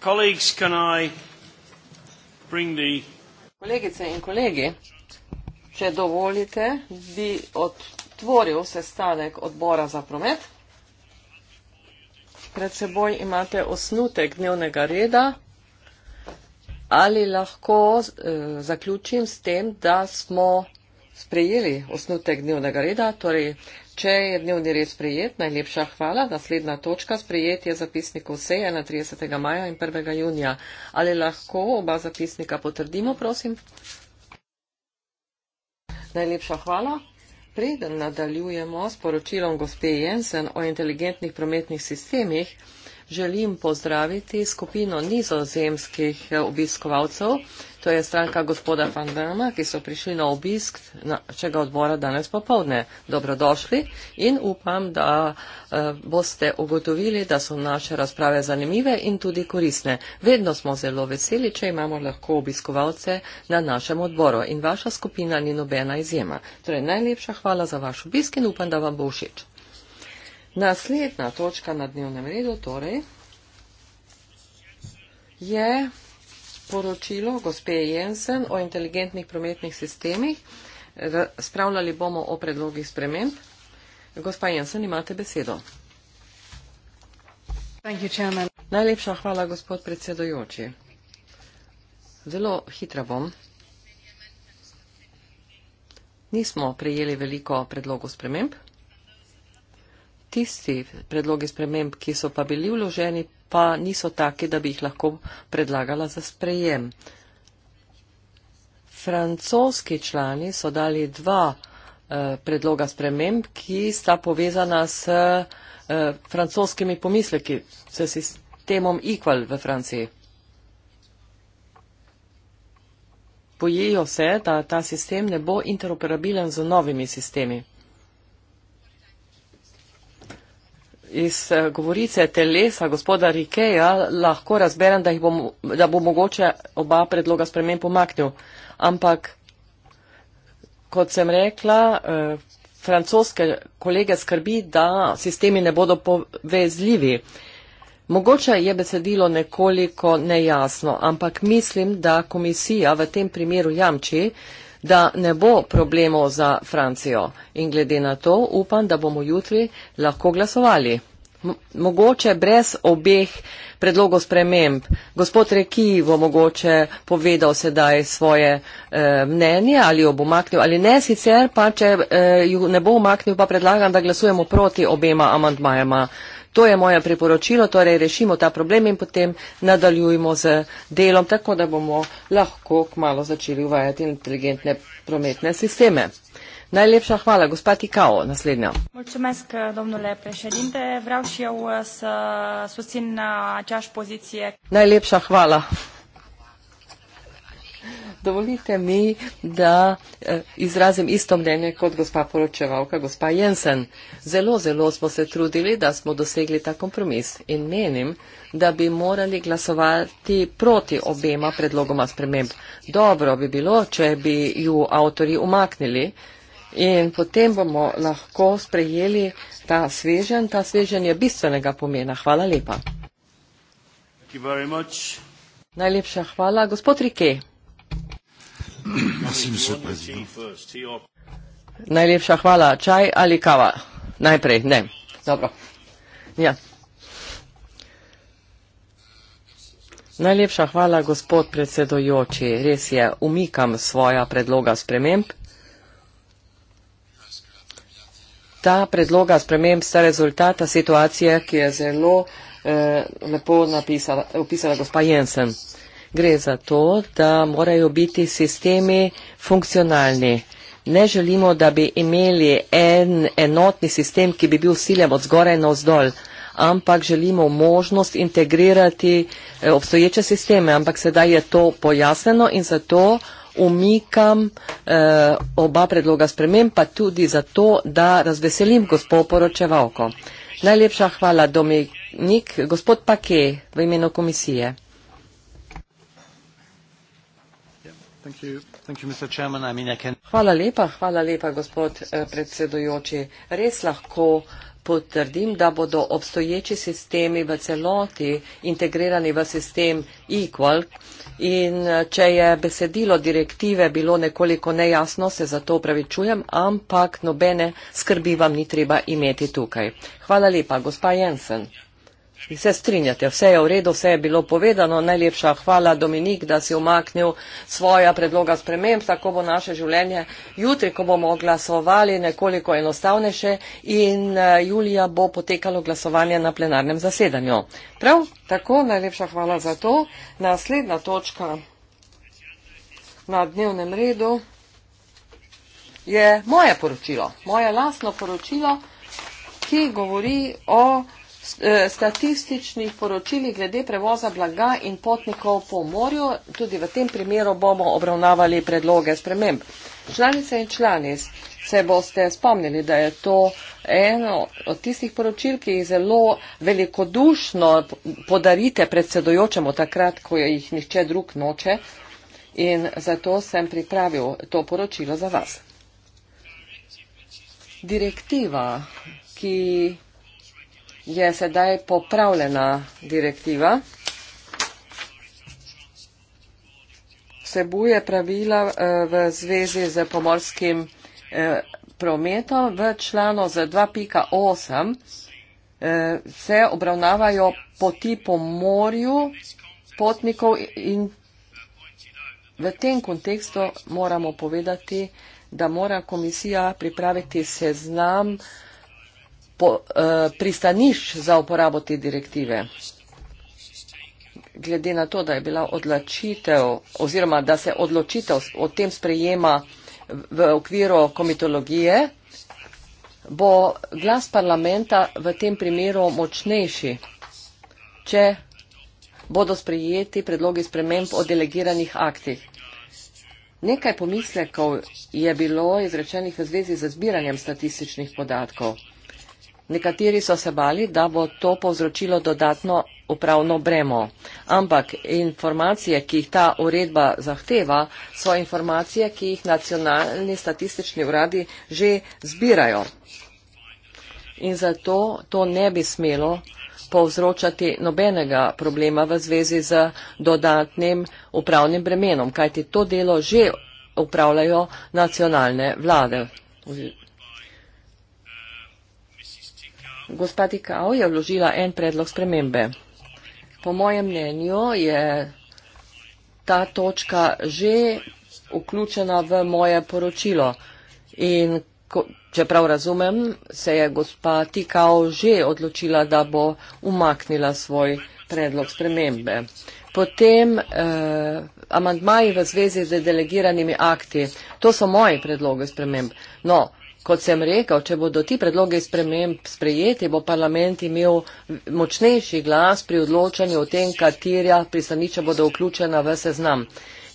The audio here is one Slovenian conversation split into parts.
Kolegice in kolegi, če dovolite, bi otvoril sestanek odbora za promet. Pred seboj imate osnutek dnevnega reda. Ali lahko eh, zaključim s tem, da smo sprejeli osnutek dnevnega reda, torej Če je dnevni red sprejet, najlepša hvala. Naslednja točka sprejet je zapisnikov sej 31. maja in 1. junija. Ali lahko oba zapisnika potrdimo, prosim? Najlepša hvala. Preden nadaljujemo s poročilom gospe Jensen o inteligentnih prometnih sistemih, želim pozdraviti skupino nizozemskih obiskovalcev, to je stranka gospoda Van Dama, ki so prišli na obisk našega odbora danes popovdne. Dobrodošli in upam, da eh, boste ugotovili, da so naše razprave zanimive in tudi korisne. Vedno smo zelo veseli, če imamo lahko obiskovalce na našem odboru in vaša skupina ni nobena izjema. Torej, najlepša hvala za vaš obisk in upam, da vam bo všeč. Naslednja točka na dnevnem redu torej je poročilo gospe Jensen o inteligentnih prometnih sistemih. Spravljali bomo o predlogih sprememb. Gospa Jensen, imate besedo. You, Najlepša hvala, gospod predsedojoči. Zelo hitra bom. Nismo prejeli veliko predlogov sprememb tisti predlogi sprememb, ki so pa bili vloženi, pa niso taki, da bi jih lahko predlagala za sprejem. Francoski člani so dali dva eh, predloga sprememb, ki sta povezana s eh, francoskimi pomisleki, s sistemom Equal v Franciji. Bojijo se, da ta sistem ne bo interoperabilen z novimi sistemi. iz eh, govorice telesa gospoda Rikeja lahko razberem, da, bom, da bo mogoče oba predloga spremen pomaknil. Ampak, kot sem rekla, eh, francoske kolege skrbi, da sistemi ne bodo povezljivi. Mogoče je besedilo nekoliko nejasno, ampak mislim, da komisija v tem primeru jamči, da ne bo problemov za Francijo. In glede na to upam, da bomo jutri lahko glasovali. Mogoče brez obeh predlogov sprememb. Gospod Reki bo mogoče povedal sedaj svoje e, mnenje ali jo bo maknil ali ne. Sicer pa, če e, ju ne bo maknil, pa predlagam, da glasujemo proti obema amantmajama. To je moje priporočilo, torej rešimo ta problem in potem nadaljujmo z delom, tako da bomo lahko kmalo začeli uvajati inteligentne prometne sisteme. Najlepša hvala, gospa Tikao, naslednja. Mulțumesc, domnule președinte. Vreau și eu uh, să susțin uh, aceeași poziție. Najlepša hvala dovolite mi, da eh, izrazim isto mnenje kot gospa poročevalka, gospa Jensen. Zelo, zelo smo se trudili, da smo dosegli ta kompromis in menim, da bi morali glasovati proti obema predlogoma sprememb. Dobro bi bilo, če bi ju avtori umaknili. In potem bomo lahko sprejeli ta svežen. Ta svežen je bistvenega pomena. Hvala lepa. Najlepša hvala, gospod Rike. Prosim, gospod predsednik. Najlepša hvala. Čaj ali kava? Najprej, ne. Dobro. Ja. Najlepša hvala, gospod predsedojoči. Res je, umikam svoja predloga sprememb. Ta predloga sprememb sta rezultata situacije, ki je zelo eh, lepo napisala, opisala gospa Jensen. Eh, Gre za to, da morajo biti sistemi funkcionalni. Ne želimo, da bi imeli en enotni sistem, ki bi bil siljem od zgoraj na vzdol, ampak želimo možnost integrirati eh, obstoječe sisteme, ampak sedaj je to pojasneno in zato umikam eh, oba predloga sprememb, pa tudi zato, da razveselim gospod poročevalko. Najlepša hvala, Dominik. Gospod Pake, v imenu komisije. Hvala lepa, hvala lepa, gospod eh, predsedujoči. Res lahko potrdim, da bodo obstoječi sistemi v celoti integrirani v sistem Equal in eh, če je besedilo direktive bilo nekoliko nejasno, se zato upravičujem, ampak nobene skrbi vam ni treba imeti tukaj. Hvala lepa, gospa Jensen. Vi se strinjate, vse je v redu, vse je bilo povedano. Najlepša hvala, Dominik, da si omaknil svoja predloga sprememb, tako bo naše življenje jutri, ko bomo glasovali, nekoliko enostavnejše in eh, julija bo potekalo glasovanje na plenarnem zasedanju. Prav, tako, najlepša hvala za to. Naslednja točka na dnevnem redu je moje poročilo, moje lasno poročilo, ki govori o Eh, statističnih poročili glede prevoza blaga in potnikov po morju. Tudi v tem primeru bomo obravnavali predloge sprememb. Članice in članic se boste spomnili, da je to eno od tistih poročil, ki jih zelo velikodušno podarite predsedojočemu takrat, ko jih nihče drug noče. In zato sem pripravil to poročilo za vas. Direktiva, ki je sedaj popravljena direktiva. Vsebuje pravila eh, v zvezi z pomorskim eh, prometom v članu z 2.8 eh, se obravnavajo poti po morju potnikov in v tem kontekstu moramo povedati, da mora komisija pripraviti seznam potnikov, po, eh, pristaniš za uporabo te direktive. Glede na to, da je bila odločitev oziroma da se odločitev o tem sprejema v okviru komitologije, bo glas parlamenta v tem primeru močnejši, če bodo sprejeti predlogi sprememb o delegiranih aktih. Nekaj pomislekov je bilo izrečenih v zvezi z zbiranjem statističnih podatkov. Nekateri so se bali, da bo to povzročilo dodatno upravno bremo. Ampak informacije, ki jih ta uredba zahteva, so informacije, ki jih nacionalni statistični uradi že zbirajo. In zato to ne bi smelo povzročati nobenega problema v zvezi z dodatnim upravnim bremenom, kajti to delo že upravljajo nacionalne vlade Gospa Tikao je vložila en predlog spremembe. Po mojem mnenju je ta točka že vključena v moje poročilo. In ko, čeprav razumem, se je gospa Tikao že odločila, da bo umaknila svoj predlog spremembe. Potem eh, amandmaji v zvezi z delegiranimi akti. To so moji predloge sprememb. No, Kot sem rekel, če bodo ti predloge sprememb sprejeti, bo parlament imel močnejši glas pri odločanju o tem, katerja pristanišča bodo vključena v seznam.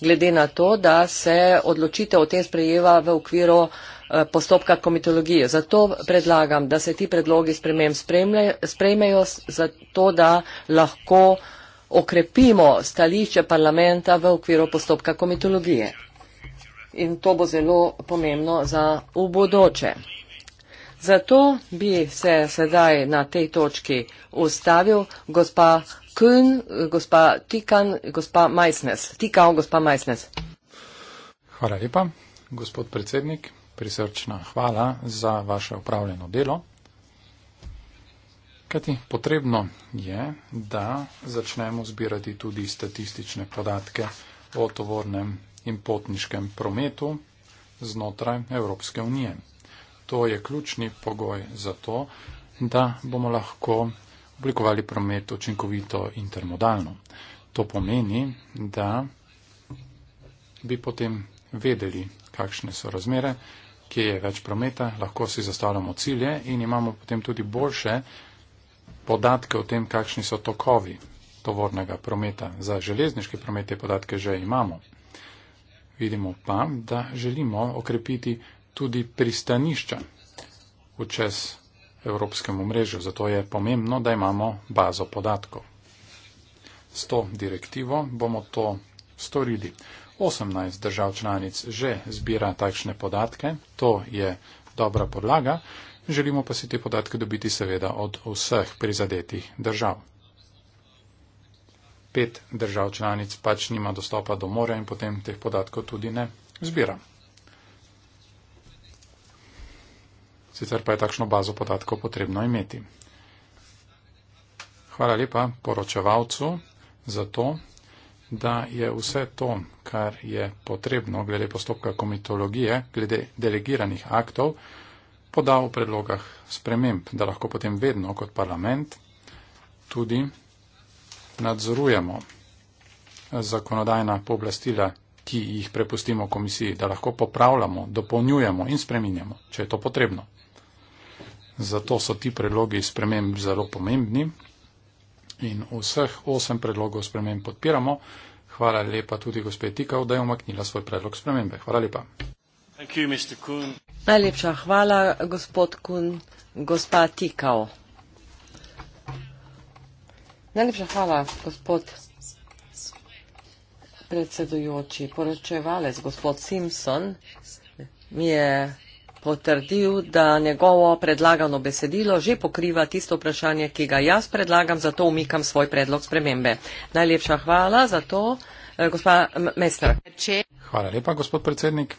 Glede na to, da se odločitev o tem sprejeva v okviru eh, postopka komitologije. Zato predlagam, da se ti predlogi sprememb sprejmejo, zato da lahko okrepimo stališče parlamenta v okviru postopka komitologije in to bo zelo pomembno za v bodoče. Zato bi se sedaj na tej točki ustavil gospa Kün, gospa Tikan, gospa Majsnes. Tikan, gospa Majsnes. Hvala lepa, gospod predsednik. Prisrčna hvala za vaše upravljeno delo. Kajti potrebno je, da začnemo zbirati tudi statistične podatke o tovornem in potniškem prometu znotraj Evropske unije. To je ključni pogoj za to, da bomo lahko oblikovali promet očinkovito intermodalno. To pomeni, da bi potem vedeli, kakšne so razmere, kje je več prometa, lahko si zastavljamo cilje in imamo potem tudi boljše podatke o tem, kakšni so tokovi tovornega prometa. Za železniški promet te podatke že imamo. Vidimo pa, da želimo okrepiti tudi pristanišča v čez evropskem omrežju. Zato je pomembno, da imamo bazo podatkov. S to direktivo bomo to storili. 18 držav članic že zbira takšne podatke, to je dobra podlaga, želimo pa si te podatke dobiti seveda od vseh prizadetih držav pet držav članic pač nima dostopa do morja in potem teh podatkov tudi ne zbira. Sicer pa je takšno bazo podatkov potrebno imeti. Hvala lepa poročevalcu za to, da je vse to, kar je potrebno glede postopka komitologije, glede delegiranih aktov, podal v predlogah sprememb, da lahko potem vedno kot parlament tudi nadzorujemo zakonodajna pooblastila, ki jih prepustimo komisiji, da lahko popravljamo, dopolnjujemo in spreminjamo, če je to potrebno. Zato so ti predlogi sprememb zelo pomembni in vseh osem predlogov sprememb podpiramo. Hvala lepa tudi gospe Tikov, da je omaknila svoj predlog spremembe. Hvala lepa. You, Najlepša hvala, gospod Kun, gospa Tikov. Najlepša hvala, gospod predsedujoči. Poročevalec, gospod Simpson, mi je potrdil, da njegovo predlagano besedilo že pokriva tisto vprašanje, ki ga jaz predlagam, zato umikam svoj predlog spremembe. Najlepša hvala za to, eh, gospa Mester. Hvala lepa, gospod predsednik.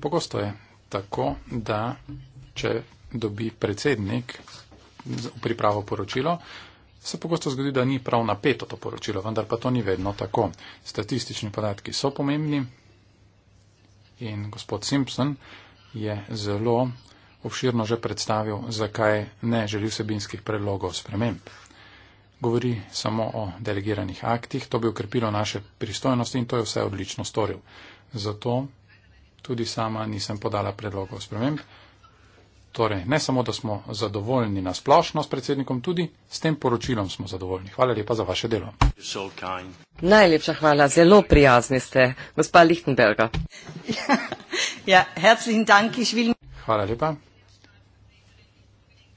Pogosto je tako, da če dobi predsednik v pripravo poročilo, se pogosto zgodi, da ni prav napeto to poročilo, vendar pa to ni vedno tako. Statistični podatki so pomembni in gospod Simpson je zelo obširno že predstavil, zakaj ne želi vsebinskih predlogov sprememb. Govori samo o delegiranih aktih, to bi ukrepilo naše pristojnosti in to je vse odlično storil. Zato tudi sama nisem podala predlogov sprememb. Torej, ne samo, da smo zadovoljni na splošno s predsednikom, tudi s tem poročilom smo zadovoljni. Hvala lepa za vaše delo. So Najlepša hvala, zelo prijazni ste, gospa Lichtenberga. ja, herzlichen dank, ich will. Hvala lepa.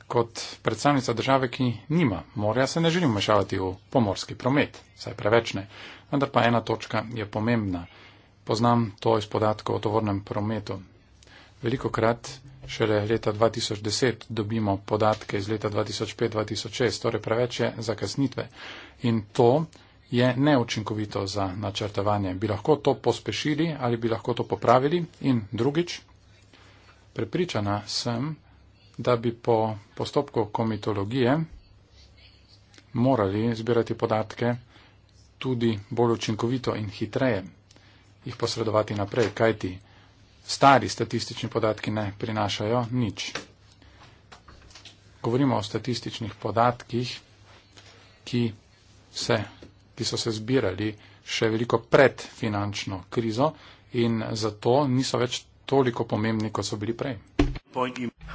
Kot predstavnica države, ki nima morja, se ne želim mešavati v pomorski promet, saj preveč ne. Vendar pa ena točka je pomembna. Poznam to iz podatkov o tovornem prometu. Veliko krat šele leta 2010 dobimo podatke iz leta 2005-2006, torej preveč je za kasnitve. In to je neučinkovito za načrtovanje. Bi lahko to pospešili ali bi lahko to popravili? In drugič, prepričana sem, da bi po postopku komitologije morali zbirati podatke tudi bolj učinkovito in hitreje jih posredovati naprej, kajti stari statistični podatki ne prinašajo nič. Govorimo o statističnih podatkih, ki, se, ki so se zbirali še veliko pred finančno krizo in zato niso več toliko pomembni, kot so bili prej.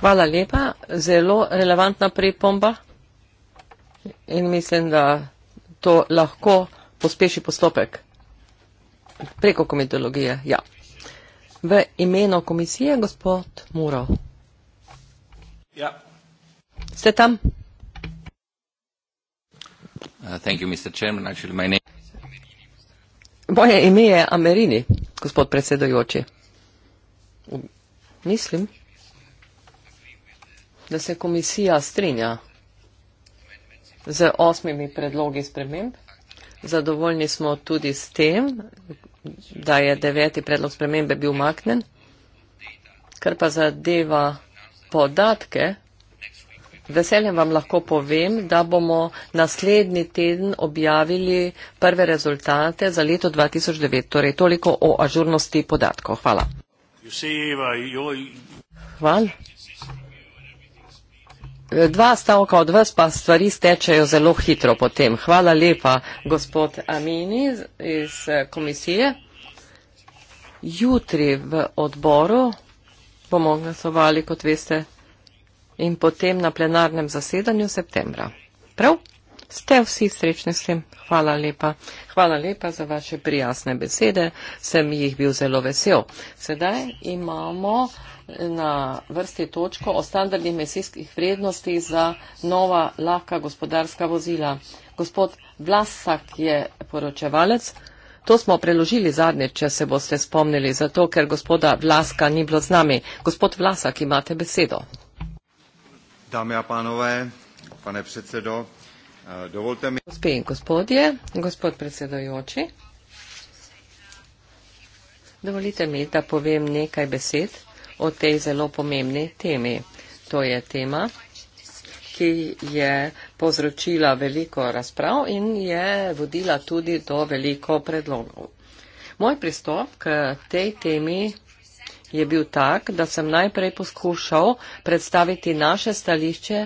Hvala lepa. Zelo relevantna pripomba in mislim, da to lahko pospeši postopek preko komitologije. Ja. V imenu komisije, gospod Murov. Ja. Ste tam? Uh, thank you, Mr. Chairman. Actually, my name... Moje ime je Amerini, gospod predsedojoči. Mislim, da se komisija strinja z osmimi predlogi sprememb. Zadovoljni smo tudi s tem, da je deveti predlog spremembe bil maknen. Kar pa zadeva podatke, veseljem vam lahko povem, da bomo naslednji teden objavili prve rezultate za leto 2009. Torej toliko o ažurnosti podatkov. Hvala. Hvala dva stavka od vas, pa stvari stečejo zelo hitro potem. Hvala lepa, gospod Amini iz eh, komisije. Jutri v odboru bomo glasovali, kot veste, in potem na plenarnem zasedanju septembra. Prav? Ste vsi srečni s tem? Hvala lepa. Hvala lepa za vaše prijasne besede. Sem jih bil zelo vesel. Sedaj imamo na vrsti točko o standardnih mesijskih vrednostih za nova lahka gospodarska vozila. Gospod Vlasak je poročevalec. To smo preložili zadnje, če se boste spomnili, zato ker gospoda Vlaska ni bilo z nami. Gospod Vlasak, imate besedo. Dame a panove, pane predsedo, dovolite mi. Gospe in gospodje, gospod predsedojoči, dovolite mi, da povem nekaj besed o tej zelo pomembni temi. To je tema, ki je povzročila veliko razprav in je vodila tudi do veliko predlogov. Moj pristop k tej temi je bil tak, da sem najprej poskušal predstaviti naše stališče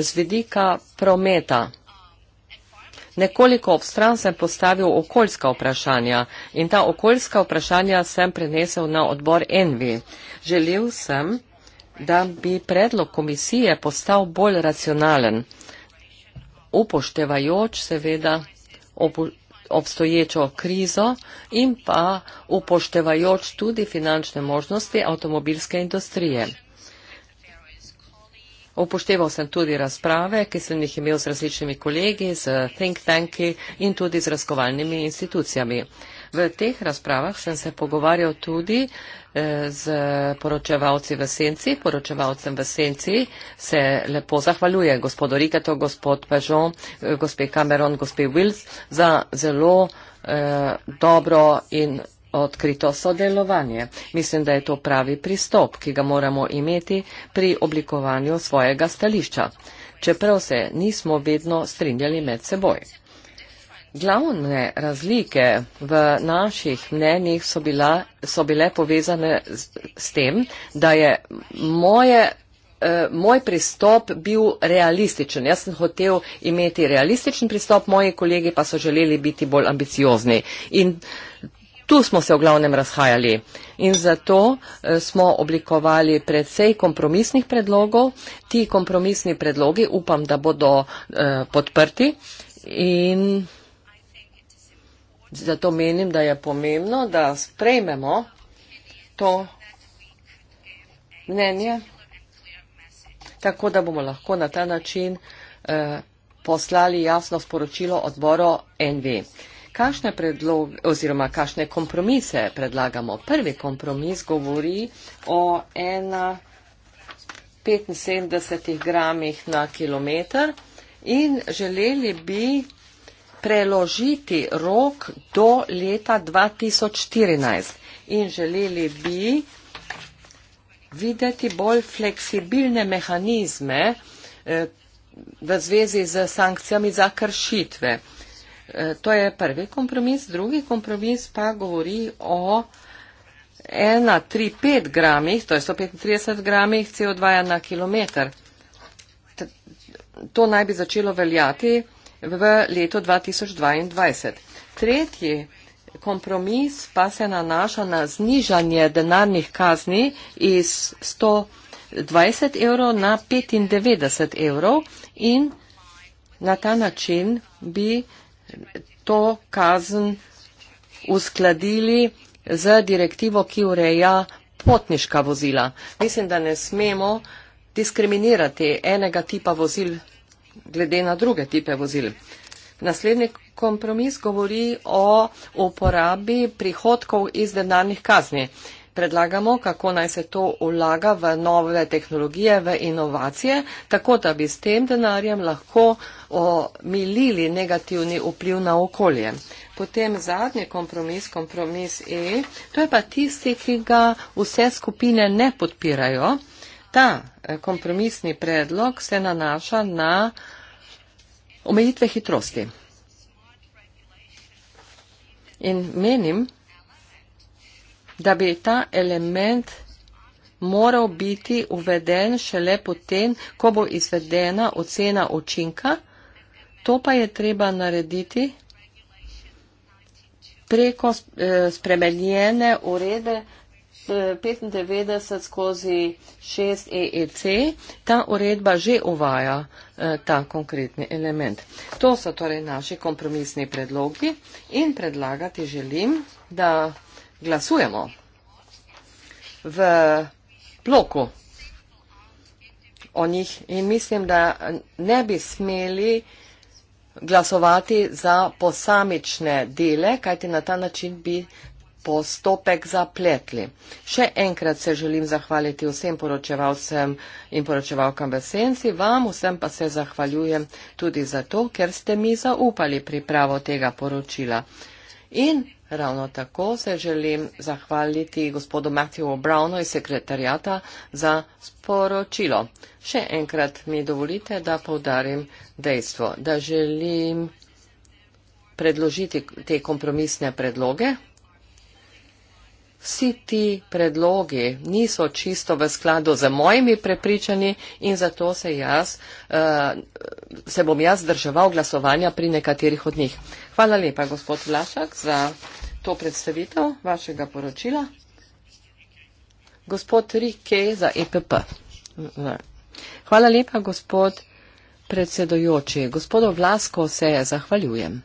z vidika prometa nekoliko ob stran sem postavil okoljska vprašanja in ta okoljska vprašanja sem prenesel na odbor Envi. Želel sem, da bi predlog komisije postal bolj racionalen, upoštevajoč seveda obstoječo krizo in pa upoštevajoč tudi finančne možnosti avtomobilske industrije. Upošteval sem tudi razprave, ki sem jih imel z različnimi kolegi, z think tanki in tudi z razkovalnimi institucijami. V teh razpravah sem se pogovarjal tudi eh, z poročevalci v senci. Poročevalcem v senci se lepo zahvaljuje gospodu Riketo, gospod Pežon, eh, gospod Cameron, gospod Wills za zelo eh, dobro in odkrito sodelovanje. Mislim, da je to pravi pristop, ki ga moramo imeti pri oblikovanju svojega stališča, čeprav se nismo vedno strinjali med seboj. Glavne razlike v naših mnenjih so, bila, so bile povezane z, s tem, da je moje, eh, moj pristop bil realističen. Jaz sem hotel imeti realističen pristop, moji kolegi pa so želeli biti bolj ambiciozni. In Tu smo se v glavnem razhajali in zato eh, smo oblikovali predvsej kompromisnih predlogov. Ti kompromisni predlogi upam, da bodo eh, podprti in zato menim, da je pomembno, da sprejmemo to mnenje, tako da bomo lahko na ta način eh, poslali jasno sporočilo odboru NV. Kašne predloge oziroma kašne kompromise predlagamo? Prvi kompromis govori o 1,75 gramih na kilometr in želeli bi preložiti rok do leta 2014 in želeli bi videti bolj fleksibilne mehanizme eh, v zvezi z sankcijami za kršitve. Eh, to je prvi kompromis. Drugi kompromis pa govori o 1,35 gramih, to je 135 gramih CO2 na kilometr. To naj bi začelo veljati v letu 2022. Tretji kompromis pa se nanaša na znižanje denarnih kazni iz 120 evrov na 95 evrov in na ta način bi to kazen uskladili z direktivo, ki ureja potniška vozila. Mislim, da ne smemo diskriminirati enega tipa vozil glede na druge tipe vozil. Naslednji kompromis govori o uporabi prihodkov iz denarnih kazni predlagamo, kako naj se to vlaga v nove tehnologije, v inovacije, tako da bi s tem denarjem lahko omilili negativni vpliv na okolje. Potem zadnji kompromis, kompromis E, to je pa tisti, ki ga vse skupine ne podpirajo. Ta eh, kompromisni predlog se nanaša na omejitve hitrosti. In menim, da bi ta element moral biti uveden šele potem, ko bo izvedena ocena učinka. To pa je treba narediti preko eh, spremenjene urede 95 eh, skozi 6 EEC. Ta uredba že uvaja eh, ta konkretni element. To so torej naši kompromisni predlogi in predlagati želim, da glasujemo v bloku o njih in mislim, da ne bi smeli glasovati za posamične dele, kajti na ta način bi postopek zapletli. Še enkrat se želim zahvaliti vsem poročevalcem in poročevalkam v senci, vam vsem pa se zahvaljujem tudi za to, ker ste mi zaupali pripravo tega poročila. In Ravno tako se želim zahvaliti gospodu Matthew O'Brownu iz sekretarjata za sporočilo. Še enkrat mi dovolite, da povdarim dejstvo, da želim predložiti te kompromisne predloge. Vsi ti predlogi niso čisto v skladu z mojimi prepričani in zato se, jaz, eh, se bom jaz zdrževal glasovanja pri nekaterih od njih. Hvala lepa, gospod Vlašak, za to predstavitev vašega poročila. Gospod Rike za EPP. Hvala lepa, gospod predsedojoči. Gospodo Vlasko se zahvaljujem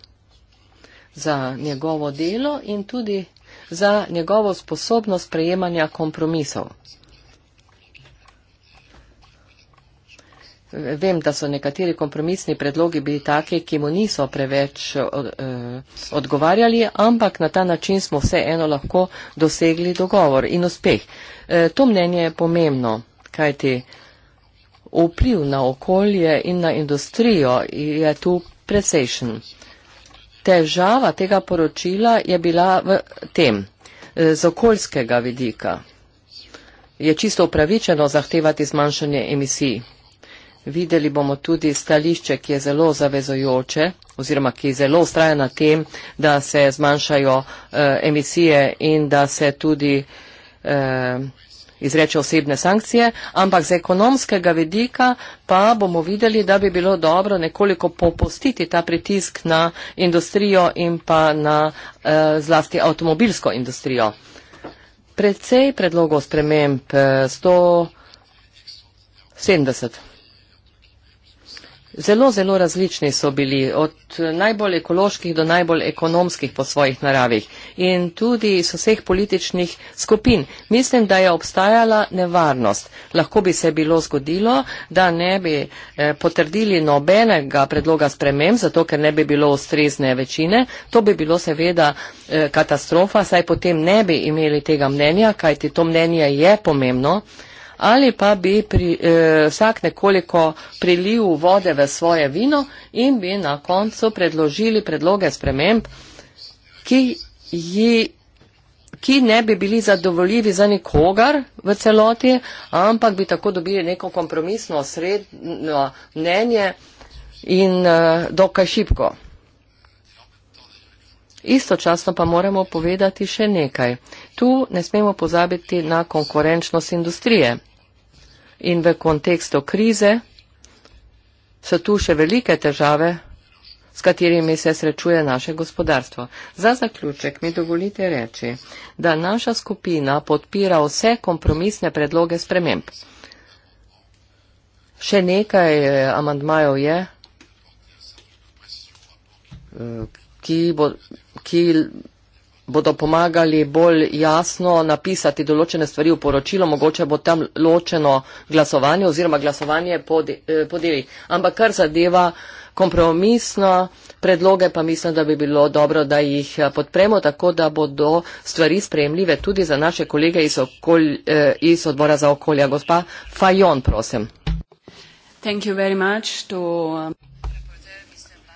za njegovo delo in tudi za njegovo sposobnost prejemanja kompromisov. Vem, da so nekateri kompromisni predlogi bili take, ki mu niso preveč eh, odgovarjali, ampak na ta način smo vse eno lahko dosegli dogovor in uspeh. Eh, to mnenje je pomembno, kajti vpliv na okolje in na industrijo je tu precejšen. Težava tega poročila je bila v tem, eh, z okoljskega vidika. Je čisto upravičeno zahtevati zmanjšanje emisij. Videli bomo tudi stališče, ki je zelo zavezojoče oziroma ki zelo ustraja na tem, da se zmanjšajo eh, emisije in da se tudi eh, izreče osebne sankcije, ampak z ekonomskega vidika pa bomo videli, da bi bilo dobro nekoliko popustiti ta pritisk na industrijo in pa na eh, zlasti avtomobilsko industrijo. Predvsej predlogov sprememb eh, 170 zelo, zelo različni so bili, od najbolj ekoloških do najbolj ekonomskih po svojih naravih in tudi iz vseh političnih skupin. Mislim, da je obstajala nevarnost. Lahko bi se bilo zgodilo, da ne bi eh, potrdili nobenega predloga sprememb, zato ker ne bi bilo ustrezne večine. To bi bilo seveda eh, katastrofa, saj potem ne bi imeli tega mnenja, kajti to mnenje je pomembno ali pa bi pri, eh, vsak nekoliko prilil vode v svoje vino in bi na koncu predložili predloge sprememb, ki, ji, ki ne bi bili zadovoljivi za nikogar v celoti, ampak bi tako dobili neko kompromisno srednjo mnenje in eh, dokaj šipko. Istočasno pa moramo povedati še nekaj. Tu ne smemo pozabiti na konkurenčnost industrije in v kontekstu krize so tu še velike težave, s katerimi se srečuje naše gospodarstvo. Za zaključek mi dovolite reči, da naša skupina podpira vse kompromisne predloge sprememb. Še nekaj eh, amandmajev je, eh, ki, bo, ki bodo pomagali bolj jasno napisati določene stvari v poročilo, mogoče bo tam ločeno glasovanje oziroma glasovanje po eh, deli. Ampak kar zadeva kompromisno predloge, pa mislim, da bi bilo dobro, da jih eh, podpremo, tako da bodo stvari sprejemljive tudi za naše kolege iz, okol, eh, iz odbora za okolja. Gospa Fajon, prosim. Thank you very much to, um...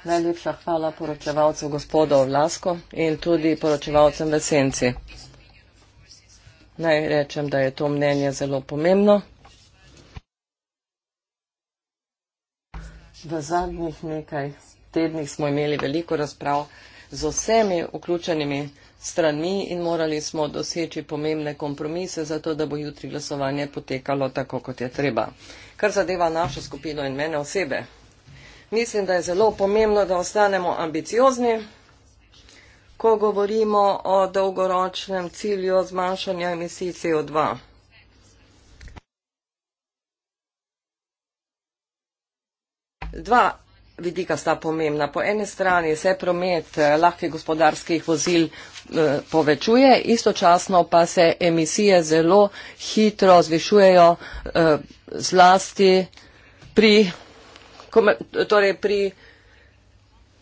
Najlepša hvala poročevalcu gospodu Vlasko in tudi poročevalcem v senci. Naj rečem, da je to mnenje zelo pomembno. V zadnjih nekaj tednih smo imeli veliko razprav z vsemi vključenimi strani in morali smo doseči pomembne kompromise, zato da bo jutri glasovanje potekalo tako, kot je treba. Kar zadeva našo skupino in mene osebe. Mislim, da je zelo pomembno, da ostanemo ambiciozni, ko govorimo o dolgoročnem cilju zmanjšanja emisij CO2. Dva vidika sta pomembna. Po eni strani se promet eh, lahkih gospodarskih vozil eh, povečuje, istočasno pa se emisije zelo hitro zvišujejo eh, zlasti pri torej pri eh,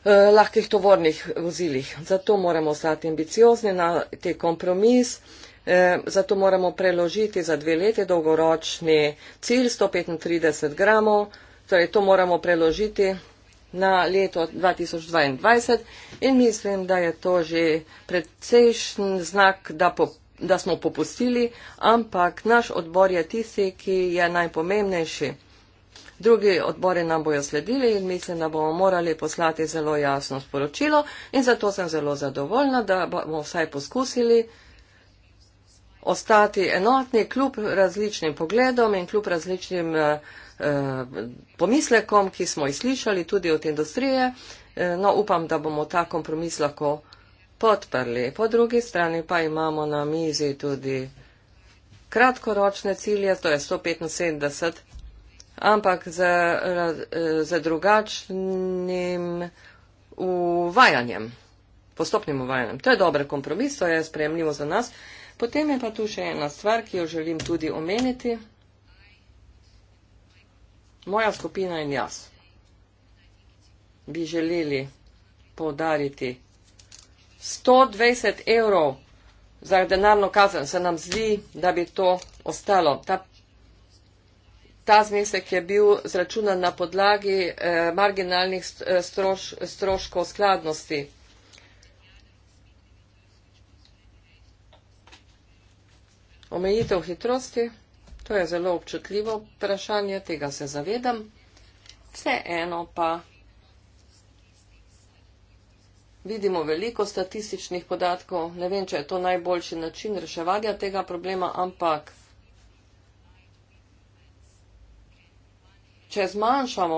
lahkih tovornih vozilih. Zato moramo ostati ambiciozni na te kompromis, eh, zato moramo preložiti za dve leti dolgoročni cilj 135 gramov, torej to moramo preložiti na leto 2022 in mislim, da je to že precejšen znak, da, po, da smo popustili, ampak naš odbor je tisti, ki je najpomembnejši drugi odbori nam bojo sledili in mislim, da bomo morali poslati zelo jasno sporočilo in zato sem zelo zadovoljna, da bomo vsaj poskusili ostati enotni kljub različnim pogledom in kljub različnim eh, eh, pomislekom, ki smo jih slišali tudi od industrije. Eh, no, upam, da bomo ta kompromis lahko podprli. Po drugi strani pa imamo na mizi tudi kratkoročne cilje, to je 175 ampak z, z drugačnim uvajanjem, postopnim uvajanjem. To je dober kompromis, to je sprejemljivo za nas. Potem je pa tu še ena stvar, ki jo želim tudi omeniti. Moja skupina in jaz bi želeli podariti 120 evrov za denarno kazen. Se nam zdi, da bi to ostalo. Ta ta znesek je bil zračunan na podlagi eh, marginalnih eh, stroš, stroškov skladnosti. Omejitev hitrosti, to je zelo občutljivo vprašanje, tega se zavedam. Vseeno pa vidimo veliko statističnih podatkov. Ne vem, če je to najboljši način reševanja tega problema, ampak če zmanjšamo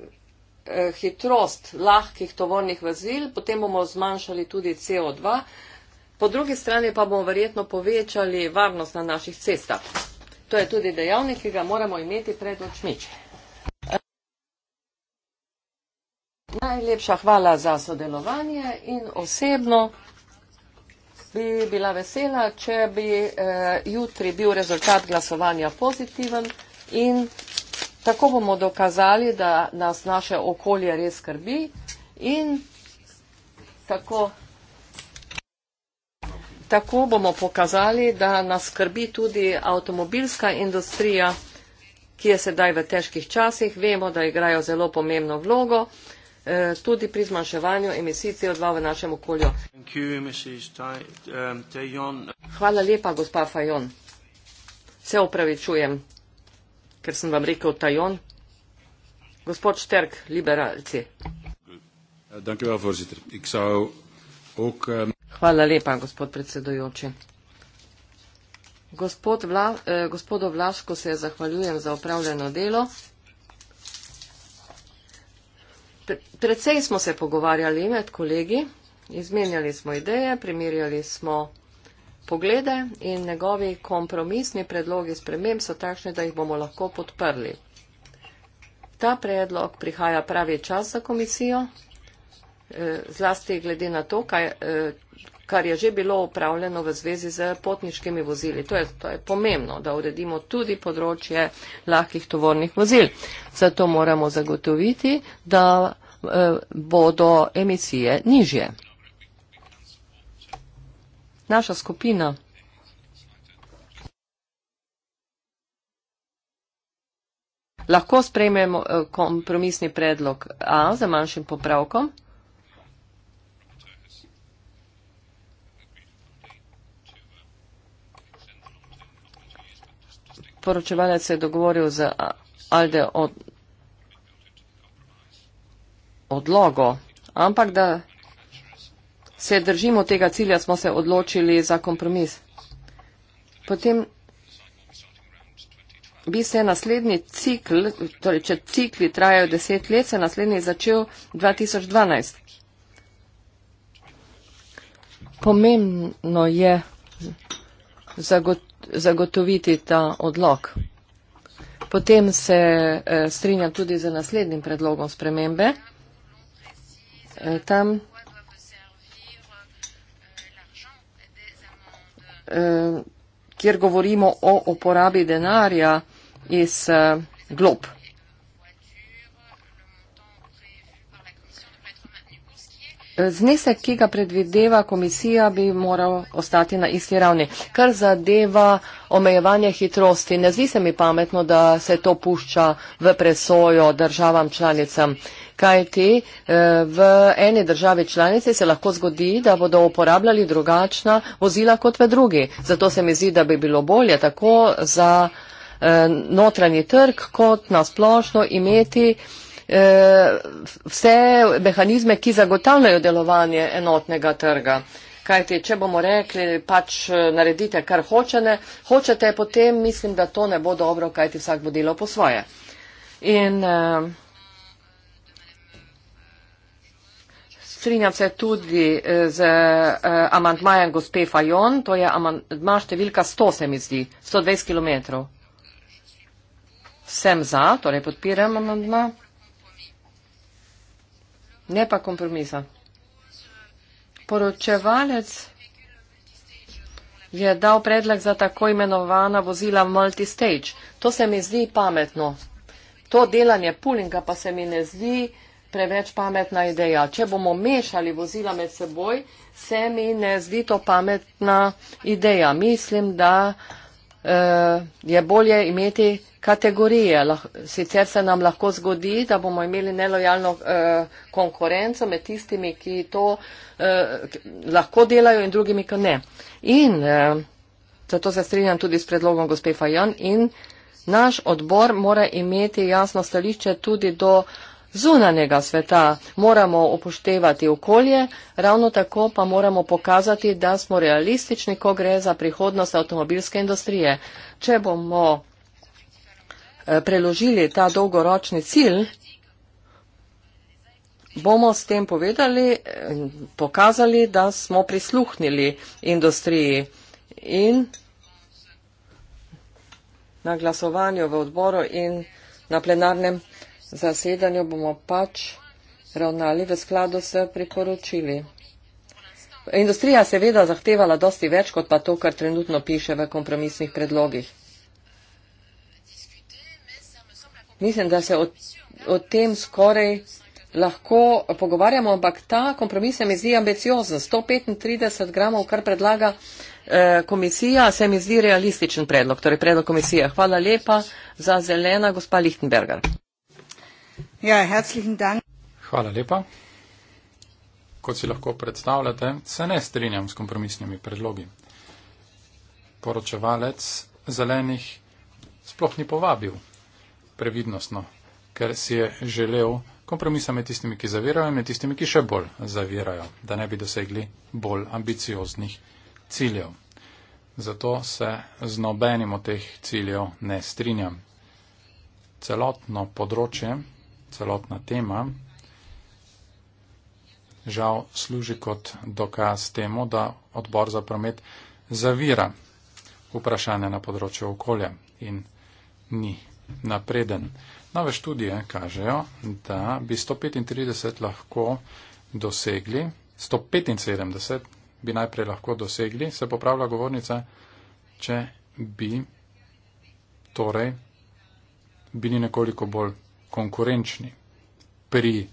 eh, hitrost lahkih tovornih vazil, potem bomo zmanjšali tudi CO2, po drugi strani pa bomo verjetno povečali varnost na naših cestah. To je tudi dejavnik, ki ga moramo imeti pred očmi. Najlepša hvala za sodelovanje in osebno bi bila vesela, če bi eh, jutri bil rezultat glasovanja pozitiven. In tako bomo dokazali, da nas naše okolje res skrbi in tako, tako bomo pokazali, da nas skrbi tudi avtomobilska industrija, ki je sedaj v težkih časih. Vemo, da igrajo zelo pomembno vlogo eh, tudi pri zmanjševanju emisij CO2 v našem okolju. Um, Hvala lepa, gospa Fajon. Se opravičujem ker sem vam rekel Tajon. Gospod Šterk, liberalci. Eh, Hvala lepa, gospod predsedojoči. Gospod Vla, eh, gospodo Vlaško se zahvaljujem za upravljeno delo. Predvsej smo se pogovarjali med kolegi, izmenjali smo ideje, primerjali smo poglede in njegovi kompromisni predlogi spremem so takšni, da jih bomo lahko podprli. Ta predlog prihaja pravi čas za komisijo, eh, zlasti glede na to, kaj, eh, kar je že bilo upravljeno v zvezi z potniškimi vozili. To je, to je pomembno, da uredimo tudi področje lahkih tovornih vozil. Zato moramo zagotoviti, da eh, bodo emisije nižje naša skupina. Lahko sprejmemo eh, kompromisni predlog A za manjšim popravkom. Poročevalec se je dogovoril z Alde odlogo, ampak da se držimo tega cilja, smo se odločili za kompromis. Potem bi se naslednji cikl, torej če cikli trajajo deset let, se naslednji začel 2012. Pomembno je zagotoviti ta odlog. Potem se eh, strinjam tudi z naslednjim predlogom spremembe. Eh, tam Eh, kjer govorimo o uporabi denarja iz eh, glob. Znesek, ki ga predvideva komisija, bi moral ostati na isti ravni. Kar zadeva omejevanje hitrosti, ne zdi se mi pametno, da se to pušča v presojo državam članicam kajti eh, v eni državi članici se lahko zgodi, da bodo uporabljali drugačna vozila kot v drugi. Zato se mi zdi, da bi bilo bolje tako za eh, notranji trg kot nasplošno imeti eh, vse mehanizme, ki zagotavljajo delovanje enotnega trga. Kajti, če bomo rekli, pač naredite, kar hočene, hočete, potem mislim, da to ne bo dobro, kajti vsak bo delal po svoje. In, uh... Strinjam se tudi eh, z eh, amantmajem gospe Fajon, to je amantma številka 100, se mi zdi, 120 kilometrov. Sem za, torej podpiram amantma. Ne pa kompromisa. Poročevalec je dal predlog za tako imenovana vozila multistage. To se mi zdi pametno. To delanje pulinga pa se mi ne zdi pametno preveč pametna ideja. Če bomo mešali vozila med seboj, se mi ne zdi to pametna ideja. Mislim, da eh, je bolje imeti kategorije. Lah, sicer se nam lahko zgodi, da bomo imeli nelojalno eh, konkurenco med tistimi, ki to eh, lahko delajo in drugimi, ki ne. In eh, zato se strinjam tudi s predlogom gospe Fajon. In naš odbor mora imeti jasno stališče tudi do zunanega sveta, moramo upoštevati okolje, ravno tako pa moramo pokazati, da smo realistični, ko gre za prihodnost avtomobilske industrije. Če bomo eh, preložili ta dolgoročni cilj, bomo s tem povedali, eh, pokazali, da smo prisluhnili industriji in na glasovanju v odboru in na plenarnem odboru zasedanju bomo pač ravnali v skladu s priporočili. Industrija seveda zahtevala dosti več kot pa to, kar trenutno piše v kompromisnih predlogih. Mislim, da se o, o tem skoraj lahko pogovarjamo, ampak ta kompromis se mi zdi ambiciozen. 135 gramov, kar predlaga eh, komisija, se mi zdi realističen predlog, torej predlog komisije. Hvala lepa za zelena, gospa Lichtenberger. Ja, herzlichen Dank. Hvala lepa. Kot si lahko predstavljate, se ne strinjam s kompromisnimi predlogi. Poročevalec zelenih sploh ni povabil previdnostno, ker si je želel kompromisa med tistimi, ki zavirajo in med tistimi, ki še bolj zavirajo, da ne bi dosegli bolj ambicioznih ciljev. Zato se z nobenim od teh ciljev ne strinjam. Celotno področje celotna tema, žal služi kot dokaz temu, da odbor za promet zavira vprašanja na področju okolja in ni napreden. Nove študije kažejo, da bi 135 lahko dosegli, 175 bi najprej lahko dosegli, se popravlja govornica, če bi torej bili nekoliko bolj konkurenčni pri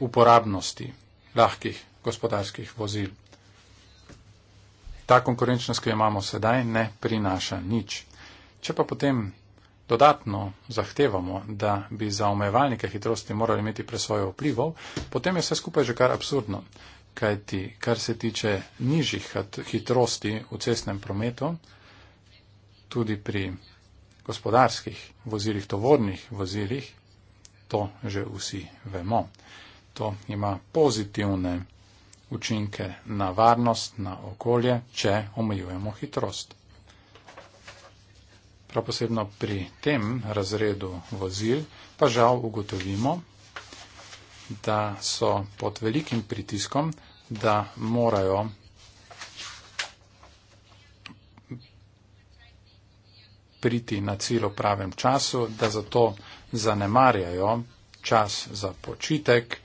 uporabnosti lahkih gospodarskih vozil. Ta konkurenčnost, ki jo imamo sedaj, ne prinaša nič. Če pa potem dodatno zahtevamo, da bi za omejevalnike hitrosti morali imeti presojo vplivov, potem je vse skupaj že kar absurdno. Kaj ti, kar se tiče nižjih hitrosti v cestnem prometu, tudi pri gospodarskih vozilih, tovornih vozilih, to že vsi vemo. To ima pozitivne učinke na varnost, na okolje, če omejujemo hitrost. Prav posebno pri tem razredu vozil pa žal ugotovimo, da so pod velikim pritiskom, da morajo priti na cilj v pravem času, da zato zanemarjajo čas za počitek,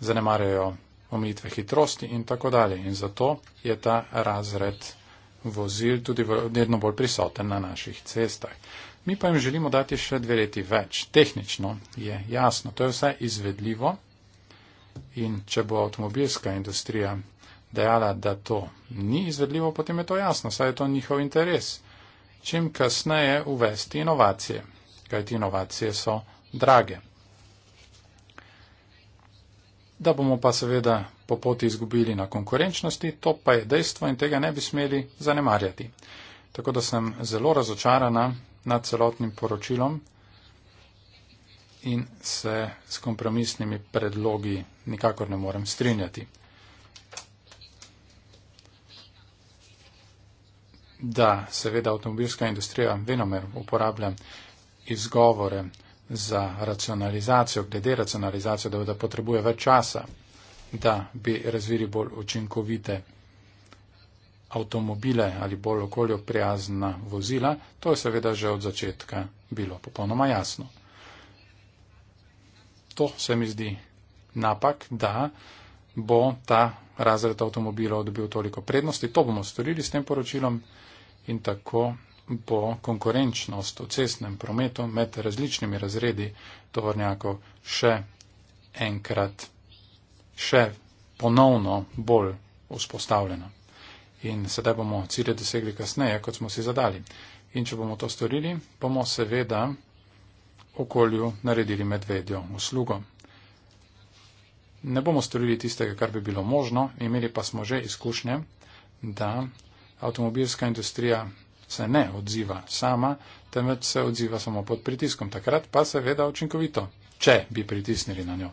zanemarjajo omejitve hitrosti in tako dalje. In zato je ta razred vozil tudi vedno bolj prisoten na naših cestah. Mi pa jim želimo dati še dve leti več. Tehnično je jasno, to je vse izvedljivo in če bo avtomobilska industrija dejala, da to ni izvedljivo, potem je to jasno, saj je to njihov interes čim kasneje uvesti inovacije, kajti inovacije so drage. Da bomo pa seveda po poti izgubili na konkurenčnosti, to pa je dejstvo in tega ne bi smeli zanemarjati. Tako da sem zelo razočarana nad celotnim poročilom in se s kompromisnimi predlogi nikakor ne morem strinjati. da seveda avtomobilska industrija venomer uporablja izgovore za racionalizacijo, glede racionalizacije, da, da potrebuje več časa, da bi razvili bolj učinkovite avtomobile ali bolj okolju prijazna vozila, to je seveda že od začetka bilo popolnoma jasno. To se mi zdi napak, da bo ta razred avtomobilov dobil toliko prednosti. To bomo storili s tem poročilom in tako bo konkurenčnost v cestnem prometu med različnimi razredi tovornjakov še enkrat, še ponovno bolj vzpostavljena. In sedaj bomo cilje dosegli kasneje, kot smo si zadali. In če bomo to storili, bomo seveda okolju naredili medvedjo uslugo. Ne bomo storili tistega, kar bi bilo možno, imeli pa smo že izkušnje, da avtomobilska industrija se ne odziva sama, temveč se odziva samo pod pritiskom. Takrat pa seveda učinkovito, če bi pritisnili na njo.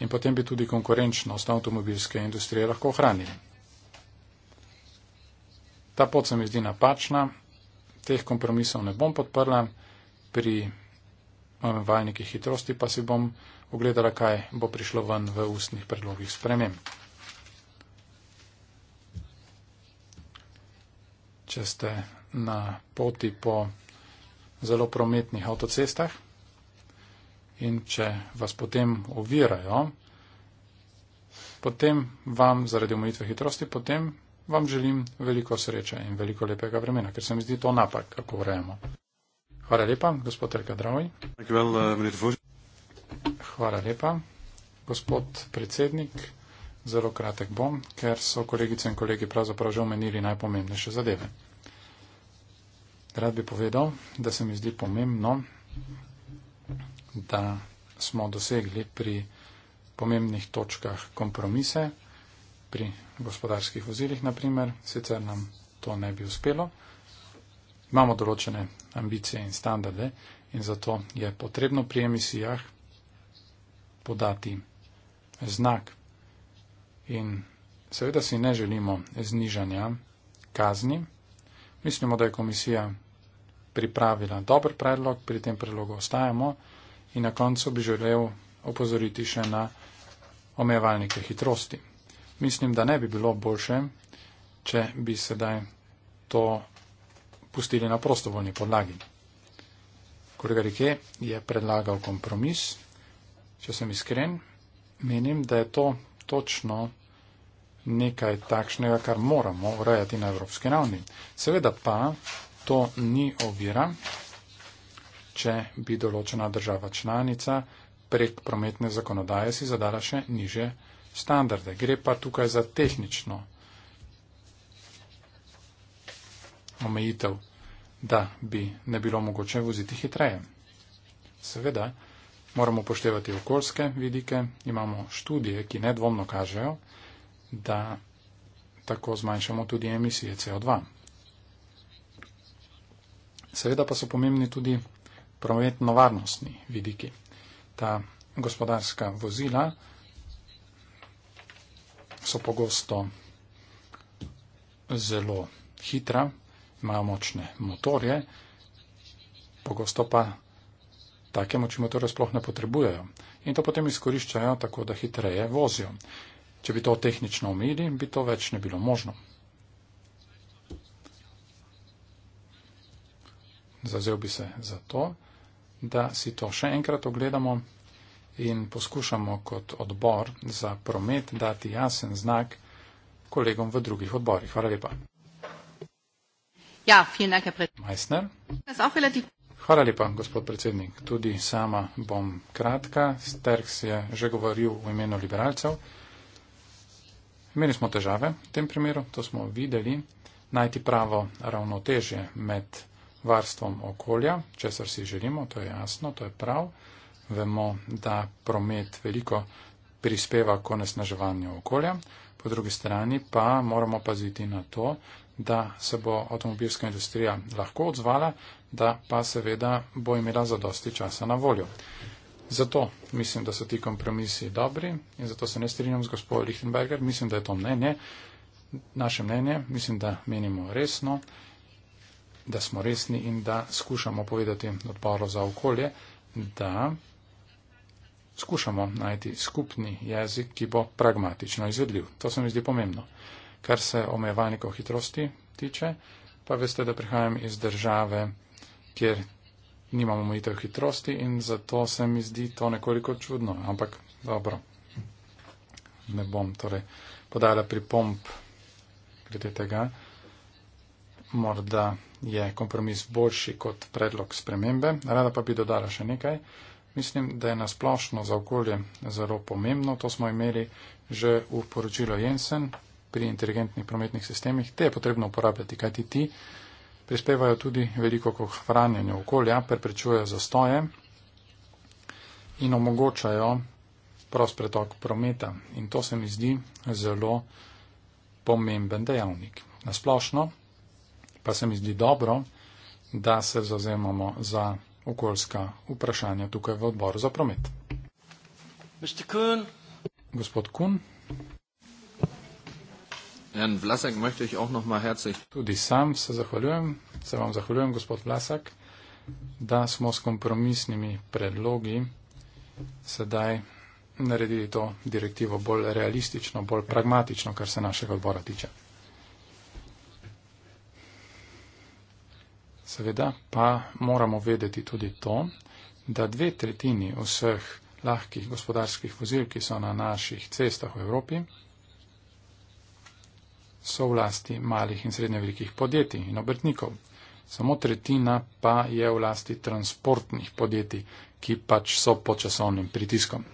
In potem bi tudi konkurenčnost avtomobilske industrije lahko ohranili. Ta pot se mi zdi napačna, teh kompromisov ne bom podprla, pri omejevalniki hitrosti pa si bom ogledala, kaj bo prišlo ven v ustnih predlogih sprememb. če ste na poti po zelo prometnih avtocestah in če vas potem ovirajo, potem vam zaradi omejitve hitrosti, potem vam želim veliko sreče in veliko lepega vremena, ker se mi zdi to napak, kako urejamo. Hvala lepa, gospod Elka Dravoj. Eh, Hvala lepa, gospod predsednik. Zelo kratek bom, ker so kolegice in kolegi pravzaprav že omenili najpomembnejše zadeve. Rad bi povedal, da se mi zdi pomembno, da smo dosegli pri pomembnih točkah kompromise, pri gospodarskih vozilih naprimer, sicer nam to ne bi uspelo. Imamo določene ambicije in standarde in zato je potrebno pri emisijah podati znak In seveda si ne želimo znižanja kazni. Mislimo, da je komisija pripravila dober predlog, pri tem predlogu ostajamo in na koncu bi želel opozoriti še na omejevalnike hitrosti. Mislim, da ne bi bilo boljše, če bi sedaj to pustili na prostovoljni podlagi. Kolega Rike je predlagal kompromis, če sem iskren, menim, da je to točno nekaj takšnega, kar moramo urejati na evropski ravni. Seveda pa to ni ovira, če bi določena država članica prek prometne zakonodaje si zadala še niže standarde. Gre pa tukaj za tehnično omejitev, da bi ne bilo mogoče voziti hitreje. Seveda, Moramo poštevati okoljske vidike, imamo študije, ki nedvomno kažejo, da tako zmanjšamo tudi emisije CO2. Seveda pa so pomembni tudi prometno-varnostni vidiki. Ta gospodarska vozila so pogosto zelo hitra, imajo močne motorje, pogosto pa take moči motorja sploh ne potrebujejo in to potem izkoriščajo tako, da hitreje vozijo. Če bi to tehnično omili, bi to več ne bilo možno. Zazel bi se za to, da si to še enkrat ogledamo in poskušamo kot odbor za promet dati jasen znak kolegom v drugih odborih. Hvala lepa. Ja, vielen Dank, Herr Meissner. Das ist auch relativ Hvala lepa, gospod predsednik. Tudi sama bom kratka. Sterks je že govoril v imenu liberalcev. Imeli smo težave v tem primeru, to smo videli, najti pravo ravnotežje med varstvom okolja, če se vsi želimo, to je jasno, to je prav. Vemo, da promet veliko prispeva k onesnaževanju okolja, po drugi strani pa moramo paziti na to, da se bo avtomobilska industrija lahko odzvala, da pa seveda bo imela zadosti časa na voljo. Zato mislim, da so ti kompromisi dobri in zato se ne strinjam z gospod Lichtenberger. Mislim, da je to mnenje, naše mnenje, mislim, da menimo resno, da smo resni in da skušamo povedati odporo za okolje, da skušamo najti skupni jezik, ki bo pragmatično izvedljiv. To se mi zdi pomembno kar se omejevalnikov hitrosti tiče, pa veste, da prihajam iz države, kjer nimamo omejitev hitrosti in zato se mi zdi to nekoliko čudno. Ampak dobro, ne bom torej podala pripomp glede tega. Morda je kompromis boljši kot predlog spremembe. Rada pa bi dodala še nekaj. Mislim, da je nasplošno za okolje zelo pomembno. To smo imeli že v poročilu Jensen, pri inteligentnih prometnih sistemih, te je potrebno uporabljati, kajti ti prispevajo tudi veliko k ohranjanju okolja, preprečujejo zastoje in omogočajo prost pretok prometa. In to se mi zdi zelo pomemben dejavnik. Nasplošno pa se mi zdi dobro, da se zazemamo za okoljska vprašanja tukaj v odboru za promet. Mr. Kuhn. Gospod Kuhn. Herrn Vlasek möchte ich auch noch mal herzlich. Tudi sam se zahvaljujem, se vam zahvaljujem, gospod Vlasek, da smo s kompromisnimi predlogi sedaj naredili to direktivo bolj realistično, bolj pragmatično, kar se našega odbora tiče. Seveda pa moramo vedeti tudi to, da dve tretjini vseh lahkih gospodarskih vozil, ki so na naših cestah v Evropi, so v lasti malih in srednje velikih podjetij in obrtnikov. Samo tretjina pa je v lasti transportnih podjetij, ki pač so pod časovnim pritiskom.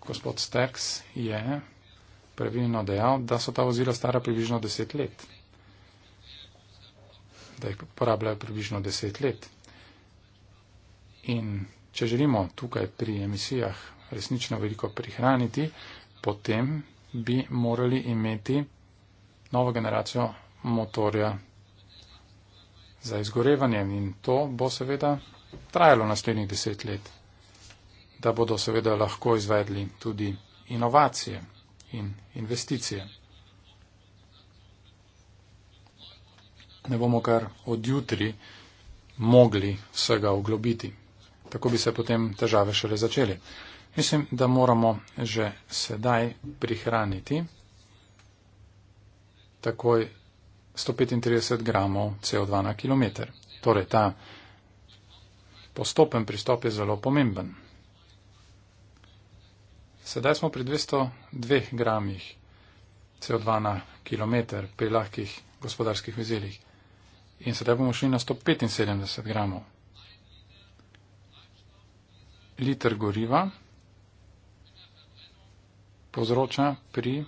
Gospod Steks je pravilno dejal, da so ta vozila stara približno 10 let. Da jih porabljajo približno 10 let. In če želimo tukaj pri emisijah resnično veliko prihraniti, potem bi morali imeti novo generacijo motorja za izgorevanje in to bo seveda trajalo naslednjih deset let, da bodo seveda lahko izvedli tudi inovacije in investicije. Ne bomo kar od jutri mogli vsega oglobiti. Tako bi se potem težave šele začeli. Mislim, da moramo že sedaj prihraniti takoj 135 gramov CO2 na kilometr. Torej, ta postopen pristop je zelo pomemben. Sedaj smo pri 202 gramih CO2 na kilometr pri lahkih gospodarskih vezeljih. In sedaj bomo šli na 175 gramov. Liter goriva povzroča pri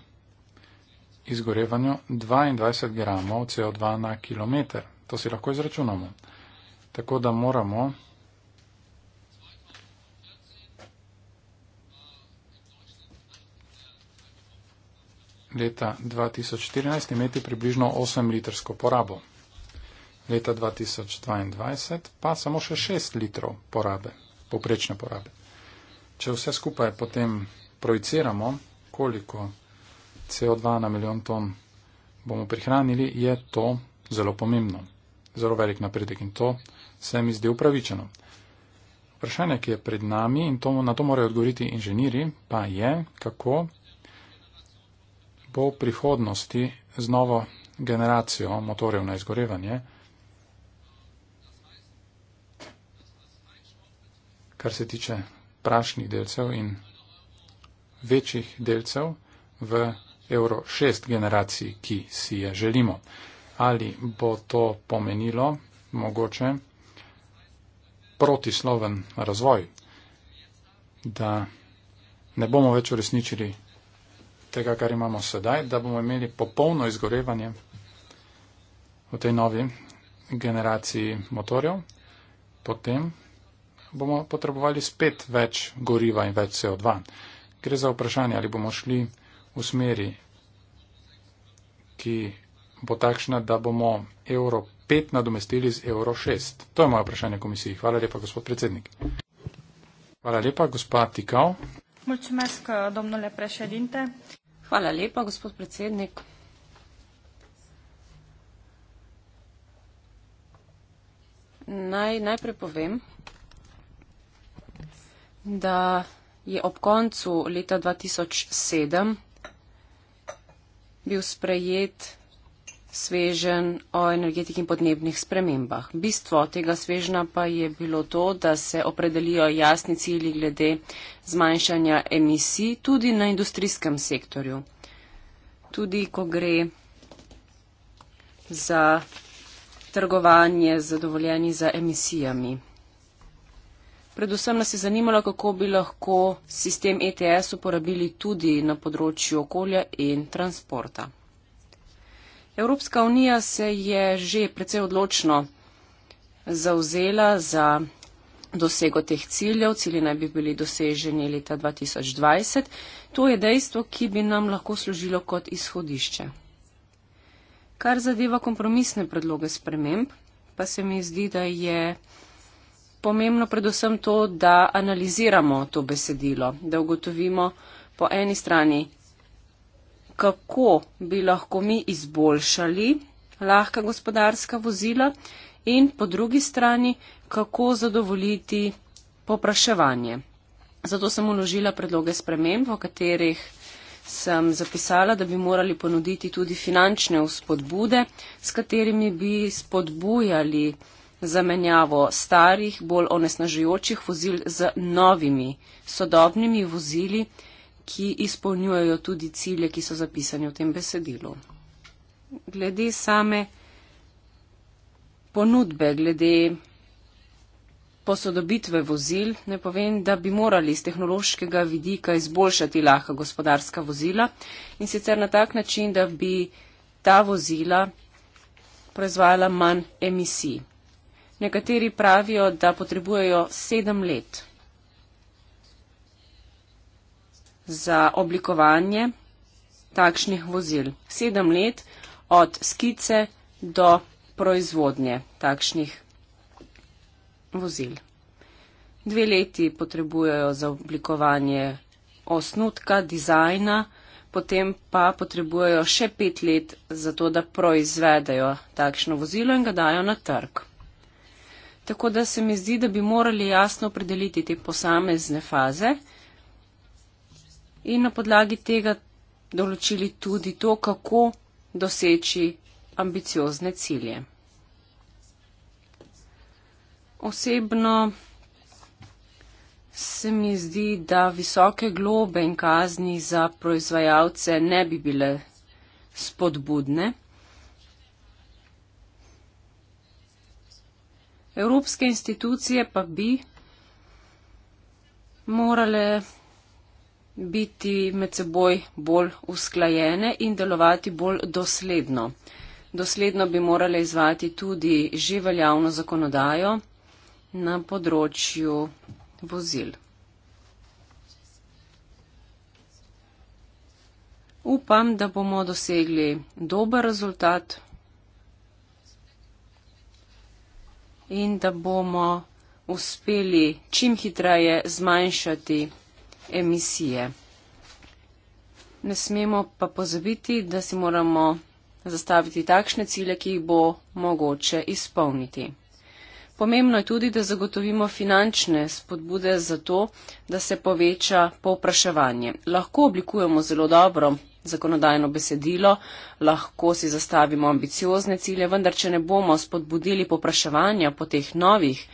izgorevanju 22 gramov CO2 na kilometr. To si lahko izračunamo. Tako da moramo leta 2014 imeti približno 8 litrsko porabo. Leta 2022 pa samo še 6 litrov porabe, poprečne porabe. Če vse skupaj potem projiciramo, koliko CO2 na milijon ton bomo prihranili, je to zelo pomembno. Zelo velik napredek in to se mi zdi upravičeno. Vprašanje, ki je pred nami in to, na to morajo odgovoriti inženiri, pa je, kako bo v prihodnosti z novo generacijo motorjev na izgorevanje, kar se tiče prašnih delcev in večjih delcev v Euro 6 generaciji, ki si je želimo. Ali bo to pomenilo mogoče protisloven razvoj, da ne bomo več uresničili tega, kar imamo sedaj, da bomo imeli popolno izgorevanje v tej novi generaciji motorjev, potem bomo potrebovali spet več goriva in več CO2. Gre za vprašanje, ali bomo šli v smeri, ki bo takšna, da bomo evro 5 nadomestili z evro 6. To je moje vprašanje komisiji. Hvala lepa, gospod predsednik. Hvala lepa, gospod Tikal. Hvala lepa, gospod predsednik. Naj najprej povem, da je ob koncu leta 2007 bil sprejet svežen o energetiki in podnebnih spremembah. Bistvo tega svežna pa je bilo to, da se opredelijo jasni cilji glede zmanjšanja emisij tudi na industrijskem sektorju. Tudi ko gre za trgovanje z dovoljenji za emisijami. Predvsem nas je zanimalo, kako bi lahko sistem ETS uporabili tudi na področju okolja in transporta. Evropska unija se je že precej odločno zauzela za dosego teh ciljev. Cilji naj bi bili doseženi leta 2020. To je dejstvo, ki bi nam lahko služilo kot izhodišče. Kar zadeva kompromisne predloge sprememb, pa se mi zdi, da je pomembno predvsem to, da analiziramo to besedilo, da ugotovimo po eni strani, kako bi lahko mi izboljšali lahka gospodarska vozila in po drugi strani, kako zadovoljiti popraševanje. Zato sem uložila predloge sprememb, v katerih sem zapisala, da bi morali ponuditi tudi finančne vzpodbude, s katerimi bi spodbujali zamenjavo starih, bolj onesnažujočih vozil z novimi, sodobnimi vozili, ki izpolnjujejo tudi cilje, ki so zapisani v tem besedilu. Glede same ponudbe, glede posodobitve vozil, ne povem, da bi morali iz tehnološkega vidika izboljšati lahka gospodarska vozila in sicer na tak način, da bi ta vozila proizvajala manj emisij. Nekateri pravijo, da potrebujejo sedem let za oblikovanje takšnih vozil. Sedem let od skice do proizvodnje takšnih vozil. Dve leti potrebujejo za oblikovanje osnutka, dizajna, potem pa potrebujejo še pet let za to, da proizvedejo takšno vozilo in ga dajo na trg. Tako da se mi zdi, da bi morali jasno predeliti te posamezne faze in na podlagi tega določili tudi to, kako doseči ambiciozne cilje. Osebno se mi zdi, da visoke globe in kazni za proizvajalce ne bi bile spodbudne. Evropske institucije pa bi morale biti med seboj bolj usklajene in delovati bolj dosledno. Dosledno bi morale izvati tudi že veljavno zakonodajo na področju vozil. Upam, da bomo dosegli dober rezultat in da bomo uspeli čim hitreje zmanjšati emisije. Ne smemo pa pozabiti, da si moramo zastaviti takšne cilje, ki jih bo mogoče izpolniti. Pomembno je tudi, da zagotovimo finančne spodbude za to, da se poveča povpraševanje. Lahko oblikujemo zelo dobro zakonodajno besedilo, lahko si zastavimo ambiciozne cilje, vendar če ne bomo spodbudili popraševanja po teh novih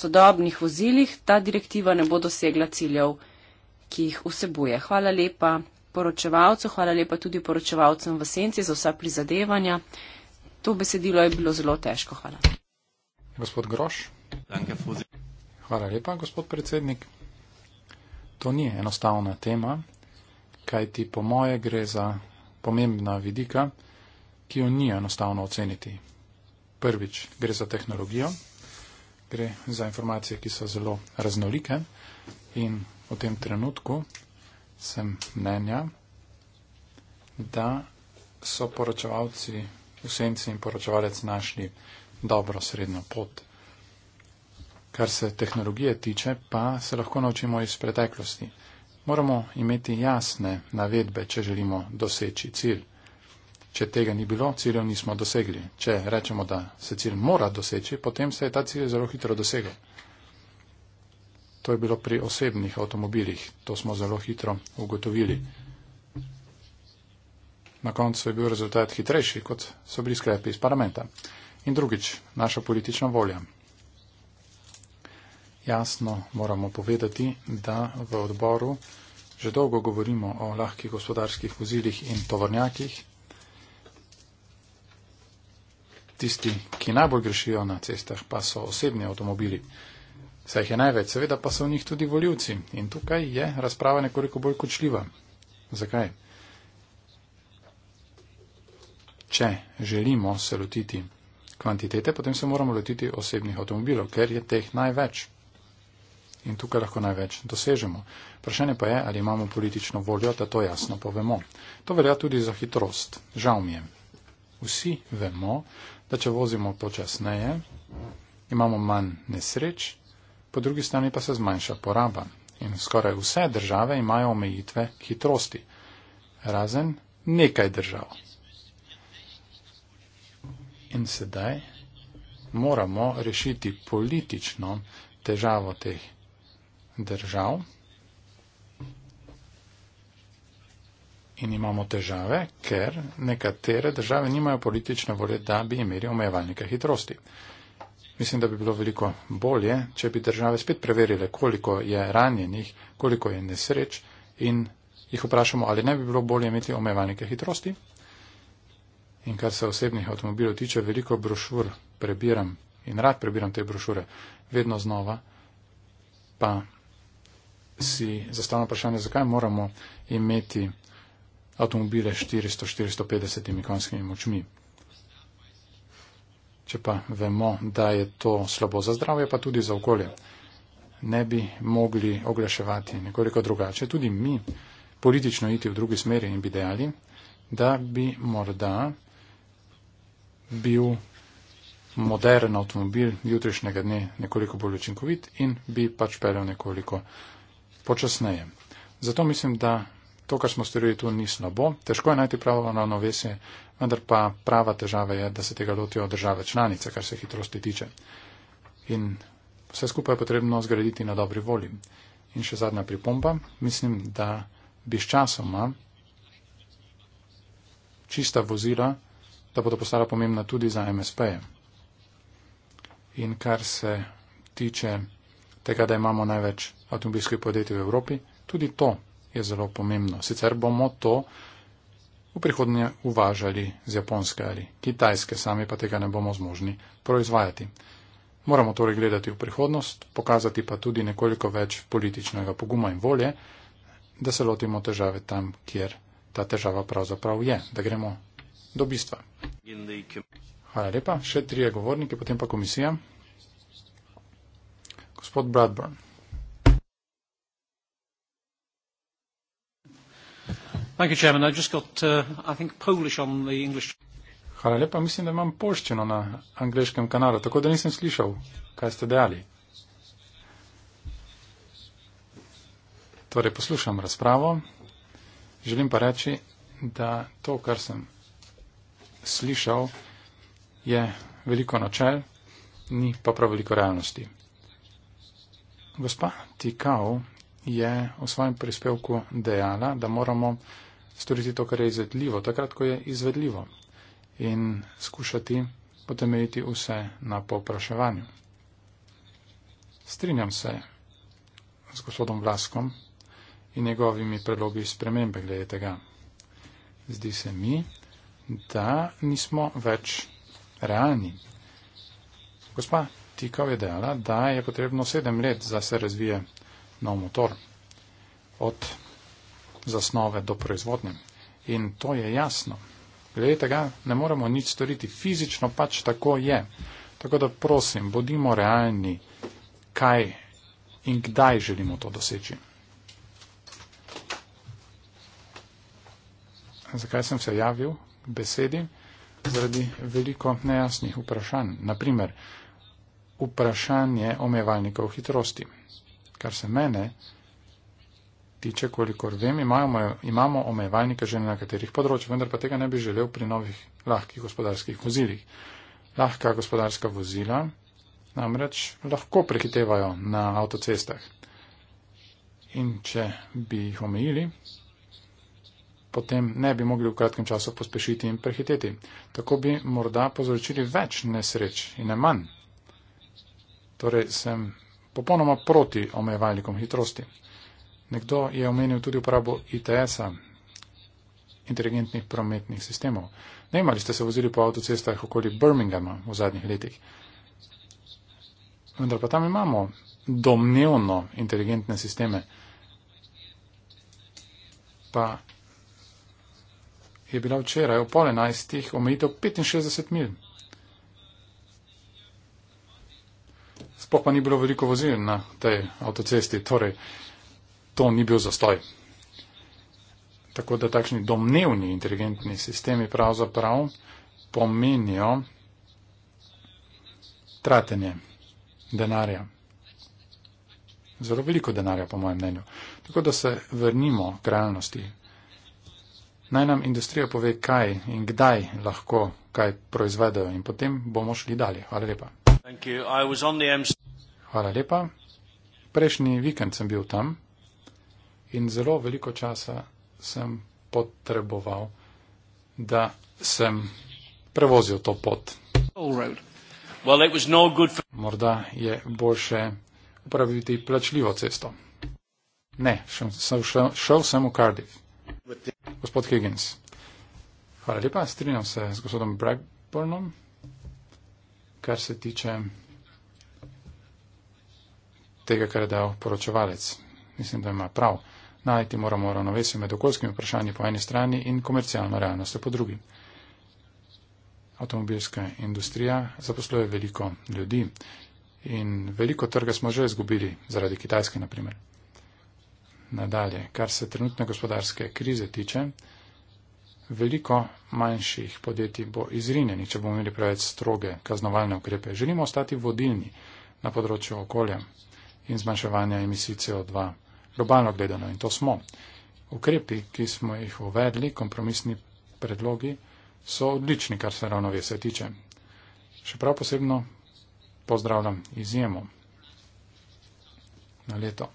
sodobnih vozilih, ta direktiva ne bo dosegla ciljev, ki jih vsebuje. Hvala lepa poročevalcu, hvala lepa tudi poročevalcem v senci za vsa prizadevanja. To besedilo je bilo zelo težko. Hvala. Gospod Groš. Hvala lepa, gospod predsednik. To ni enostavna tema, kaj ti po moje gre za pomembna vidika, ki jo ni enostavno oceniti. Prvič gre za tehnologijo, gre za informacije, ki so zelo raznolike in v tem trenutku sem mnenja, da so poročevalci v senci in poročevalec našli dobro srednjo pot. Kar se tehnologije tiče, pa se lahko naučimo iz preteklosti. Moramo imeti jasne navedbe, če želimo doseči cilj. Če tega ni bilo, ciljev nismo dosegli. Če rečemo, da se cilj mora doseči, potem se je ta cilj zelo hitro dosegel. To je bilo pri osebnih avtomobilih, to smo zelo hitro ugotovili. Na koncu je bil rezultat hitrejši, kot so bili sklepi iz parlamenta. In drugič, naša politična volja. Jasno moramo povedati, da v odboru že dolgo govorimo o lahkih gospodarskih vozilih in tovornjakih. Tisti, ki najbolj grešijo na cestah, pa so osebni avtomobili. Saj jih je največ, seveda pa so v njih tudi voljivci. In tukaj je razprava nekoliko bolj kočljiva. Zakaj? Če želimo se lotiti kvantitete, potem se moramo lotiti osebnih avtomobilov, ker je teh največ in tukaj lahko največ dosežemo. Vprašanje pa je, ali imamo politično voljo, da to jasno povemo. To velja tudi za hitrost. Žal mi je. Vsi vemo, da če vozimo počasneje, imamo manj nesreč, po drugi strani pa se zmanjša poraba. In skoraj vse države imajo omejitve hitrosti. Razen nekaj držav. In sedaj moramo rešiti politično težavo teh držav in imamo težave, ker nekatere države nimajo politične volje, da bi imeli omejevalnike hitrosti. Mislim, da bi bilo veliko bolje, če bi države spet preverile, koliko je ranjenih, koliko je nesreč in jih vprašamo, ali ne bi bilo bolje imeti omejevalnike hitrosti. In kar se osebnih avtomobilov tiče, veliko brošur prebiram in rad prebiram te brošure, vedno znova, pa si zastavljamo vprašanje, zakaj moramo imeti avtomobile 400-450 konjskimi močmi. Če pa vemo, da je to slabo za zdravje, pa tudi za okolje, ne bi mogli oglaševati nekoliko drugače, tudi mi politično iti v drugi smeri in bi dejali, da bi morda bil moderen avtomobil jutrišnjega dne nekoliko bolj učinkovit in bi pač peljal nekoliko počasneje. Zato mislim, da to, kar smo storili tu, ni slabo. Težko je najti pravo ravnovesje, vendar pa prava težava je, da se tega lotijo države članice, kar se hitrosti tiče. In vse skupaj je potrebno zgraditi na dobri volji. In še zadnja pripomba. Mislim, da bi s časoma čista vozila, da bodo postala pomembna tudi za MSP. -je. In kar se tiče tega, da imamo največ avtomobilskih podjetij v Evropi, tudi to je zelo pomembno. Sicer bomo to v prihodnje uvažali z Japonske ali Kitajske, sami pa tega ne bomo zmožni proizvajati. Moramo torej gledati v prihodnost, pokazati pa tudi nekoliko več političnega poguma in volje, da se lotimo težave tam, kjer ta težava pravzaprav je, da gremo do bistva. Hvala lepa. Še trije govorniki, potem pa komisija gospod Bradburn. Thank you, Chairman. I just got, uh, I think, Polish on the English. Hvala lepa, mislim, da imam polščino na angliškem kanalu, tako da nisem slišal, kaj ste dejali. Torej, poslušam razpravo. Želim pa reči, da to, kar sem slišal, je veliko načel, ni pa prav veliko realnosti. Gospa Tikao je v svojem prispevku dejala, da moramo storiti to, kar je izvedljivo, takrat, ko je izvedljivo in skušati potemeljiti vse na popraševanju. Strinjam se z gospodom Vlaskom in njegovimi predlogi spremembe glede tega. Zdi se mi, da nismo več realni. Gospa Tika vedela, da je potrebno sedem let, da se razvije nov motor od zasnove do proizvodnje. In to je jasno. Glede tega ne moremo nič storiti. Fizično pač tako je. Tako da prosim, bodimo realni, kaj in kdaj želimo to doseči. Zakaj sem se javil besedi? Zaradi veliko nejasnih vprašanj. Naprimer, vprašanje omejevalnikov hitrosti. Kar se mene tiče, kolikor vem, imamo, imamo omejevalnike že na nekaterih področjih, vendar pa tega ne bi želel pri novih lahkih gospodarskih vozilih. Lahka gospodarska vozila namreč lahko prehitevajo na avtocestah. In če bi jih omejili, potem ne bi mogli v kratkem času pospešiti in prehiteti. Tako bi morda povzročili več nesreč in ne manj. Torej sem popolnoma proti omejevalnikom hitrosti. Nekdo je omenil tudi uporabo ITS-a, inteligentnih prometnih sistemov. Ne imali ste se vozili po avtocestah okoli Birminghama v zadnjih letih. Vendar pa tam imamo domnevno inteligentne sisteme. Pa je bila včeraj v pol enajstih omejitev 65 mil. Sploh pa ni bilo veliko vozil na tej avtocesti, torej to ni bil zastoj. Tako da takšni domnevni inteligentni sistemi pravzaprav pomenijo tratenje denarja. Zelo veliko denarja, po mojem mnenju. Tako da se vrnimo k realnosti. Naj nam industrija pove, kaj in kdaj lahko kaj proizvedajo in potem bomo šli dalje. Hvala lepa. Hvala lepa. Prejšnji vikend sem bil tam in zelo veliko časa sem potreboval, da sem prevozil to pot. Well, no for... Morda je boljše upraviti plačljivo cesto. Ne, šel, šel, šel, šel sem v Cardiff. Gospod Higgins. Hvala lepa, strinjam se z gospodom Bragburnom kar se tiče tega, kar je dal poročevalec. Mislim, da ima prav. Najti moramo ravnovesje med okoljskimi vprašanji po eni strani in komercialno realnostjo po drugi. Avtomobilska industrija zaposluje veliko ljudi in veliko trga smo že izgubili zaradi Kitajske, naprimer. Nadalje, kar se trenutne gospodarske krize tiče, veliko manjših podjetij bo izrinjenih, če bomo imeli preveč stroge kaznovalne ukrepe. Želimo ostati vodilni na področju okolja in zmanjševanja emisij CO2, globalno gledano, in to smo. Ukrepi, ki smo jih uvedli, kompromisni predlogi, so odlični, kar se ravnovesja tiče. Še prav posebno pozdravljam izjemo na leto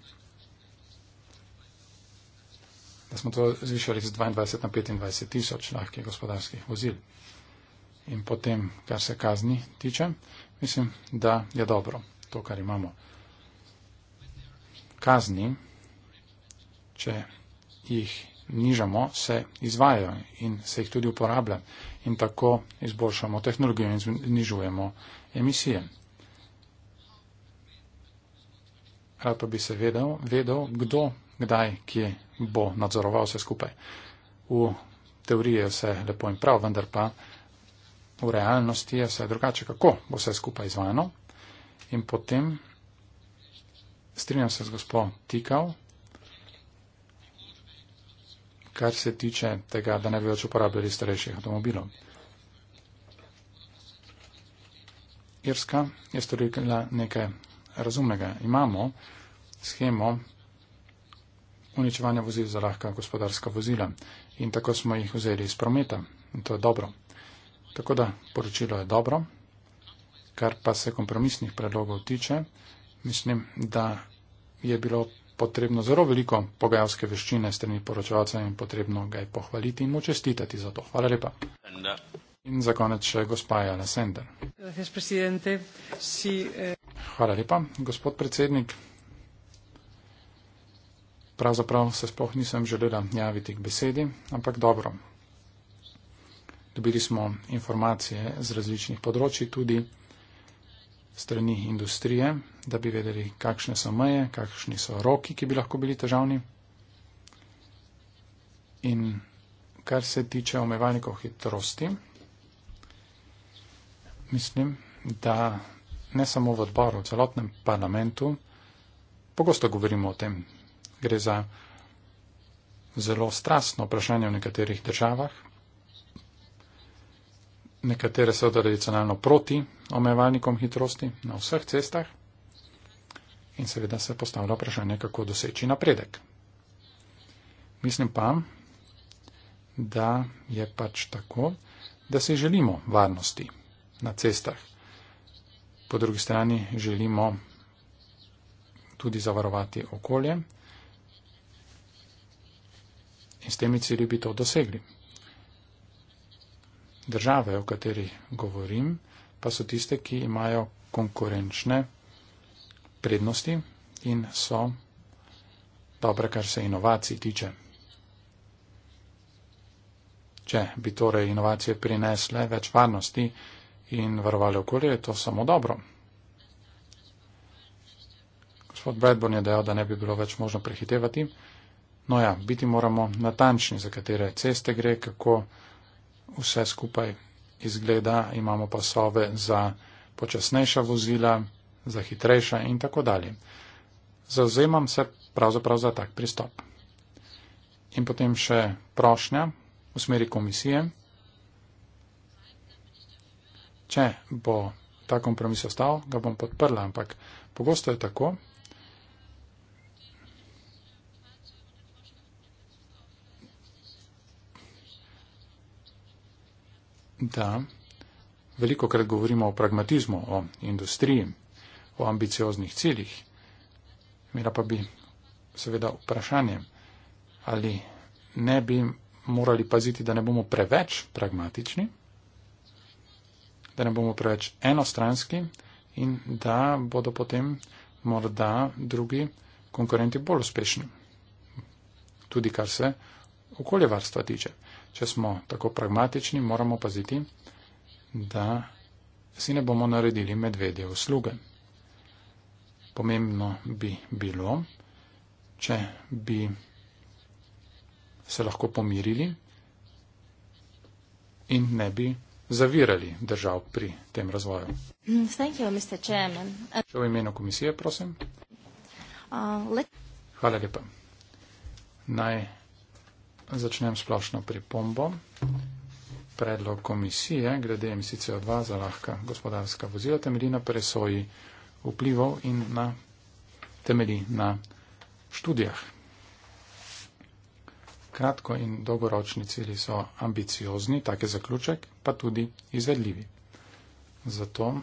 da smo to zvišali z 22 na 25 tisoč lahkih gospodarskih vozil. In potem, kar se kazni tiče, mislim, da je dobro to, kar imamo. Kazni, če jih nižamo, se izvajajo in se jih tudi uporablja. In tako izboljšamo tehnologijo in znižujemo emisije. Rad pa bi se vedel, vedel kdo kdaj, kje bo nadzoroval vse skupaj. V teoriji je vse lepo in prav, vendar pa v realnosti je vse drugače, kako bo vse skupaj izvajano. In potem strinjam se z gospod Tikal, kar se tiče tega, da ne bi več uporabljali starejših avtomobilov. Irska je storila nekaj razumnega. Imamo schemo uničevanja vozil za lahka gospodarska vozila in tako smo jih vzeli iz prometa in to je dobro. Tako da poročilo je dobro, kar pa se kompromisnih predlogov tiče, mislim, da je bilo potrebno zelo veliko pogajalske veščine strani poročevalca in potrebno ga je pohvaliti in mu čestitati za to. Hvala lepa. In za konec še gospa Jana Sender. Eh. Hvala lepa, gospod predsednik pravzaprav se sploh nisem želela javiti k besedi, ampak dobro. Dobili smo informacije z različnih področji, tudi strani industrije, da bi vedeli, kakšne so meje, kakšni so roki, ki bi lahko bili težavni. In kar se tiče omejevalnikov hitrosti, mislim, da ne samo v odboru, v celotnem parlamentu, pogosto govorimo o tem, gre za zelo strastno vprašanje v nekaterih državah. Nekatere so tradicionalno proti omejevalnikom hitrosti na vseh cestah in seveda se postavlja vprašanje, kako doseči napredek. Mislim pa, da je pač tako, da si želimo varnosti na cestah. Po drugi strani želimo tudi zavarovati okolje. In s temi cilji bi to dosegli. Države, o kateri govorim, pa so tiste, ki imajo konkurenčne prednosti in so dobre, kar se inovacij tiče. Če bi torej inovacije prinesle več varnosti in varovali okolje, je to samo dobro. Gospod Bradburn je dejal, da ne bi bilo več možno prehitevati. No ja, biti moramo natančni, za katere ceste gre, kako vse skupaj izgleda, imamo pasove za počasnejša vozila, za hitrejša in tako dalje. Zauzemam se pravzaprav za tak pristop. In potem še prošnja v smeri komisije. Če bo ta kompromis ostal, ga bom podprla, ampak pogosto je tako, da veliko krat govorimo o pragmatizmu, o industriji, o ambicioznih ciljih. Mira pa bi seveda vprašanje, ali ne bi morali paziti, da ne bomo preveč pragmatični, da ne bomo preveč enostranski in da bodo potem morda drugi konkurenti bolj uspešni. Tudi kar se okoljevarstva tiče če smo tako pragmatični, moramo paziti, da si ne bomo naredili medvedje usluge. Pomembno bi bilo, če bi se lahko pomirili in ne bi zavirali držav pri tem razvoju. Če mm, v imenu komisije, prosim. Uh, Hvala lepa. Naj začnem splošno pripombo. Predlog komisije glede emisij CO2 za lahka gospodarska vozila temelji na presoji vplivov in na, temelji na študijah. Kratko in dolgoročni cilji so ambiciozni, tak je zaključek, pa tudi izvedljivi. Zato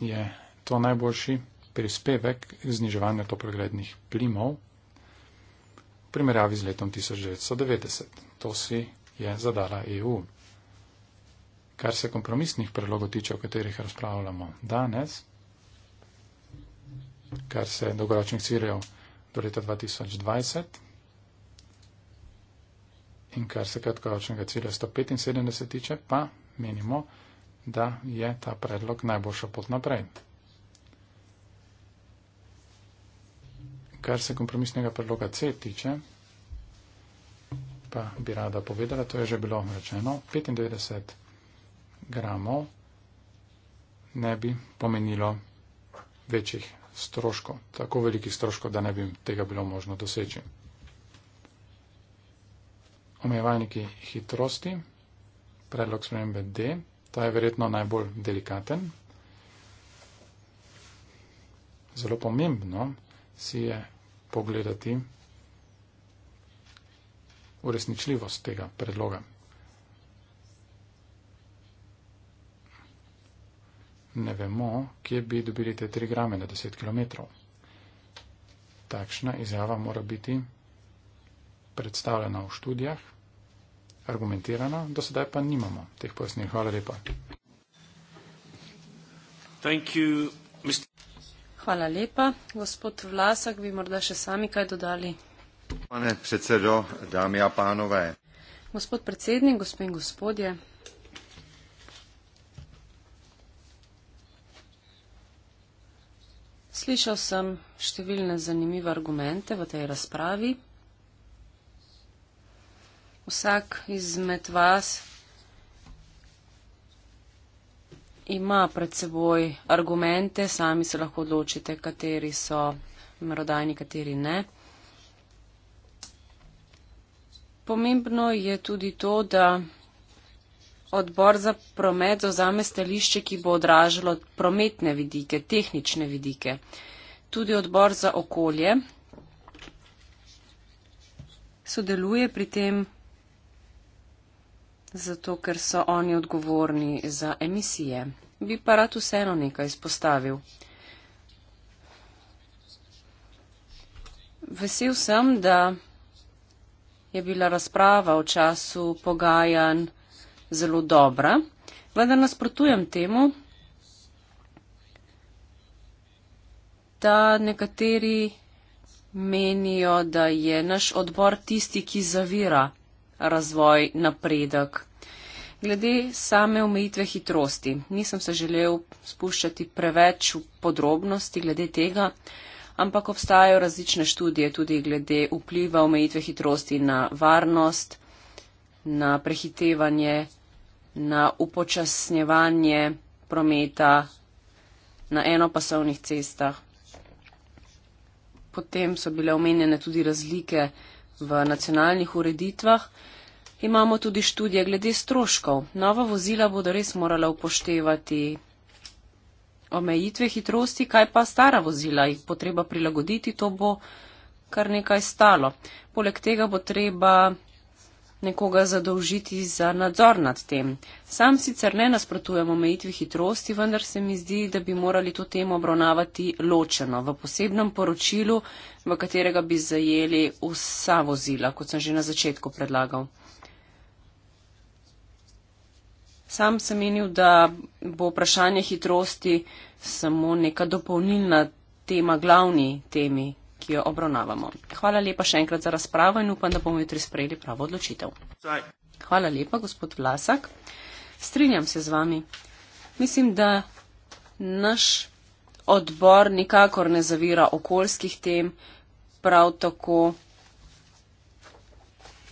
je to najboljši prispevek k zniževanju toplogrednih plimov primerjavi z letom 1990. To si je zadala EU. Kar se kompromisnih predlogov tiče, o katerih razpravljamo danes, kar se dolgoročnih ciljev do leta 2020 in kar se kratkoročnega cilja 175 tiče, pa menimo, da je ta predlog najboljša pot naprej. kar se kompromisnega predloga C tiče, pa bi rada povedala, to je že bilo rečeno, 95 gramov ne bi pomenilo večjih stroškov, tako velikih stroškov, da ne bi tega bilo možno doseči. Omejevalniki hitrosti, predlog spremembe D, ta je verjetno najbolj delikaten. Zelo pomembno si je pogledati uresničljivost tega predloga. Ne vemo, kje bi dobili te 3 grame na 10 km. Takšna izjava mora biti predstavljena v študijah, argumentirana, do sedaj pa nimamo teh pojasnil. Hvala lepa. Thank you. Hvala lepa. Gospod Vlasak, bi morda še sami kaj dodali? Pane predsedo, dame a panove. Gospod predsednik, gospe in gospodje. Slišal sem številne zanimive argumente v tej razpravi. Vsak izmed vas ima pred seboj argumente, sami se lahko odločite, kateri so merodajni, kateri ne. Pomembno je tudi to, da odbor za promet zauzame stališče, ki bo odražalo prometne vidike, tehnične vidike. Tudi odbor za okolje sodeluje pri tem Zato, ker so oni odgovorni za emisije. Bi pa rad vseeno nekaj izpostavil. Vesel sem, da je bila razprava v času pogajanj zelo dobra, vendar nasprotujem temu, da nekateri menijo, da je naš odbor tisti, ki zavira razvoj, napredek. Glede same omejitve hitrosti, nisem se želel spuščati preveč v podrobnosti glede tega, ampak obstajajo različne študije tudi glede vpliva omejitve hitrosti na varnost, na prehitevanje, na upočasnjevanje prometa na enopasovnih cestah. Potem so bile omenjene tudi razlike V nacionalnih ureditvah imamo tudi študije glede stroškov. Nova vozila bodo res morala upoštevati omejitve hitrosti, kaj pa stara vozila, jih potreba prilagoditi, to bo kar nekaj stalo. Poleg tega bo treba nekoga zadolžiti za nadzor nad tem. Sam sicer ne nasprotujem omejitvi hitrosti, vendar se mi zdi, da bi morali to temo obravnavati ločeno v posebnem poročilu, v katerega bi zajeli vsa vozila, kot sem že na začetku predlagal. Sam sem menil, da bo vprašanje hitrosti samo neka dopolnilna tema glavni temi ki jo obravnavamo. Hvala lepa še enkrat za razpravo in upam, da bomo jutri sprejeli pravo odločitev. Hvala lepa, gospod Vlasak. Strinjam se z vami. Mislim, da naš odbor nikakor ne zavira okoljskih tem, prav tako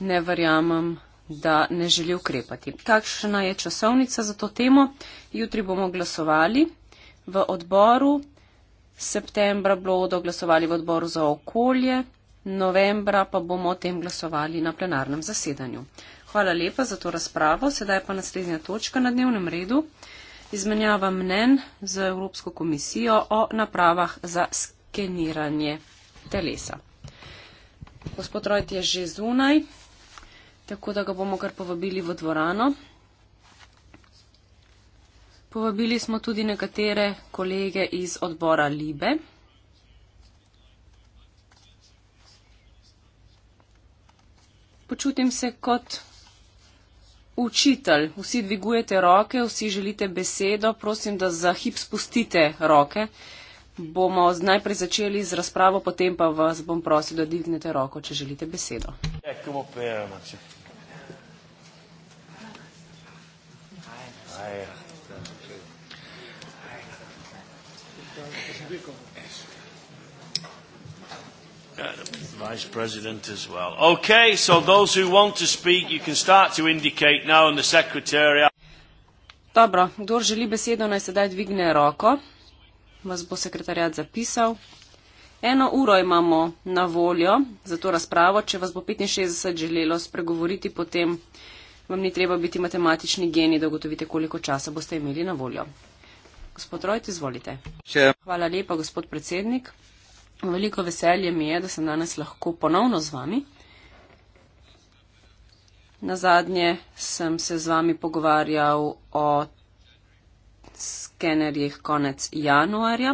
ne verjamem, da ne želi ukrepati. Kakšna je časovnica za to temo? Jutri bomo glasovali v odboru septembra bodo glasovali v odboru za okolje, novembra pa bomo o tem glasovali na plenarnem zasedanju. Hvala lepa za to razpravo. Sedaj pa naslednja točka na dnevnem redu. Izmenjava mnen z Evropsko komisijo o napravah za skeniranje telesa. Gospod Rojt je že zunaj, tako da ga bomo kar povabili v dvorano. Povabili smo tudi nekatere kolege iz odbora Libe. Počutim se kot učitelj. Vsi dvigujete roke, vsi želite besedo. Prosim, da za hip spustite roke. Bomo najprej začeli z razpravo, potem pa vas bom prosil, da dvignete roko, če želite besedo. Ja, Vice President as well. Okay, so those who want to speak, you can start to indicate now in the secretary. Dobro, kdor želi besedo, naj sedaj dvigne roko. Vas bo sekretarjat zapisal. Eno uro imamo na voljo za to razpravo. Če vas bo 65 želelo spregovoriti, potem vam ni treba biti matematični geni, da ugotovite, koliko časa boste imeli na voljo. Gospod Rojt, izvolite. Če. Hvala lepa, gospod predsednik. Veliko veselje mi je, da sem danes lahko ponovno z vami. Na zadnje sem se z vami pogovarjal o skenerjih konec januarja.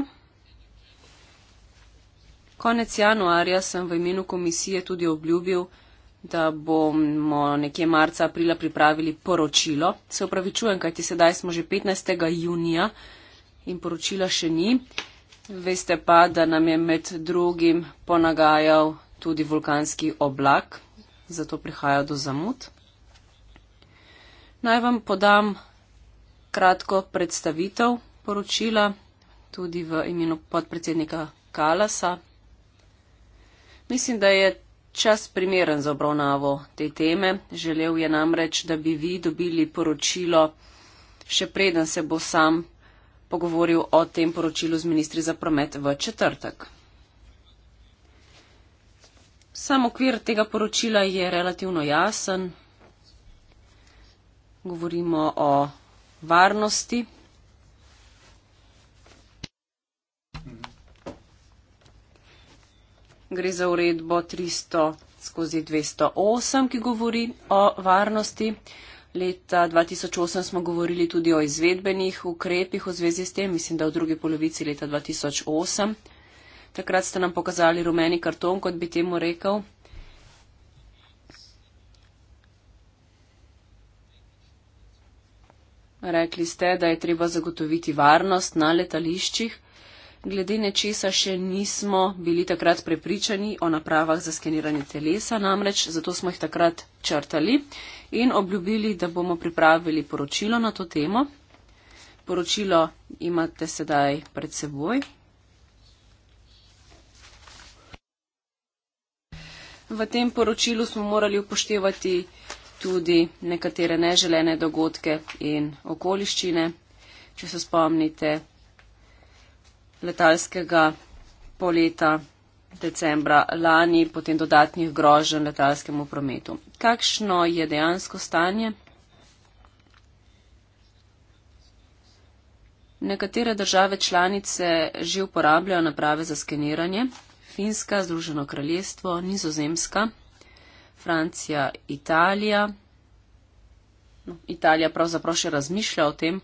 Konec januarja sem v imenu komisije tudi obljubil, da bomo nekje marca, aprila pripravili poročilo. Se upravičujem, kajti sedaj smo že 15. junija in poročila še ni. Veste pa, da nam je med drugim ponagajal tudi vulkanski oblak, zato prihaja do zamud. Naj vam podam kratko predstavitev poročila, tudi v imenu podpredsednika Kalasa. Mislim, da je čas primeren za obravnavo te teme. Želel je namreč, da bi vi dobili poročilo, še preden se bo sam pogovoril o tem poročilu z ministri za promet v četrtek. Sam okvir tega poročila je relativno jasen. Govorimo o varnosti. Gre za uredbo 300 skozi 208, ki govori o varnosti. Leta 2008 smo govorili tudi o izvedbenih ukrepih v zvezi s tem, mislim, da v drugi polovici leta 2008. Takrat ste nam pokazali rumeni karton, kot bi temu rekel. Rekli ste, da je treba zagotoviti varnost na letališčih. Glede nečesa še nismo bili takrat prepričani o napravah za skeniranje telesa, namreč zato smo jih takrat črtali in obljubili, da bomo pripravili poročilo na to temo. Poročilo imate sedaj pred seboj. V tem poročilu smo morali upoštevati tudi nekatere neželene dogodke in okoliščine. Če se spomnite letalskega poleta decembra lani, potem dodatnih grožen letalskemu prometu. Kakšno je dejansko stanje? Nekatere države članice že uporabljajo naprave za skeniranje. Finska, Združeno kraljestvo, Nizozemska, Francija, Italija. No, Italija pravzaprav še razmišlja o tem.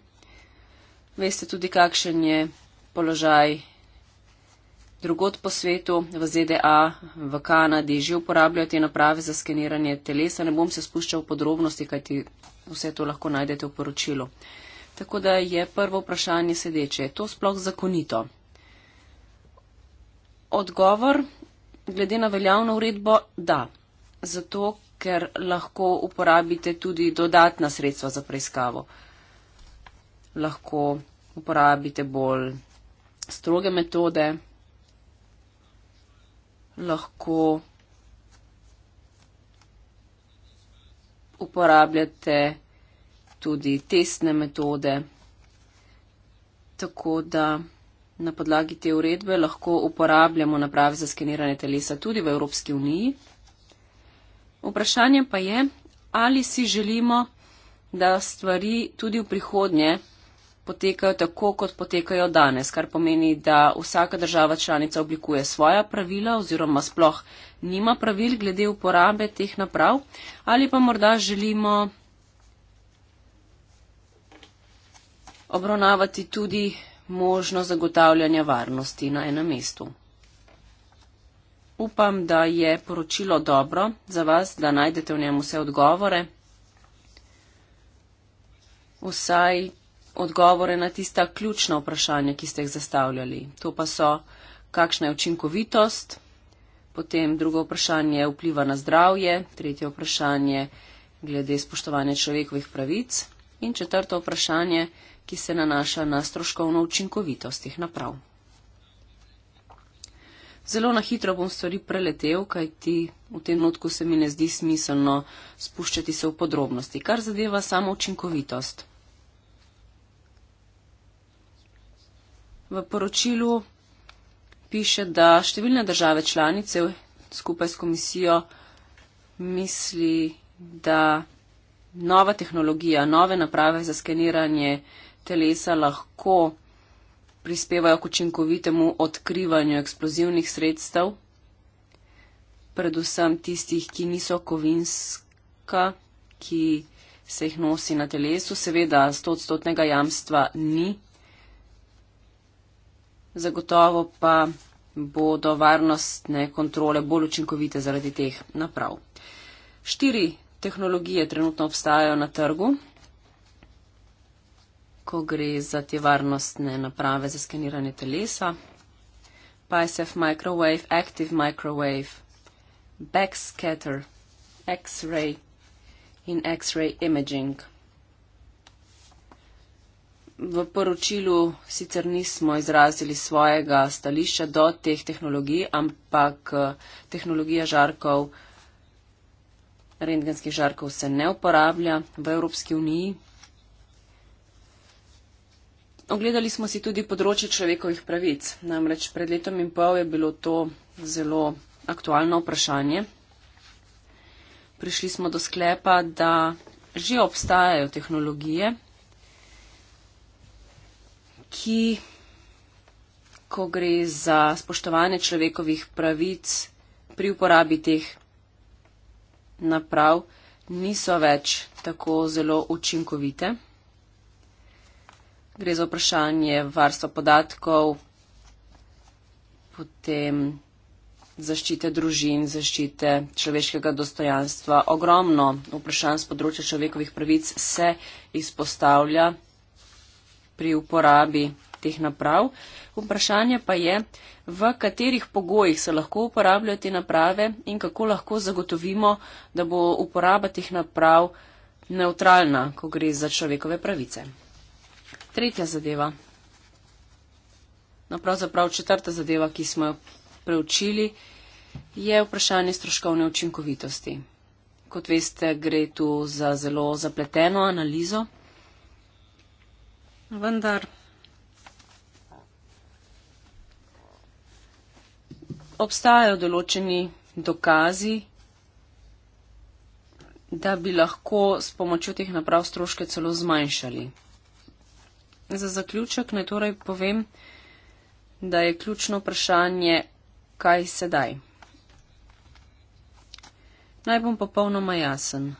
Veste tudi, kakšen je položaj drugot po svetu, v ZDA, v Kanadi že uporabljajo te naprave za skeniranje telesa. Ne bom se spuščal v podrobnosti, kajti vse to lahko najdete v poročilu. Tako da je prvo vprašanje sedeče. Je to sploh zakonito? Odgovor glede na veljavno uredbo, da. Zato, ker lahko uporabite tudi dodatna sredstva za preiskavo. Lahko uporabite bolj stroge metode, lahko uporabljate tudi testne metode. Tako da na podlagi te uredbe lahko uporabljamo naprave za skeniranje telesa tudi v Evropski uniji. Vprašanje pa je, ali si želimo, da stvari tudi v prihodnje potekajo tako, kot potekajo danes, kar pomeni, da vsaka država članica oblikuje svoja pravila oziroma sploh nima pravil glede uporabe teh naprav ali pa morda želimo obravnavati tudi možno zagotavljanje varnosti na enem mestu. Upam, da je poročilo dobro za vas, da najdete v njem vse odgovore. Vsaj odgovore na tista ključna vprašanja, ki ste jih zastavljali. To pa so, kakšna je učinkovitost, potem drugo vprašanje vpliva na zdravje, tretje vprašanje glede spoštovanja človekovih pravic in četrto vprašanje, ki se nanaša na stroškovno učinkovitost teh naprav. Zelo na hitro bom stvari preletel, kajti v tem notku se mi ne zdi smiselno spuščati se v podrobnosti, kar zadeva samo učinkovitost. v poročilu piše, da številne države članice skupaj s komisijo misli, da nova tehnologija, nove naprave za skeniranje telesa lahko prispevajo k učinkovitemu odkrivanju eksplozivnih sredstev, predvsem tistih, ki niso kovinska, ki se jih nosi na telesu. Seveda, stotstotnega jamstva ni zagotovo pa bodo varnostne kontrole bolj učinkovite zaradi teh naprav. Štiri tehnologije trenutno obstajajo na trgu, ko gre za te varnostne naprave za skeniranje telesa. PISF Microwave, Active Microwave, Backscatter, X-ray in X-ray Imaging v poročilu sicer nismo izrazili svojega stališča do teh tehnologij, ampak eh, tehnologija žarkov, rentgenskih žarkov se ne uporablja v Evropski uniji. Ogledali smo si tudi področje človekovih pravic. Namreč pred letom in pol je bilo to zelo aktualno vprašanje. Prišli smo do sklepa, da že obstajajo tehnologije, ki, ko gre za spoštovanje človekovih pravic pri uporabi teh naprav, niso več tako zelo učinkovite. Gre za vprašanje varstva podatkov, potem zaščite družin, zaščite človeškega dostojanstva. Ogromno vprašanj z področja človekovih pravic se izpostavlja pri uporabi teh naprav. Vprašanje pa je, v katerih pogojih se lahko uporabljajo te naprave in kako lahko zagotovimo, da bo uporaba teh naprav neutralna, ko gre za človekove pravice. Tretja zadeva, no pravzaprav četrta zadeva, ki smo jo preučili, je vprašanje stroškovne učinkovitosti. Kot veste, gre tu za zelo zapleteno analizo vendar obstajajo določeni dokazi, da bi lahko s pomočjo teh naprav stroške celo zmanjšali. Za zaključek naj torej povem, da je ključno vprašanje, kaj sedaj. Naj bom popolnoma jasen.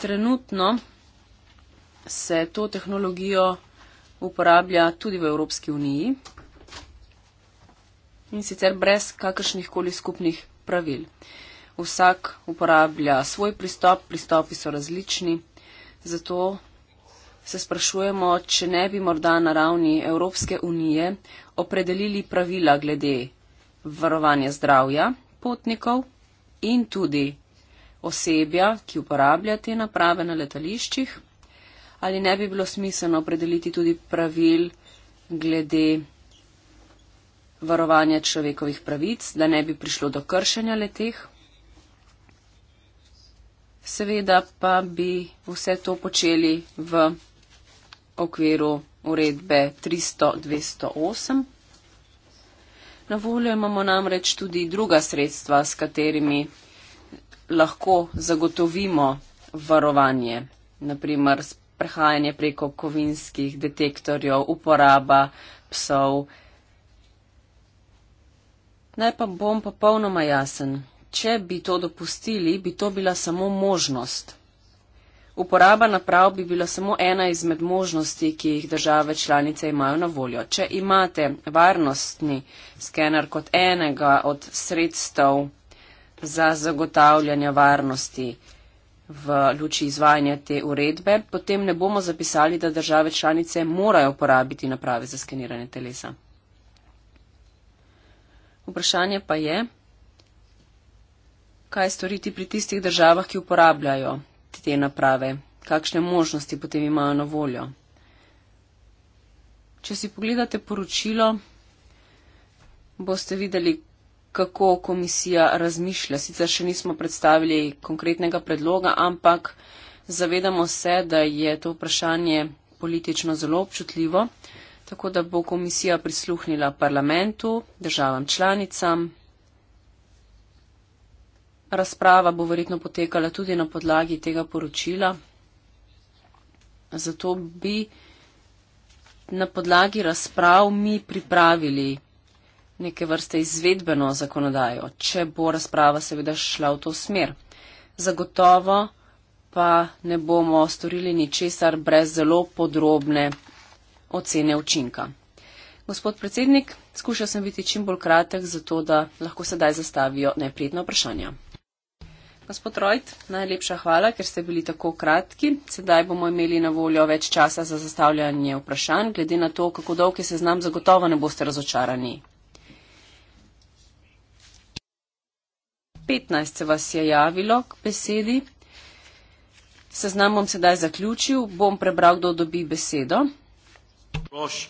Trenutno se to tehnologijo uporablja tudi v Evropski uniji in sicer brez kakršnih koli skupnih pravil. Vsak uporablja svoj pristop, pristopi so različni, zato se sprašujemo, če ne bi morda na ravni Evropske unije opredelili pravila glede varovanja zdravja potnikov in tudi osebja, ki uporablja te naprave na letališčih ali ne bi bilo smiselno opredeliti tudi pravil glede varovanja človekovih pravic, da ne bi prišlo do kršenja leteh. Seveda pa bi vse to počeli v okviru uredbe 3208. Na voljo imamo namreč tudi druga sredstva, s katerimi lahko zagotovimo varovanje, naprimer s prehajanje preko kovinskih detektorjev, uporaba psov. Naj pa bom popolnoma jasen. Če bi to dopustili, bi to bila samo možnost. Uporaba naprav bi bila samo ena izmed možnosti, ki jih države članice imajo na voljo. Če imate varnostni skener kot enega od sredstev za zagotavljanje varnosti, v luči izvajanja te uredbe, potem ne bomo zapisali, da države članice morajo uporabiti naprave za skeniranje telesa. Vprašanje pa je, kaj storiti pri tistih državah, ki uporabljajo te naprave, kakšne možnosti potem imajo na voljo. Če si pogledate poročilo, boste videli, kako komisija razmišlja. Sicer še nismo predstavili konkretnega predloga, ampak zavedamo se, da je to vprašanje politično zelo občutljivo, tako da bo komisija prisluhnila parlamentu, državam članicam. Razprava bo verjetno potekala tudi na podlagi tega poročila. Zato bi na podlagi razprav mi pripravili neke vrste izvedbeno zakonodajo, če bo razprava seveda šla v to smer. Zagotovo pa ne bomo storili ničesar brez zelo podrobne ocene učinka. Gospod predsednik, skušal sem biti čim bolj kratek, zato da lahko sedaj zastavijo najprijetno vprašanje. Gospod Rojt, najlepša hvala, ker ste bili tako kratki. Sedaj bomo imeli na voljo več časa za zastavljanje vprašanj. Glede na to, kako dolg je seznam, zagotovo ne boste razočarani. 15 se vas je javilo k besedi. Seznam bom sedaj zaključil. Bom prebral, kdo dobi besedo. Bosch,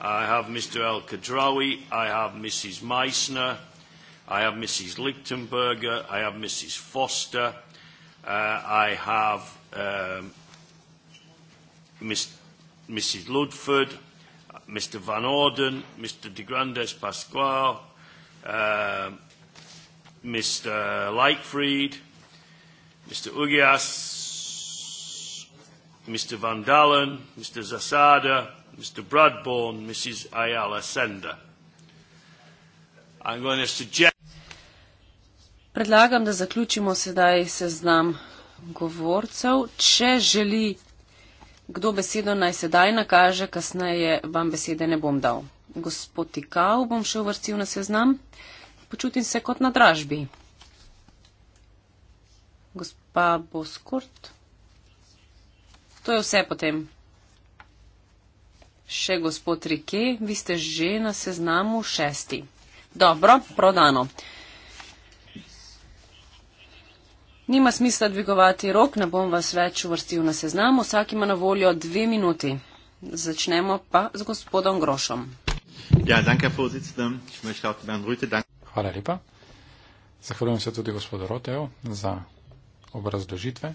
I have Mr. El Kadrawi, I have Mrs. Meissner, I have Mrs. Lichtenberger, I have Mrs. Foster, uh, I have um, Miss, Mrs. Ludford, Mr. Van Orden, Mr. De Grandes Pasquale, uh, um, Mr. Lightfried, Mr. Ugias, Mr. Van Dalen, Mr. Zasada, Mr. Bradbourne, Mrs. Ayala Sender. I'm going to suggest. Predlagam, da zaključimo sedaj seznam govorcev. Če želi kdo besedo naj sedaj nakaže, kasneje vam besede ne bom dal. Gospod Tikal bom še uvrstil na seznam počutim se kot na dražbi. Gospa Boskurt. To je vse potem. Še gospod Rike, vi ste že na seznamu šesti. Dobro, prodano. Nima smisla dvigovati rok, ne bom vas več uvrstil na seznam. Vsak ima na voljo dve minuti. Začnemo pa z gospodom Grošom. Ja, danke, Hvala lepa. Zahvaljujem se tudi gospodu Roteju za obrazložitve.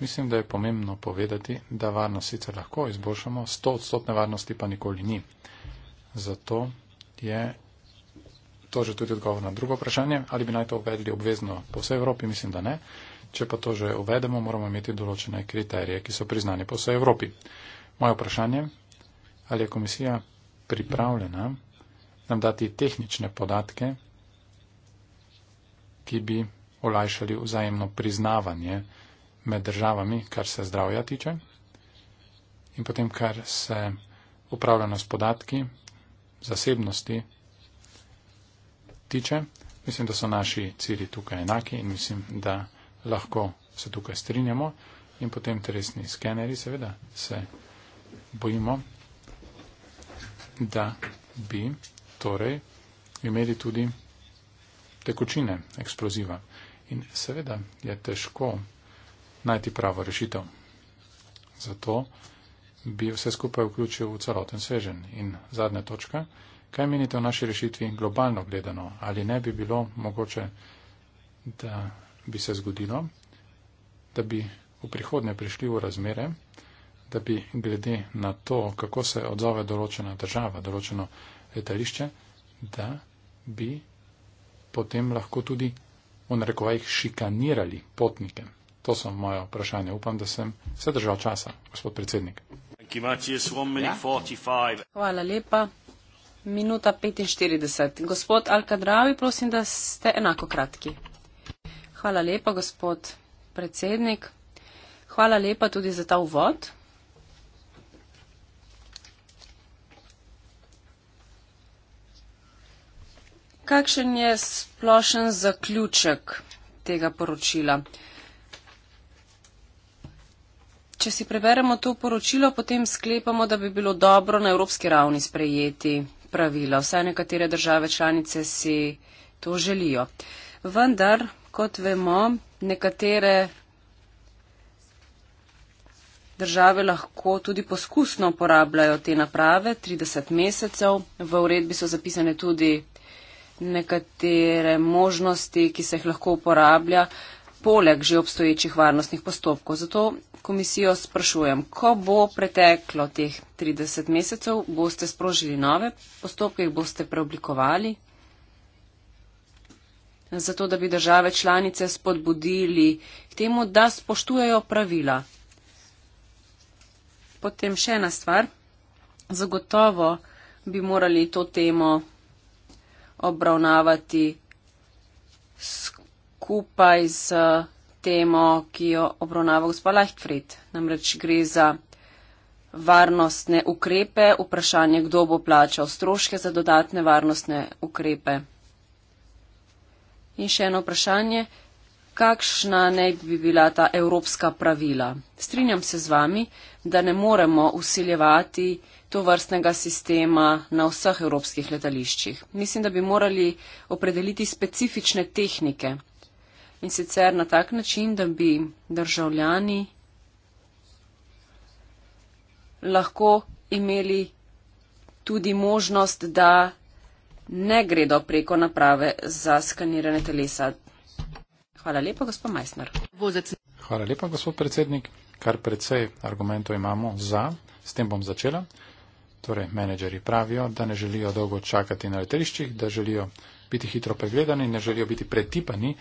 Mislim, da je pomembno povedati, da varnost sicer lahko izboljšamo, 100 odstotne varnosti pa nikoli ni. Zato je to že tudi odgovor na drugo vprašanje, ali bi naj to uvedli obvezno po vsej Evropi, mislim, da ne. Če pa to že uvedemo, moramo imeti določene kriterije, ki so priznani po vsej Evropi. Moje vprašanje, ali je komisija pripravljena nam dati tehnične podatke ki bi olajšali vzajemno priznavanje med državami, kar se zdravja tiče, in potem, kar se upravljanja s podatki, zasebnosti tiče. Mislim, da so naši cili tukaj enaki in mislim, da lahko se tukaj strinjamo. In potem teresni skeneri, seveda, se bojimo, da bi torej imeli tudi tekočine, eksploziva. In seveda je težko najti pravo rešitev. Zato bi vse skupaj vključil v celoten svežen. In zadnja točka, kaj menite o naši rešitvi globalno gledano? Ali ne bi bilo mogoče, da bi se zgodilo, da bi v prihodnje prišli v razmere, da bi glede na to, kako se odzove določena država, določeno letališče, da bi potem lahko tudi v narekovajih šikanirali potnike? To so moje vprašanje. Upam, da sem se držal časa, gospod predsednik. Ja. Hvala lepa. Minuta 45. Gospod Alkadravi, prosim, da ste enako kratki. Hvala lepa, gospod predsednik. Hvala lepa tudi za ta uvod. kakšen je splošen zaključek tega poročila? Če si preberemo to poročilo, potem sklepamo, da bi bilo dobro na evropski ravni sprejeti pravila. Vsaj nekatere države članice si to želijo. Vendar, kot vemo, nekatere države lahko tudi poskusno uporabljajo te naprave 30 mesecev. V uredbi so zapisane tudi nekatere možnosti, ki se jih lahko uporablja, poleg že obstoječih varnostnih postopkov. Zato komisijo sprašujem, ko bo preteklo teh 30 mesecev, boste sprožili nove postopke, jih boste preoblikovali, zato da bi države članice spodbudili k temu, da spoštujejo pravila. Potem še ena stvar. Zagotovo bi morali to temo obravnavati skupaj z eh, temo, ki jo obravnava gospod Lahkfrid. Namreč gre za varnostne ukrepe, vprašanje, kdo bo plačal stroške za dodatne varnostne ukrepe. In še eno vprašanje, kakšna ne bi bila ta evropska pravila. Strinjam se z vami, da ne moremo usiljevati to vrstnega sistema na vseh evropskih letališčih. Mislim, da bi morali opredeliti specifične tehnike in sicer na tak način, da bi državljani lahko imeli tudi možnost, da ne gredo preko naprave za skaniranje telesa. Hvala lepa, gospod Majsner. Vozec. Hvala lepa, gospod predsednik. Kar precej argumentov imamo za, s tem bom začela. Torej, menedžeri pravijo, da ne želijo dolgo čakati na letališčih, da želijo biti hitro pregledani, ne želijo biti pretipani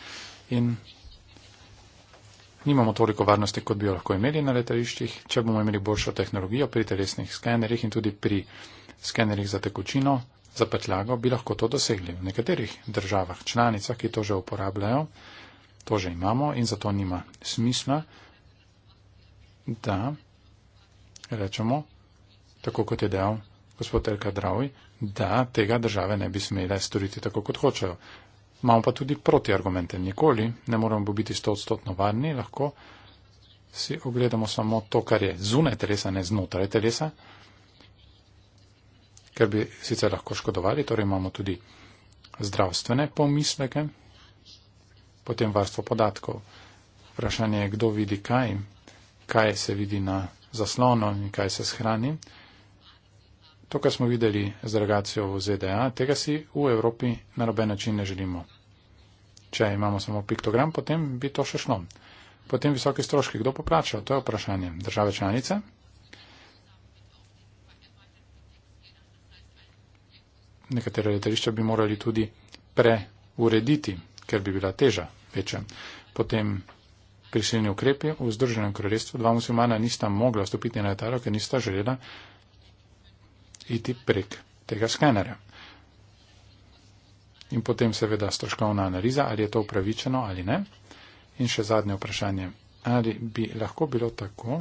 in nimamo toliko varnosti, kot bi jo lahko imeli na letališčih. Če bomo imeli boljšo tehnologijo pri telesnih skenerjih in tudi pri skenerjih za tekočino, za petljago, bi lahko to dosegli. V nekaterih državah članicah, ki to že uporabljajo, To že imamo in zato nima smisla, da rečemo, tako kot je dejal gospod Elka Dravi, da tega države ne bi smele storiti tako, kot hočejo. Imamo pa tudi protiargumente. Nikoli ne moramo biti stotstotno varni, lahko si ogledamo samo to, kar je zunaj telesa, ne znotraj telesa, ker bi sicer lahko škodovali, torej imamo tudi zdravstvene pomisleke potem varstvo podatkov. Vprašanje je, kdo vidi kaj, kaj se vidi na zaslonu in kaj se shrani. To, kar smo videli z delegacijo v ZDA, tega si v Evropi na roben način ne želimo. Če imamo samo piktogram, potem bi to še šlo. Potem visoki stroški, kdo poplača? To je vprašanje. Države članice? Nekatere letališča bi morali tudi preurediti ker bi bila teža večja. Potem prisiljeni ukrepi v Združenem kraljestvu, dva muslimana nista mogla stopiti na letalo, ker nista želela iti prek tega skenerja. In potem seveda stroškovna analiza, ali je to upravičeno ali ne. In še zadnje vprašanje, ali bi lahko bilo tako,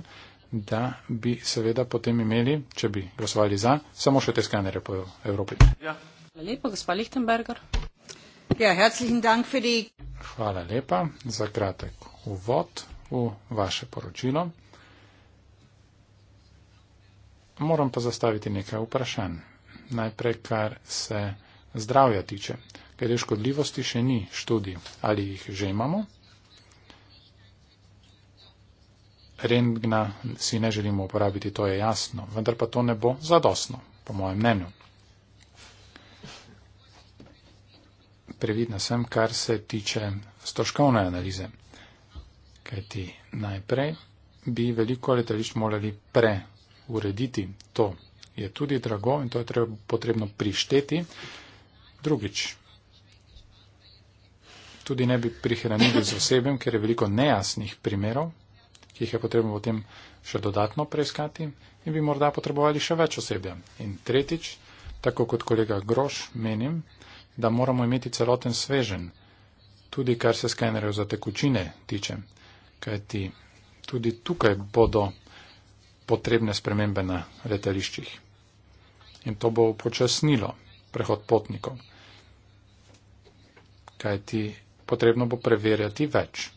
da bi seveda potem imeli, če bi glasovali za, samo še te skenere po Evropi. Ja. Lepo, gospod Lichtenberger. Ja, herzlichen Dank für die... Hvala lepa za kratek uvod v vaše poročilo. Moram pa zastaviti nekaj vprašanj. Najprej, kar se zdravja tiče. Glede škodljivosti še ni študij, ali jih že imamo. Rengna si ne želimo uporabiti, to je jasno, vendar pa to ne bo zadostno, po mojem mnenju. previdna sem, kar se tiče stroškovne analize. Kaj ti najprej bi veliko letališč morali preurediti. To je tudi drago in to je treba potrebno prišteti. Drugič, tudi ne bi prihranili z osebjem, ker je veliko nejasnih primerov, ki jih je potrebno potem še dodatno preiskati in bi morda potrebovali še več osebja. In tretjič, tako kot kolega Groš menim, da moramo imeti celoten svežen, tudi kar se skenerjev za tekočine tiče, kajti tudi tukaj bodo potrebne spremembe na letališčih. In to bo upočasnilo prehod potnikov, kajti potrebno bo preverjati več.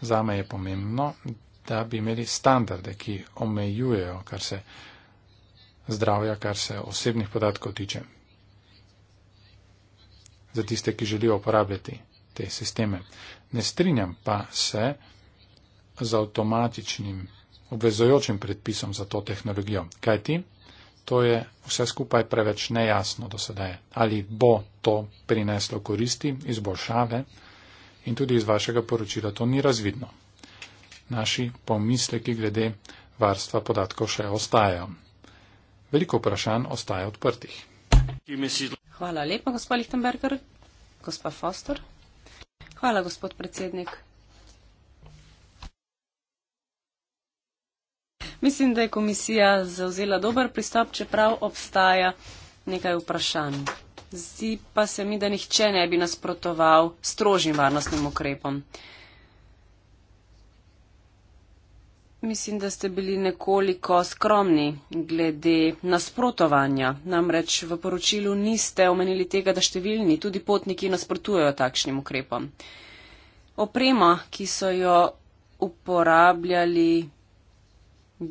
Zame je pomembno, da bi imeli standarde, ki omejujejo, kar se zdravja, kar se osebnih podatkov tiče za tiste, ki želijo uporabljati te sisteme. Ne strinjam pa se z avtomatičnim obvezojočim predpisom za to tehnologijo. Kaj ti? To je vse skupaj preveč nejasno do sedaj. Ali bo to prineslo koristi, izboljšave in tudi iz vašega poročila to ni razvidno. Naši pomisleki glede varstva podatkov še ostajajo. Veliko vprašanj ostaje odprtih. Hvala lepa, gospod Lichtenberger. Gospa Foster. Hvala, gospod predsednik. Mislim, da je komisija zauzela dober pristop, čeprav obstaja nekaj vprašanj. Zdi pa se mi, da nihče ne bi nasprotoval strožjim varnostnim ukrepom. Mislim, da ste bili nekoliko skromni glede nasprotovanja. Namreč v poročilu niste omenili tega, da številni, tudi potniki, nasprotujejo takšnim ukrepom. Oprema, ki so jo uporabljali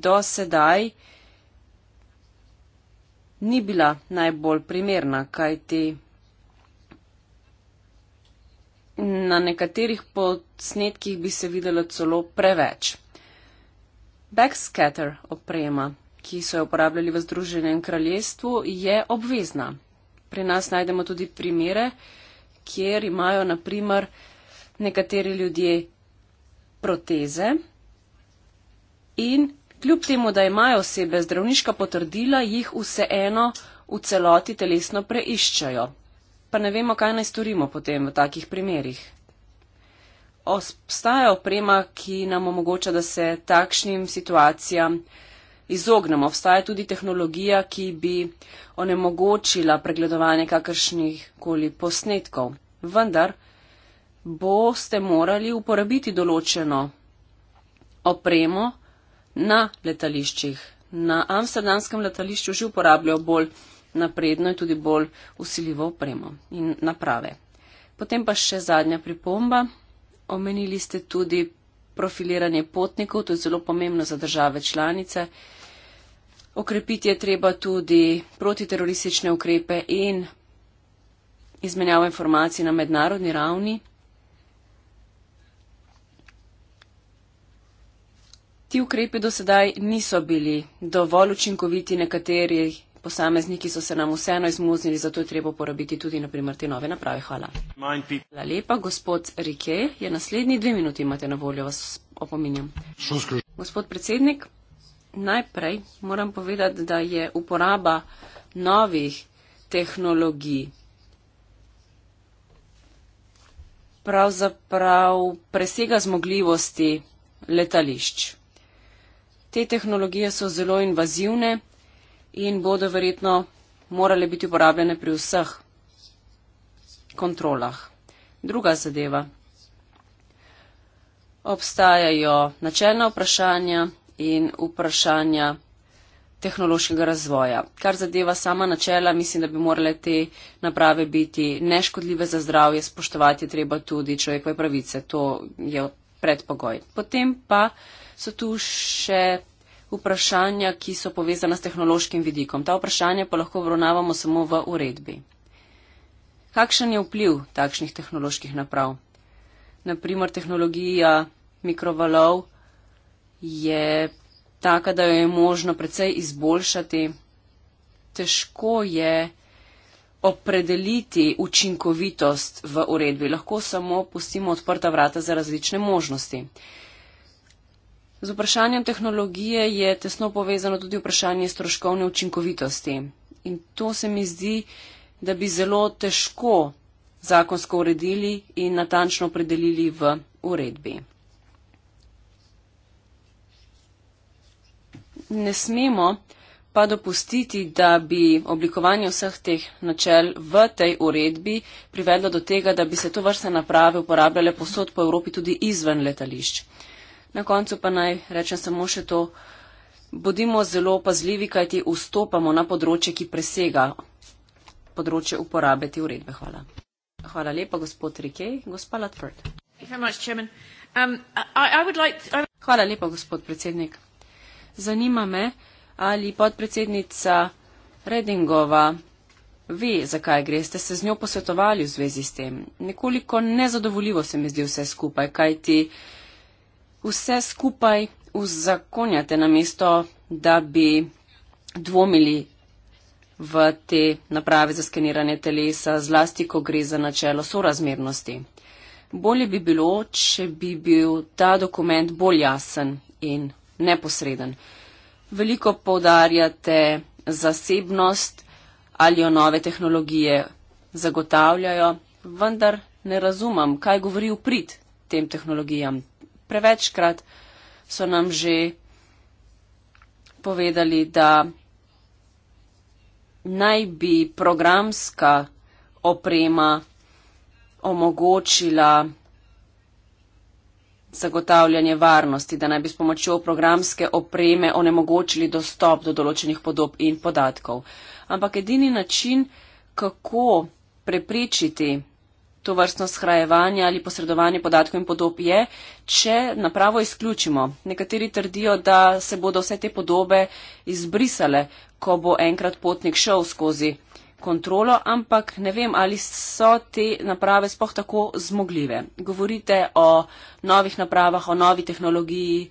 do sedaj, ni bila najbolj primerna, kajti na nekaterih posnetkih bi se videlo celo preveč backscatter oprema, ki so jo uporabljali v Združenem kraljestvu, je obvezna. Pri nas najdemo tudi primere, kjer imajo naprimer nekateri ljudje proteze in kljub temu, da imajo osebe zdravniška potrdila, jih vseeno v celoti telesno preiščajo. Pa ne vemo, kaj naj storimo potem v takih primerih obstaja oprema, ki nam omogoča, da se takšnim situacijam izognemo. Obstaja tudi tehnologija, ki bi onemogočila pregledovanje kakršnih koli posnetkov. Vendar boste morali uporabiti določeno opremo na letališčih. Na amsterdamskem letališču že uporabljajo bolj napredno in tudi bolj usiljivo opremo in naprave. Potem pa še zadnja pripomba omenili ste tudi profiliranje potnikov, to je zelo pomembno za države članice. Okrepiti je treba tudi protiteroristične ukrepe in izmenjavo informacij na mednarodni ravni. Ti ukrepi do sedaj niso bili dovolj učinkoviti, nekateri posamezniki so se nam vseeno izmuznili, zato je treba uporabiti tudi, naprimer, te nove naprave. Hvala. Hvala lepa, gospod Rike, je naslednji dve minuti imate na voljo, vas opominjam. Gospod predsednik, najprej moram povedati, da je uporaba novih tehnologij pravzaprav presega zmogljivosti letališč. Te tehnologije so zelo invazivne in bodo verjetno morale biti uporabljene pri vseh kontrolah. Druga zadeva. Obstajajo načelna vprašanja in vprašanja tehnološkega razvoja. Kar zadeva sama načela, mislim, da bi morale te naprave biti neškodljive za zdravje, spoštovati treba tudi človekove pravice. To je predpogoj. Potem pa so tu še vprašanja, ki so povezana s tehnološkim vidikom. Ta vprašanja pa lahko obravnavamo samo v uredbi. Kakšen je vpliv takšnih tehnoloških naprav? Naprimer, tehnologija mikrovalov je taka, da jo je možno precej izboljšati. Težko je opredeliti učinkovitost v uredbi. Lahko samo pustimo odprta vrata za različne možnosti. Z vprašanjem tehnologije je tesno povezano tudi vprašanje stroškovne učinkovitosti. In to se mi zdi, da bi zelo težko zakonsko uredili in natančno opredelili v uredbi. Ne smemo pa dopustiti, da bi oblikovanje vseh teh načel v tej uredbi privedlo do tega, da bi se to vrste naprave uporabljale posod po Evropi tudi izven letališč. Na koncu pa naj rečem samo še to, bodimo zelo pazljivi, kajti vstopamo na področje, ki presega področje uporabe te uredbe. Hvala. Hvala lepa, gospod Rikej. Gospa Latford. Um, Hvala lepa, gospod predsednik. Zanima me, ali podpredsednica Redingova ve, zakaj gre. Ste se z njo posvetovali v zvezi s tem? Nekoliko nezadovoljivo se mi zdi vse skupaj, kajti vse skupaj uzakonjate na mesto, da bi dvomili v te naprave za skeniranje telesa, zlasti, ko gre za načelo sorazmernosti. Bolje bi bilo, če bi bil ta dokument bolj jasen in neposreden. Veliko povdarjate zasebnost ali jo nove tehnologije zagotavljajo, vendar ne razumem, kaj govori v prid tem tehnologijam prevečkrat so nam že povedali, da naj bi programska oprema omogočila zagotavljanje varnosti, da naj bi s pomočjo programske opreme onemogočili dostop do določenih podob in podatkov. Ampak edini način, kako preprečiti to vrstno shrajevanje ali posredovanje podatkov in podob je, če napravo izključimo. Nekateri trdijo, da se bodo vse te podobe izbrisale, ko bo enkrat potnik šel skozi kontrolo, ampak ne vem, ali so te naprave spoh tako zmogljive. Govorite o novih napravah, o novi tehnologiji,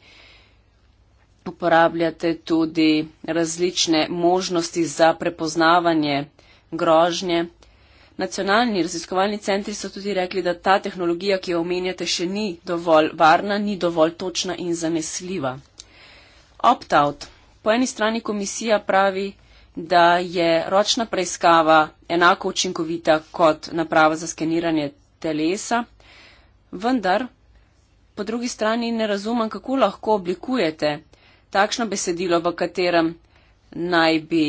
uporabljate tudi različne možnosti za prepoznavanje grožnje. Nacionalni raziskovalni centri so tudi rekli, da ta tehnologija, ki jo omenjate, še ni dovolj varna, ni dovolj točna in zanesljiva. Opt-out. Po eni strani komisija pravi, da je ročna preiskava enako učinkovita kot naprava za skeniranje telesa, vendar po drugi strani ne razumem, kako lahko oblikujete takšno besedilo, v katerem naj bi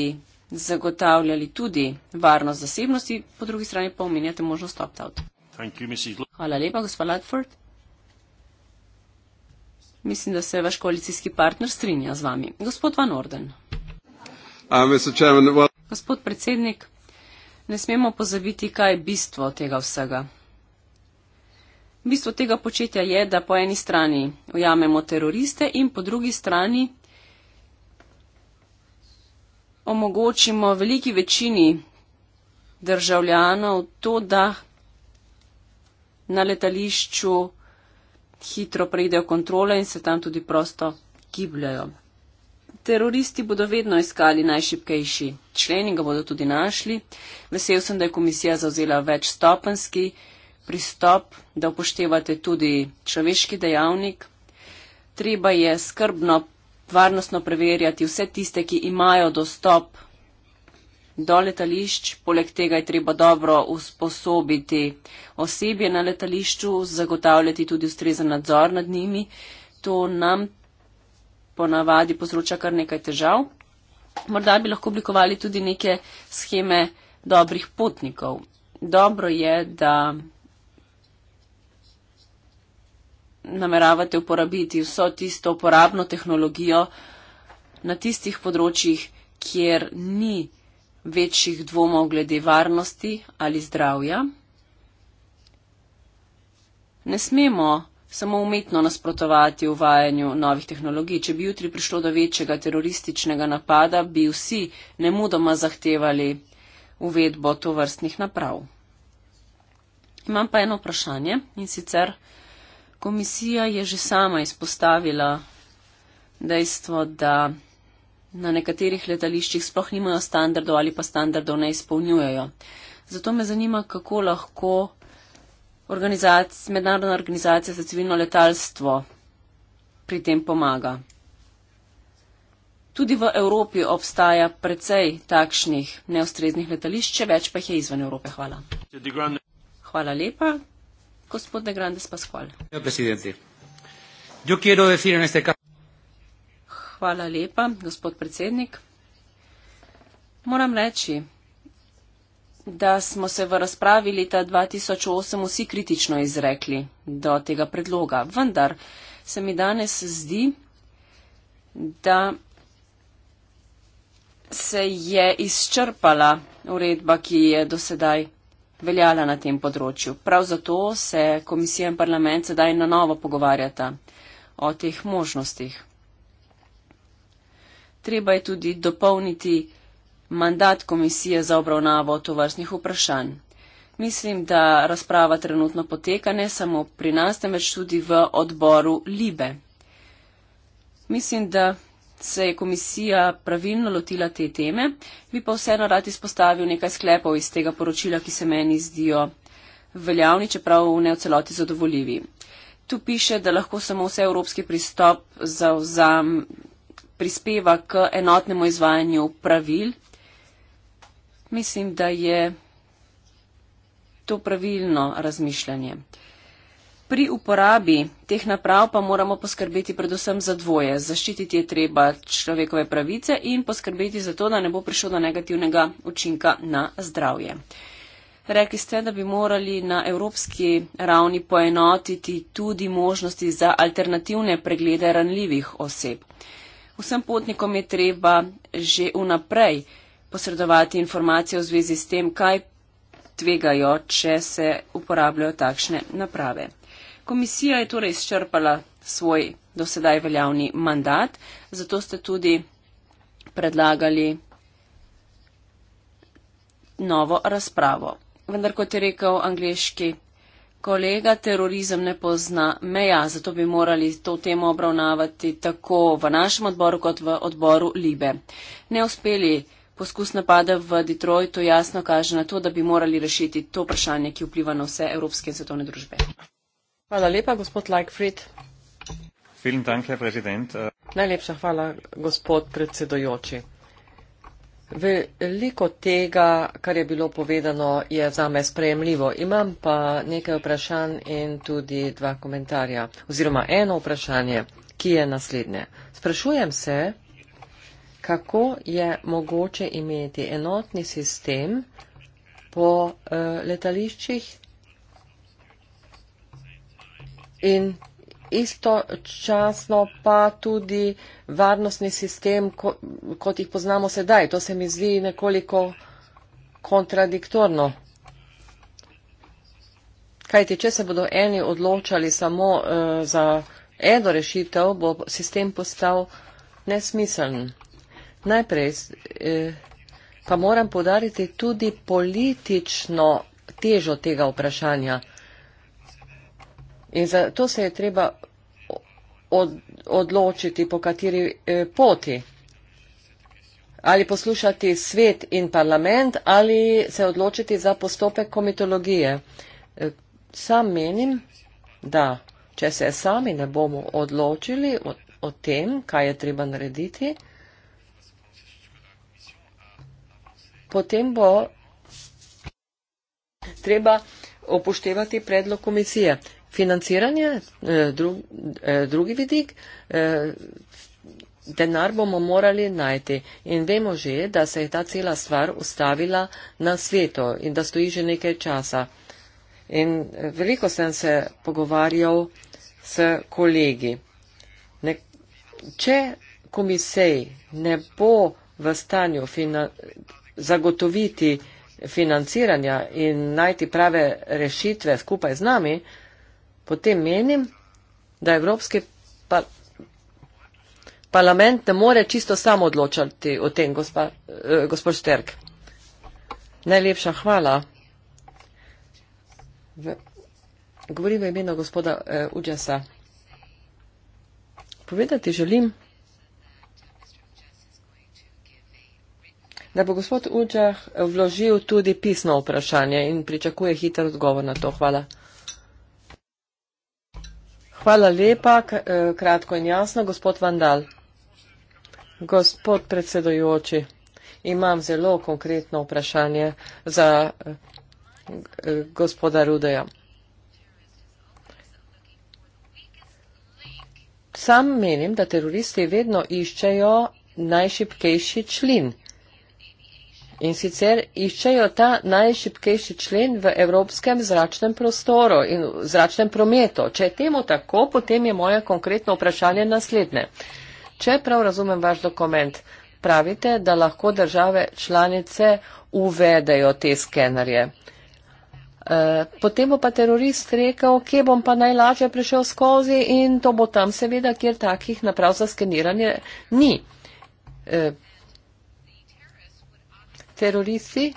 zagotavljali tudi varnost zasebnosti, po drugi strani pa omenjate možnost opt-out. Hvala lepa, gospod Ladford. Mislim, da se vaš koalicijski partner strinja z vami. Gospod Van Orden. Uh, gospod predsednik, ne smemo pozabiti, kaj je bistvo tega vsega. Bistvo tega početja je, da po eni strani ujamemo teroriste in po drugi strani omogočimo veliki večini državljanov to, da na letališču hitro preidejo kontrole in se tam tudi prosto gibljajo. Teroristi bodo vedno iskali najšipkejši člen in ga bodo tudi našli. Vesel sem, da je komisija zauzela večstopenski pristop, da upoštevate tudi človeški dejavnik. Treba je skrbno varnostno preverjati vse tiste, ki imajo dostop do letališč. Poleg tega je treba dobro usposobiti osebje na letališču, zagotavljati tudi ustrezen nadzor nad njimi. To nam ponavadi povzroča kar nekaj težav. Morda bi lahko oblikovali tudi neke scheme dobrih potnikov. Dobro je, da nameravate uporabiti vso tisto uporabno tehnologijo na tistih področjih, kjer ni večjih dvomov glede varnosti ali zdravja. Ne smemo samo umetno nasprotovati uvajanju novih tehnologij. Če bi jutri prišlo do večjega terorističnega napada, bi vsi nemudoma zahtevali uvedbo tovrstnih naprav. Imam pa eno vprašanje in sicer, Komisija je že sama izpostavila dejstvo, da na nekaterih letališčih sploh nimajo standardov ali pa standardov ne izpolnjujejo. Zato me zanima, kako lahko organizac mednarodna organizacija za civilno letalstvo pri tem pomaga. Tudi v Evropi obstaja precej takšnih neustreznih letališč, več pa jih je izven Evrope. Hvala. Hvala lepa gospod De Grandes Pascual. Hvala lepa, gospod predsednik. Moram reči, da smo se v razpravi leta 2008 vsi kritično izrekli do tega predloga, vendar se mi danes zdi, da se je izčrpala uredba, ki je do sedaj veljala na tem področju. Prav zato se komisija in parlament sedaj na novo pogovarjata o teh možnostih. Treba je tudi dopolniti mandat komisije za obravnavo tovrstnih vprašanj. Mislim, da razprava trenutno poteka ne samo pri nas, temveč tudi v odboru Libe. Mislim, da se je komisija pravilno lotila te teme, bi pa vseeno rad izpostavil nekaj sklepov iz tega poročila, ki se meni zdijo veljavni, čeprav ne v celoti zadovoljivi. Tu piše, da lahko samo vse evropski pristop zauzam prispeva k enotnemu izvajanju pravil. Mislim, da je to pravilno razmišljanje. Pri uporabi teh naprav pa moramo poskrbeti predvsem za dvoje. Zaščititi je treba človekove pravice in poskrbeti za to, da ne bo prišlo do negativnega učinka na zdravje. Rekli ste, da bi morali na evropski ravni poenotiti tudi možnosti za alternativne preglede ranljivih oseb. Vsem potnikom je treba že vnaprej posredovati informacije v zvezi s tem, kaj tvegajo, če se uporabljajo takšne naprave. Komisija je torej izčrpala svoj dosedaj veljavni mandat, zato ste tudi predlagali novo razpravo. Vendar, kot je rekel angliški kolega, terorizem ne pozna meja, zato bi morali to temo obravnavati tako v našem odboru kot v odboru Libe. Neuspeli poskus napada v Detroitu jasno kaže na to, da bi morali rešiti to vprašanje, ki vpliva na vse evropske in svetovne družbe. Hvala lepa, gospod Lajkfrid. Najlepša hvala, gospod predsedojoči. Veliko tega, kar je bilo povedano, je zame sprejemljivo. Imam pa nekaj vprašanj in tudi dva komentarja. Oziroma eno vprašanje, ki je naslednje. Sprašujem se, kako je mogoče imeti enotni sistem po uh, letališčih in istočasno pa tudi varnostni sistem, ko, kot jih poznamo sedaj. To se mi zdi nekoliko kontradiktorno. Kajti, če se bodo eni odločali samo uh, za eno rešitev, bo sistem postal nesmiseln. Najprej eh, pa moram podariti tudi politično težo tega vprašanja. In zato se je treba od, odločiti, po kateri eh, poti. Ali poslušati svet in parlament ali se odločiti za postopek komitologije. Eh, sam menim, da če se sami ne bomo odločili o, o tem, kaj je treba narediti, potem bo treba opuštevati predlog komisije financiranje, eh, eh, drugi vidik, eh, denar bomo morali najti. In vemo že, da se je ta cela stvar ustavila na svetu in da stoji že nekaj časa. In veliko sem se pogovarjal s kolegi. Ne, če komisej ne bo v stanju finan, zagotoviti financiranja in najti prave rešitve skupaj z nami, potem menim, da Evropski par parlament ne more čisto samo odločati o tem, eh, gospod Šterk. Najlepša hvala. V, govori v imenu gospoda eh, Uđasa. Povedati želim, da bo gospod Uđah vložil tudi pisno vprašanje in pričakuje hiter odgovor na to. Hvala. Hvala lepa, eh, kratko in jasno, gospod Vandal. Gospod predsedojoči, imam zelo konkretno vprašanje za eh, eh, gospoda Rudeja. Sam menim, da teroristi vedno iščejo najšipkejši člin in sicer iščejo ta najšipkejši člen v evropskem zračnem prostoru in zračnem prometu. Če je temu tako, potem je moje konkretno vprašanje naslednje. Če prav razumem vaš dokument, pravite, da lahko države članice uvedejo te skenerje. E, potem bo pa terorist rekel, kje bom pa najlažje prišel skozi in to bo tam seveda, kjer takih naprav za skeniranje ni. E, teroristi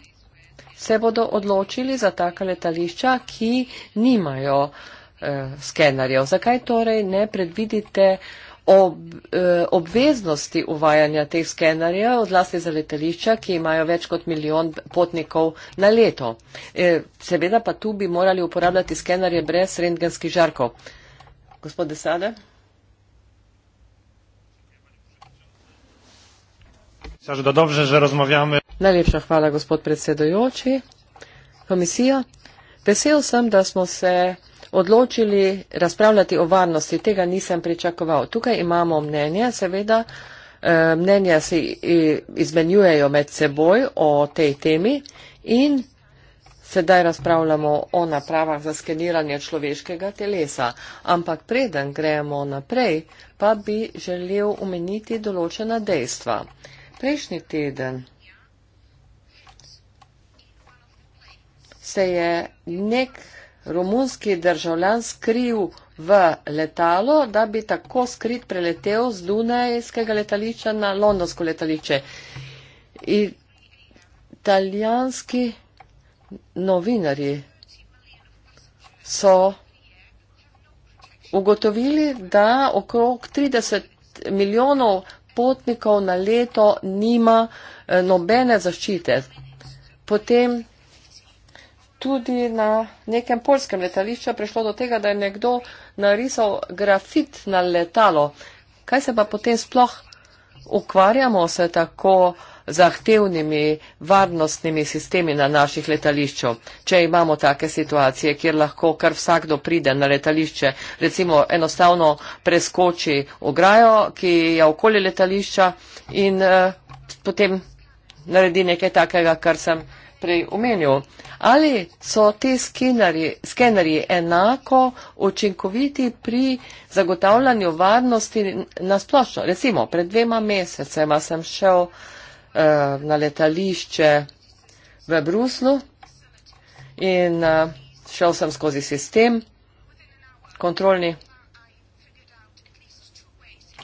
se bodo odločili za taka letališča, ki nimajo eh, skenerjev. Zakaj torej ne predvidite ob, eh, obveznosti uvajanja teh skenerjev, zlasti za letališča, ki imajo več kot milijon potnikov na leto? Eh, seveda pa tu bi morali uporabljati skenerje brez rentgenskih žarkov. Gospod Desade. Саша, да добре, що розмовляємо. Najlepša hvala, gospod predsedojoči. Komisija, vesel sem, da smo se odločili razpravljati o varnosti. Tega nisem pričakoval. Tukaj imamo mnenje, seveda. Eh, mnenja se izmenjujejo med seboj o tej temi in sedaj razpravljamo o napravah za skeniranje človeškega telesa. Ampak preden gremo naprej, pa bi želel omeniti določena dejstva. Prejšnji teden se je nek romunski državljan skril v letalo, da bi tako skrit preletel z Dunajskega letališča na Londonsko letališče. Italijanski novinari so ugotovili, da okrog 30 milijonov potnikov na leto nima eh, nobene zaščite. Potem tudi na nekem polskem letališču prišlo do tega, da je nekdo narisal grafit na letalo. Kaj se pa potem sploh ukvarjamo s tako zahtevnimi varnostnimi sistemi na naših letališču, če imamo take situacije, kjer lahko kar vsakdo pride na letališče, recimo enostavno preskoči ograjo, ki je okoli letališča in eh, potem naredi nekaj takega, kar sem prej omenil. Ali so ti skenerji enako učinkoviti pri zagotavljanju varnosti na splošno? Recimo, pred dvema mesecema sem šel uh, na letališče v Bruslu in uh, šel sem skozi sistem kontrolni.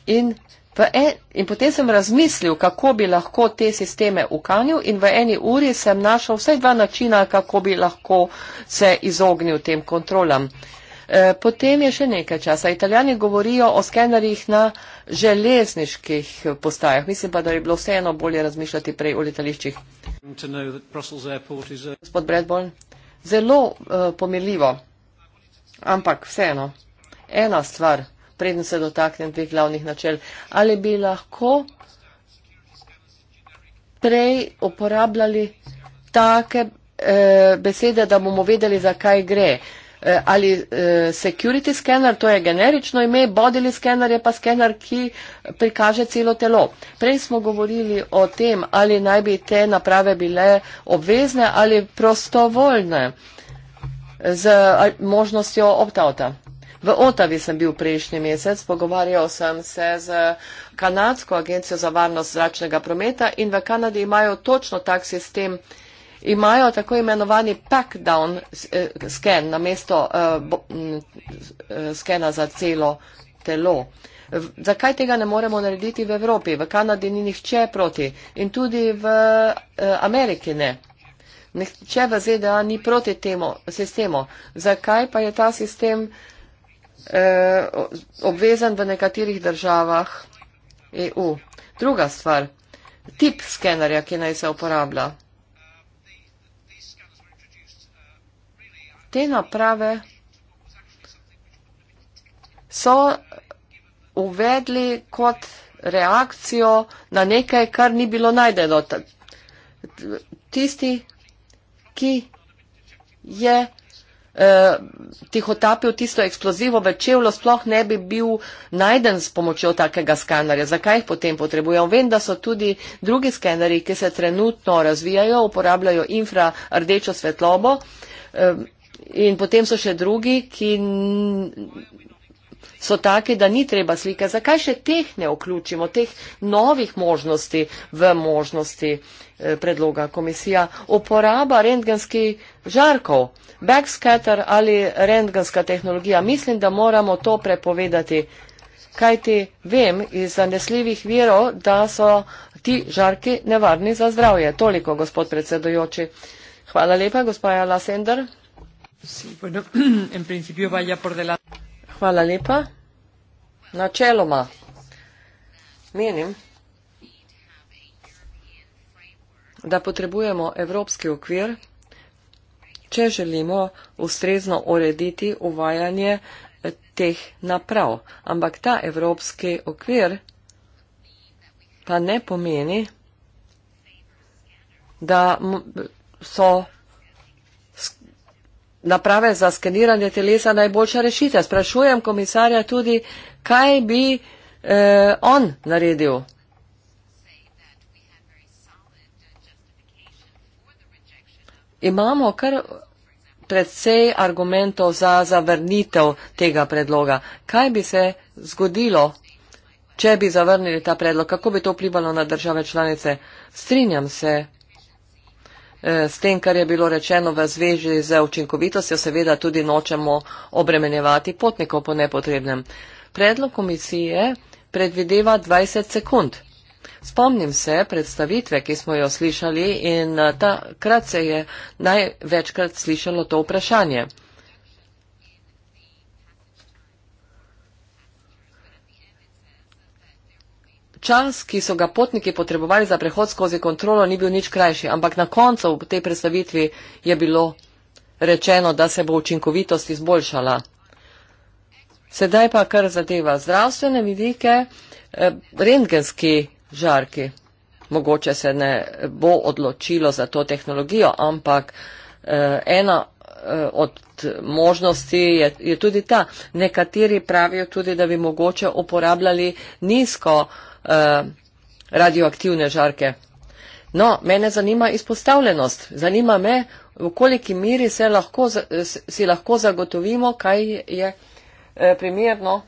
In en, in potem sem razmislil, kako bi lahko te sisteme ukanil in v eni uri sem našel vsaj dva načina, kako bi lahko se izognil tem kontrolam. E, potem je še nekaj časa. Italijani govorijo o skenerjih na železniških postajah. Mislim pa, da bi bilo vseeno bolje razmišljati prej o letališčih. Gospod Bradborn, zelo uh, pomirljivo, ampak vseeno, ena stvar preden se dotaknem dveh glavnih načel. Ali bi lahko prej uporabljali take eh, besede, da bomo vedeli, zakaj gre? Eh, ali eh, security scanner, to je generično ime, bodily scanner je pa scanner, ki prikaže celo telo. Prej smo govorili o tem, ali naj bi te naprave bile obvezne ali prostovoljne z eh, možnostjo opt-outa. V Otavi sem bil prejšnji mesec, pogovarjal sem se z Kanadsko agencijo za varnost zračnega prometa in v Kanadi imajo točno tak sistem. Imajo tako imenovani pack-down eh, sken na mesto uh, eh, eh, skena za celo telo. Zakaj tega ne moremo narediti v Evropi? V Kanadi ni nihče proti in tudi v uh, Ameriki ne. Nihče v ZDA ni proti temu sistemu. Zakaj pa je ta sistem eh, obvezen v nekaterih državah EU. Druga stvar, tip skenerja, ki naj se uporablja. Te naprave so uvedli kot reakcijo na nekaj, kar ni bilo najdeno. Tisti, ki je eh, tihotapil tisto eksplozivo v čevlo, sploh ne bi bil najden s pomočjo takega skanerja. Zakaj jih potem potrebujemo? Vem, da so tudi drugi skaneri, ki se trenutno razvijajo, uporabljajo infrardečo svetlobo eh, in potem so še drugi, ki so take, da ni treba slike. Zakaj še teh ne vključimo, teh novih možnosti v možnosti? Eh, Eh, predloga komisija. Uporaba rentgenskih žarkov, backscatter ali rentgenska tehnologija, mislim, da moramo to prepovedati, kajti vem iz zanesljivih virov, da so ti žarki nevarni za zdravje. Toliko, gospod predsedojoči. Hvala lepa, gospoda Lasender. Hvala lepa. Načeloma. Menim, da potrebujemo evropski okvir, če želimo ustrezno urediti uvajanje eh, teh naprav. Ampak ta evropski okvir pa ne pomeni, da so naprave za skeniranje telesa najboljša rešitev. Sprašujem komisarja tudi, kaj bi eh, on naredil. imamo kar predvsej argumentov za zavrnitev tega predloga. Kaj bi se zgodilo, če bi zavrnili ta predlog? Kako bi to vplivalo na države članice? Strinjam se eh, s tem, kar je bilo rečeno v zveži za učinkovitostjo, seveda tudi nočemo obremenjevati potnikov po nepotrebnem. Predlog komisije predvideva 20 sekund. Spomnim se predstavitve, ki smo jo slišali in eh, takrat se je največkrat slišalo to vprašanje. Čas, ki so ga potniki potrebovali za prehod skozi kontrolo, ni bil nič krajši, ampak na koncu v tej predstavitvi je bilo rečeno, da se bo učinkovitost izboljšala. Sedaj pa kar zadeva zdravstvene vidike, eh, rentgenski žarki. Mogoče se ne bo odločilo za to tehnologijo, ampak eh, ena eh, od možnosti je, je tudi ta. Nekateri pravijo tudi, da bi mogoče uporabljali nizko eh, radioaktivne žarke. No, mene zanima izpostavljenost. Zanima me, v koliki miri lahko, si lahko zagotovimo, kaj je eh, primerno,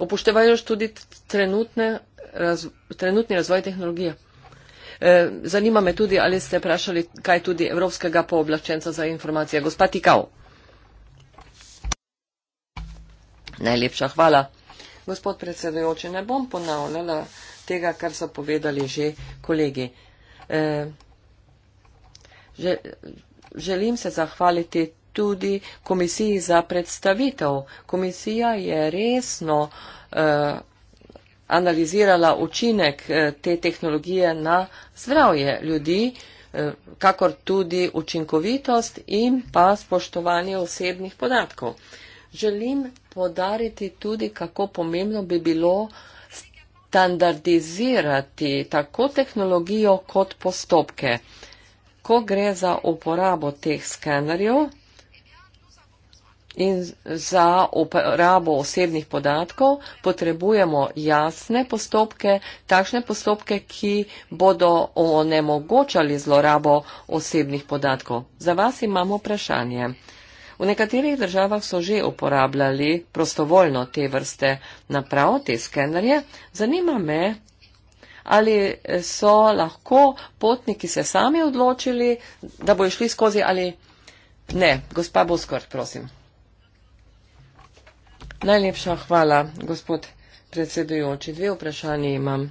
upoštevajoč tudi trenutne raz, trenutni razvoj tehnologije. E, zanima me tudi, ali ste vprašali kaj tudi Evropskega pooblaščenca za informacije. Gospa Tikao. Najlepša hvala. Gospod predsedujoči, ne bom ponavljala tega, kar so povedali že kolegi. E, že, želim se zahvaliti tudi komisiji za predstavitev. Komisija je resno. E, analizirala učinek eh, te tehnologije na zdravje ljudi, eh, kakor tudi učinkovitost in pa spoštovanje osebnih podatkov. Želim podariti tudi, kako pomembno bi bilo standardizirati tako tehnologijo kot postopke. Ko gre za uporabo teh skenerjev, in za uporabo osebnih podatkov potrebujemo jasne postopke, takšne postopke, ki bodo onemogočali zlorabo osebnih podatkov. Za vas imamo vprašanje. V nekaterih državah so že uporabljali prostovoljno te vrste naprav, te skenerje. Zanima me, ali so lahko potniki se sami odločili, da bo išli skozi ali ne. Gospa Boskort, prosim. Najlepša hvala, gospod predsedujoči. Dve vprašanje imam.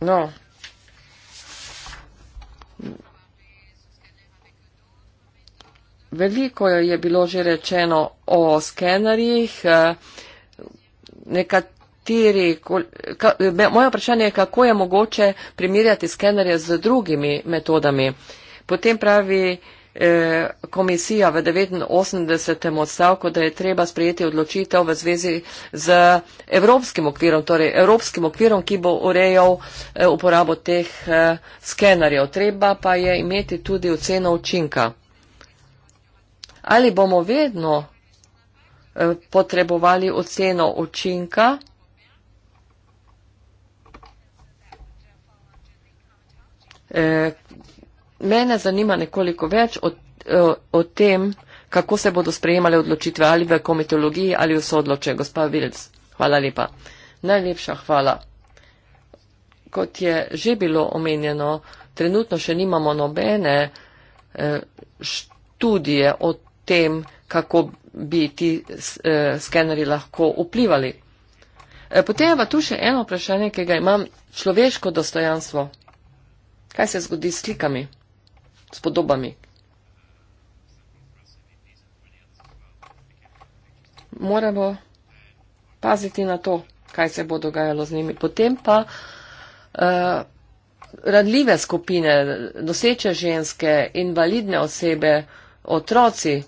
No. Veliko je bilo že rečeno o skenerjih. Eh, Nekat, kateri, kol, ka, be, moje vprašanje je, kako je mogoče primerjati skenerje z drugimi metodami. Potem pravi eh, komisija v 89. odstavku, da je treba sprejeti odločitev v zvezi z evropskim okvirom, torej evropskim okvirom, ki bo urejal eh, uporabo teh eh, skenerjev. Treba pa je imeti tudi oceno učinka. Ali bomo vedno potrebovali oceno učinka E, mene zanima nekoliko več o, o, o tem, kako se bodo sprejemale odločitve ali v komitologiji ali v sodloče, gospa Vilc. Hvala lepa. Najlepša hvala. Kot je že bilo omenjeno, trenutno še nimamo nobene e, študije o tem, kako bi ti e, skeneri lahko vplivali. Potem je pa tu še eno vprašanje, ki ga imam, človeško dostojanstvo. Kaj se zgodi s slikami, s podobami? Moramo paziti na to, kaj se bo dogajalo z njimi. Potem pa uh, eh, radljive skupine, doseče ženske, invalidne osebe, otroci.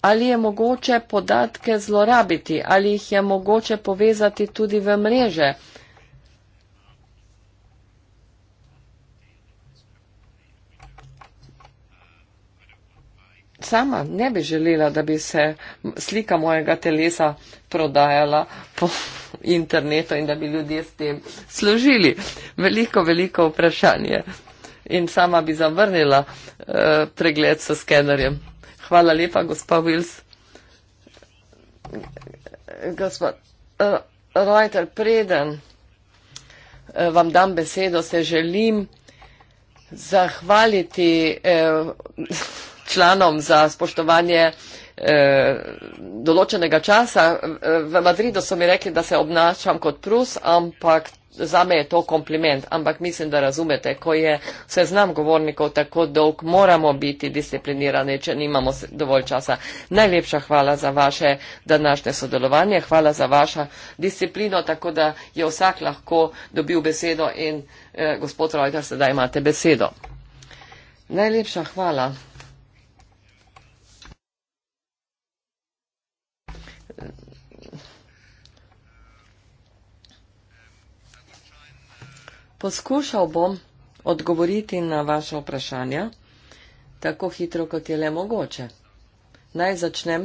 Ali je mogoče podatke zlorabiti, ali jih je mogoče povezati tudi v mreže? Uh, sama ne bi želela, da bi se slika mojega telesa prodajala po internetu in da bi ljudje s tem služili. Veliko, veliko vprašanje. In sama bi zavrnila eh, pregled s skenerjem. Hvala lepa, gospa Wills. Gospod uh, eh, Reuter, preden uh, vam dam besedo, se želim zahvaliti. Eh, članom za spoštovanje eh, določenega časa. V Madridu so mi rekli, da se obnašam kot prus, ampak za me je to kompliment. Ampak mislim, da razumete, ko je seznam govornikov tako dolg, moramo biti disciplinirani, če nimamo dovolj časa. Najlepša hvala za vaše današnje sodelovanje, hvala za vašo disciplino, tako da je vsak lahko dobil besedo in eh, gospod Rojter, sedaj imate besedo. Najlepša hvala. Poskušal bom odgovoriti na vaše vprašanja tako hitro, kot je le mogoče. Naj začnem.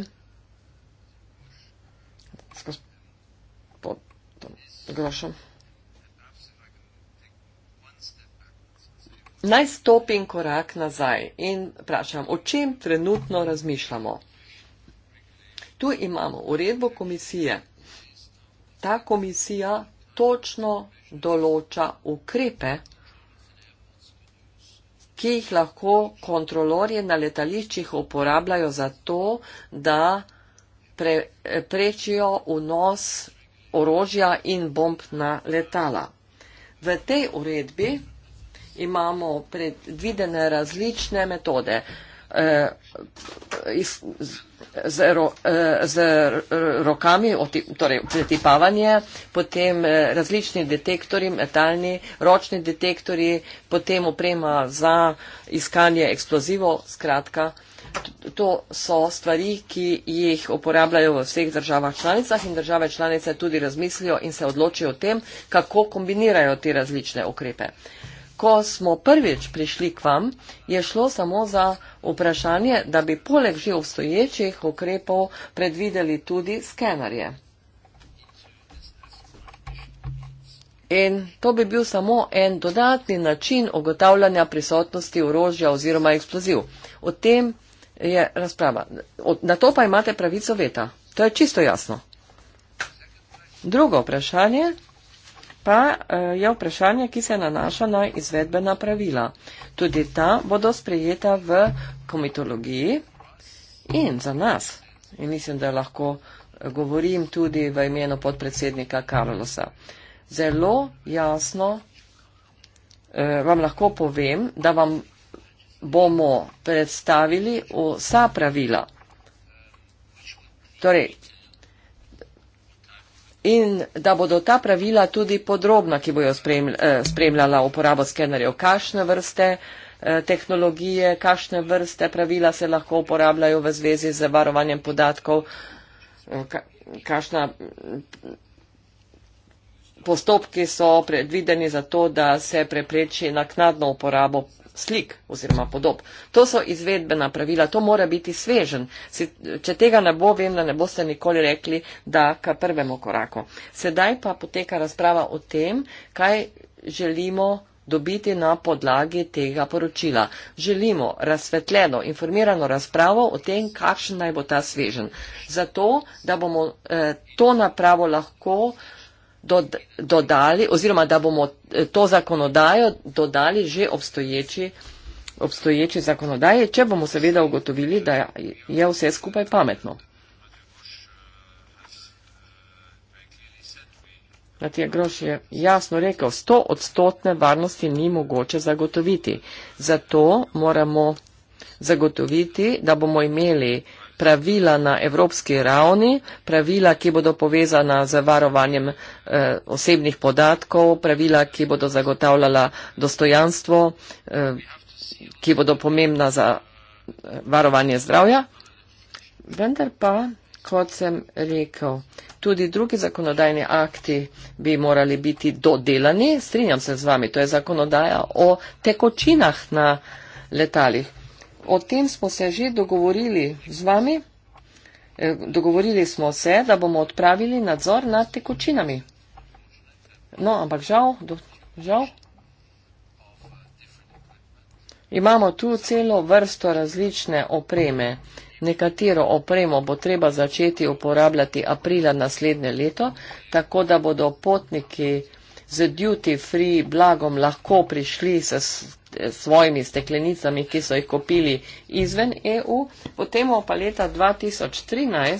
Naj stopim korak nazaj in vprašam, o čem trenutno razmišljamo. Tu imamo uredbo komisije. Ta komisija točno določa ukrepe, ki jih lahko kontrolorje na letališčih uporabljajo za to, da preprečijo vnos orožja in bomb na letala. V tej uredbi imamo predvidene različne metode. E, iz, z, ro, eh, z rokami, torej pretipavanje, potem eh, različni detektori, metalni, ročni detektori, potem oprema za iskanje eksplozivov, skratka. To so stvari, ki jih uporabljajo v vseh državah članicah in države članice tudi razmislijo in se odločijo o tem, kako kombinirajo te različne ukrepe ko smo prvič prišli k vam, je šlo samo za vprašanje, da bi poleg že obstoječih ukrepov predvideli tudi skenerje. In to bi bil samo en dodatni način ogotavljanja prisotnosti orožja oziroma eksploziv. O tem je razprava. Na to pa imate pravico veta. To je čisto jasno. Drugo vprašanje pa eh, je vprašanje, ki se nanaša na izvedbena pravila. Tudi ta bodo sprejeta v komitologiji in za nas. In mislim, da lahko eh, govorim tudi v imenu podpredsednika Karlosa. Zelo jasno eh, vam lahko povem, da vam bomo predstavili vsa pravila. Torej, in da bodo ta pravila tudi podrobna, ki bojo spremljala, eh, spremljala uporabo skenerjev, kakšne vrste eh, tehnologije, kakšne vrste pravila se lahko uporabljajo v zvezi z varovanjem podatkov, eh, kakšna postopki so predvideni za to, da se prepreči naknadno uporabo slik oziroma podob. To so izvedbena pravila, to mora biti svežen. Če tega ne bo, vem, da ne boste nikoli rekli, da ka prvemu koraku. Sedaj pa poteka razprava o tem, kaj želimo dobiti na podlagi tega poročila. Želimo razsvetljeno, informirano razpravo o tem, kakšen naj bo ta svežen. Zato, da bomo eh, to napravo lahko dodali, oziroma da bomo eh, to zakonodajo dodali že obstoječi, obstoječi zakonodaje, če bomo seveda ugotovili, da je vse skupaj pametno. Matija Groš je jasno rekel, 100 odstotne varnosti ni mogoče zagotoviti. Zato moramo zagotoviti, da bomo imeli pravila na evropski ravni, pravila, ki bodo povezana z varovanjem eh, osebnih podatkov, pravila, ki bodo zagotavljala dostojanstvo, eh, ki bodo pomembna za eh, varovanje zdravja. Vendar pa, kot sem rekel, tudi drugi zakonodajni akti bi morali biti dodelani, strinjam se z vami, to je zakonodaja o tekočinah na letalih o tem smo se že dogovorili z vami. E, dogovorili smo se, da bomo odpravili nadzor nad tekočinami. No, ampak žal, do, žal. Imamo tu celo vrsto različne opreme. Nekatero opremo bo treba začeti uporabljati aprila naslednje leto, tako da bodo potniki z duty free blagom lahko prišli s svojimi steklenicami, ki so jih kupili izven EU, potem pa leta 2013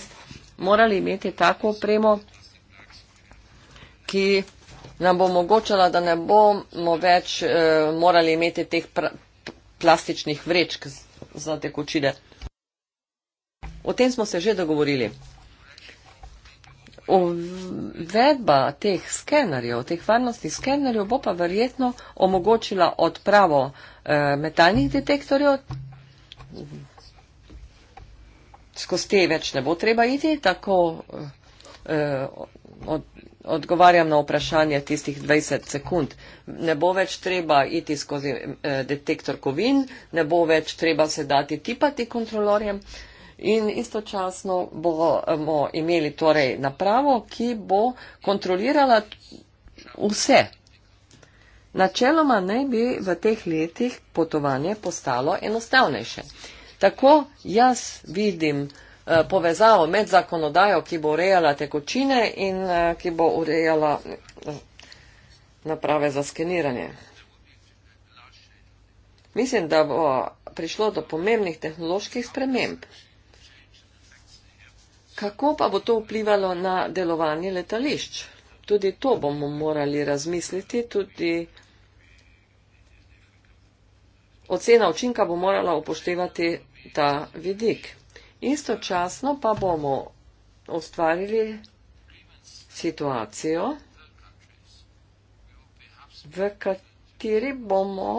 morali imeti tako opremo, ki nam bo omogočala, da ne bomo več eh, morali imeti teh plastičnih vrečk za tekočine. O tem smo se že dogovorili. Uvedba teh skenerjev, teh varnostnih skenerjev, bo pa verjetno omogočila odpravo eh, metalnih detektorjev. Skozi te več ne bo treba iti, tako eh, od, odgovarjam na vprašanje tistih 20 sekund. Ne bo več treba iti skozi eh, detektor kovin, ne bo več treba se dati tipati kontrolorjem. Eh, in istočasno bomo imeli torej napravo, ki bo kontrolirala vse. Načeloma naj bi v teh letih potovanje postalo enostavnejše. Tako jaz vidim eh, povezavo med zakonodajo, ki bo urejala tekočine in eh, ki bo urejala eh, naprave za skeniranje. Mislim, da bo prišlo do pomembnih tehnoloških sprememb kako pa bo to vplivalo na delovanje letališč? Tudi to bomo morali razmisliti, tudi ocena učinka bo morala upoštevati ta vidik. Istočasno pa bomo ustvarili situacijo, v kateri bomo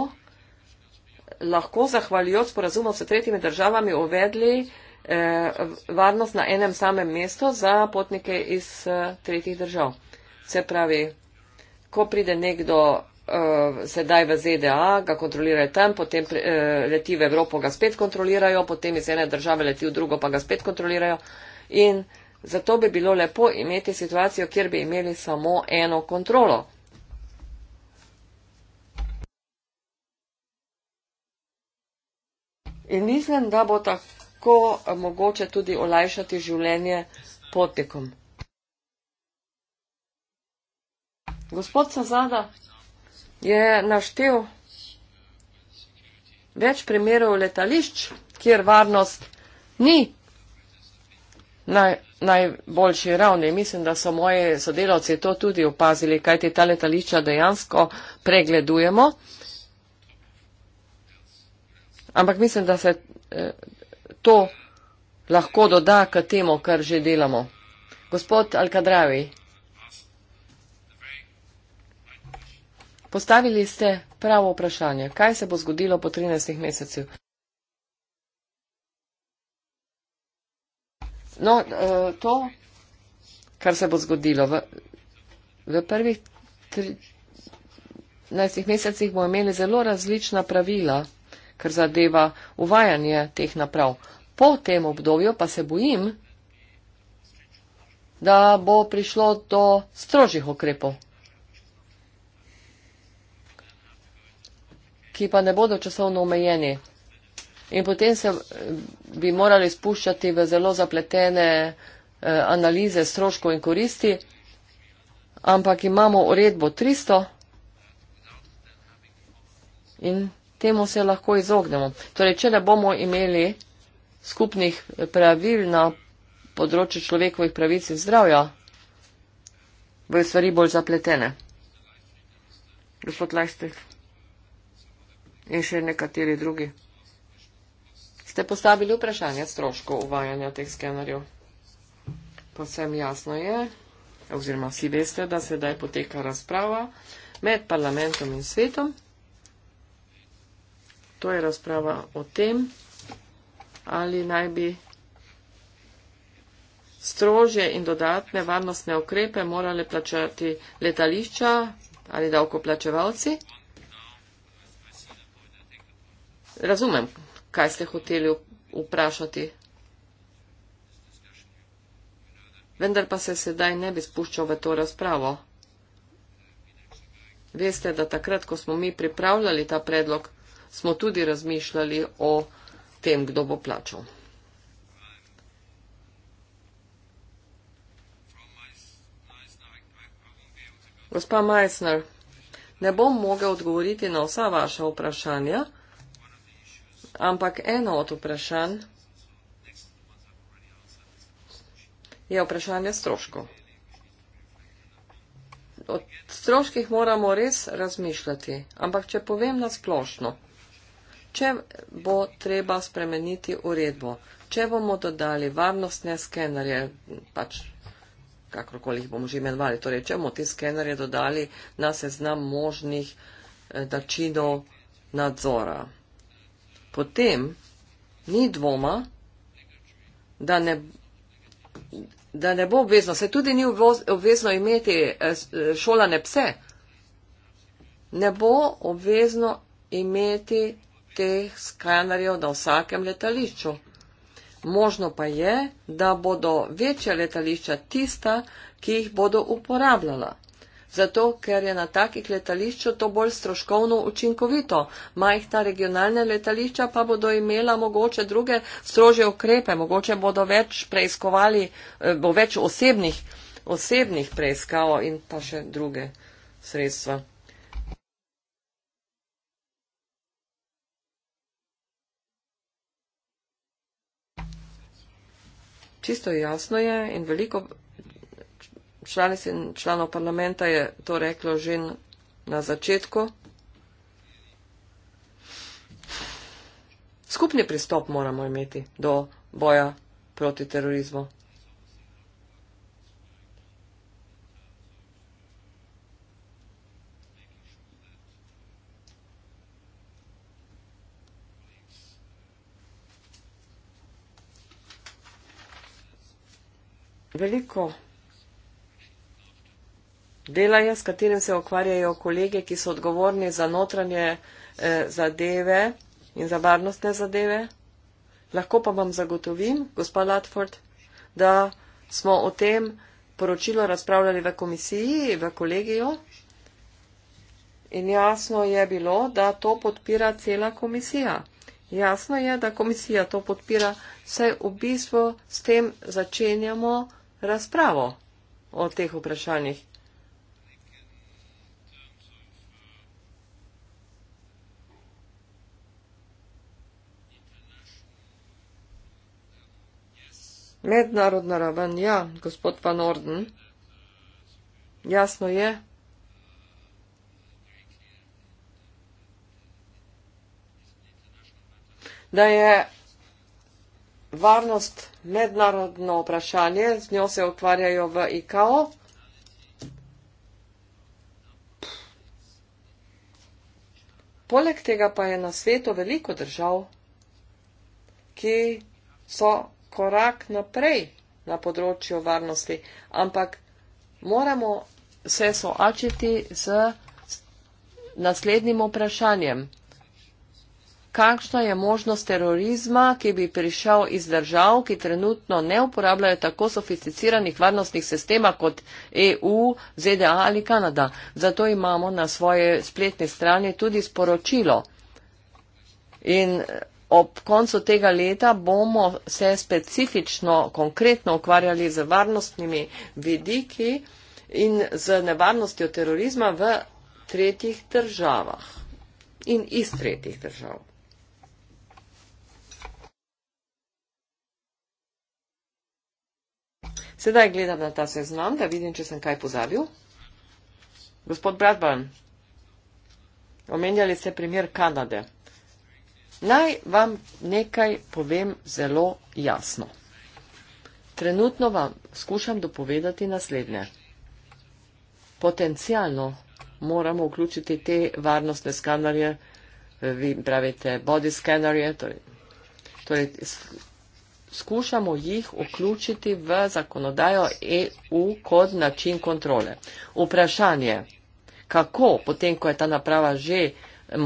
lahko zahvaljujoč porazumov s tretjimi državami uvedli uh, Eh, varnost na enem samem mestu za potnike iz eh, tretjih držav. Se pravi, ko pride nekdo eh, sedaj v ZDA, ga kontrolirajo tam, potem leti v Evropo, ga spet kontrolirajo, potem iz ene države leti v drugo, pa ga spet kontrolirajo. In zato bi bilo lepo imeti situacijo, kjer bi imeli samo eno kontrolo. In mislim, da bo tako lahko eh, mogoče tudi olajšati življenje potekom. Gospod Sazada je naštel več primerov letališč, kjer varnost ni naj, najboljši ravni. Mislim, da so moji sodelavci to tudi opazili, kaj ti ta letališča dejansko pregledujemo. Ampak mislim, da se eh, to lahko doda k temu, kar že delamo. Gospod Alkadravi, postavili ste pravo vprašanje, kaj se bo zgodilo po 13 mesecih. No, eh, to, kar se bo zgodilo v, v prvih 13 mesecih, bomo imeli zelo različna pravila kar zadeva uvajanje teh naprav. Po tem obdobju pa se bojim, da bo prišlo do strožjih okrepov, ki pa ne bodo časovno omejeni. In potem se eh, bi morali spuščati v zelo zapletene eh, analize stroškov in koristi, ampak imamo uredbo 300 in temu se lahko izognemo. Torej, če ne bomo imeli skupnih pravil na področju človekovih pravic in zdravja, bojo stvari bolj zapletene. Gospod Lajstek in še nekateri drugi. Ste postavili vprašanje stroškov uvajanja teh skenerjev? Povsem jasno je, oziroma vsi veste, da sedaj poteka razprava med parlamentom in svetom to je razprava o tem, ali naj bi strože in dodatne varnostne okrepe morali plačati letališča ali davkoplačevalci. Razumem, kaj ste hoteli vprašati. Vendar pa se sedaj ne bi spuščal v to razpravo. Veste, da takrat, ko smo mi pripravljali ta predlog, smo tudi razmišljali o tem, kdo bo plačal. Gospa Meissner, ne bom mogel odgovoriti na vsa vaša vprašanja, ampak eno od vprašanj je vprašanje stroškov. O stroških moramo res razmišljati, ampak če povem nasplošno, Če bo treba spremeniti uredbo, če bomo dodali varnostne skenerje, pač kakorkoli jih bomo že imenovali, torej če bomo te skenerje dodali na seznam možnih eh, načinov nadzora, potem ni dvoma, da ne, da ne bo obvezno, se tudi ni obvezno imeti eh, eh, šolane pse, ne bo obvezno imeti teh skanerjev na vsakem letališču. Možno pa je, da bodo večja letališča tista, ki jih bodo uporabljala. Zato, ker je na takih letališču to bolj stroškovno učinkovito, majhna regionalna letališča pa bodo imela mogoče druge strožje ukrepe, mogoče bodo več preiskovali, eh, bo več osebnih, osebnih preiskav in pa še druge sredstva. čisto jasno je in veliko članic in članov parlamenta je to reklo že na začetku. Skupni pristop moramo imeti do boja proti terorizmu. veliko dela je, s katerim se okvarjajo kolege, ki so odgovorni za notranje eh, zadeve in za varnostne zadeve. Lahko pa vam zagotovim, gospod Latford, da smo o tem poročilo razpravljali v komisiji, v kolegiju. In jasno je bilo, da to podpira cela komisija. Jasno je, da komisija to podpira, saj v bistvu s tem začenjamo razpravo o teh vprašanjih. Mednarodna raven, ja, gospod Van Orden, jasno je. Da je varnost mednarodno vprašanje, z njo se ukvarjajo v IKO. Poleg tega pa je na svetu veliko držav, ki so korak naprej na področju varnosti, ampak moramo se soočiti z naslednjim vprašanjem kakšna je možnost terorizma, ki bi prišel iz držav, ki trenutno ne uporabljajo tako sofisticiranih varnostnih sistema kot EU, ZDA ali Kanada. Zato imamo na svoje spletne strani tudi sporočilo. In eh, ob koncu tega leta bomo se specifično, konkretno ukvarjali z varnostnimi vidiki in z nevarnostjo terorizma v tretjih državah in iz tretjih držav. Sedaj gledam na ta seznam, da vidim, če sem kaj pozabil. Gospod Bradburn, omenjali ste primer Kanade. Naj vam nekaj povem zelo jasno. Trenutno vam skušam dopovedati naslednje. Potencijalno moramo vključiti te varnostne skanarje, eh, vi pravite body skanarje, torej, torej skušamo jih vključiti v zakonodajo EU kot način kontrole. Vprašanje, kako potem, ko je ta naprava že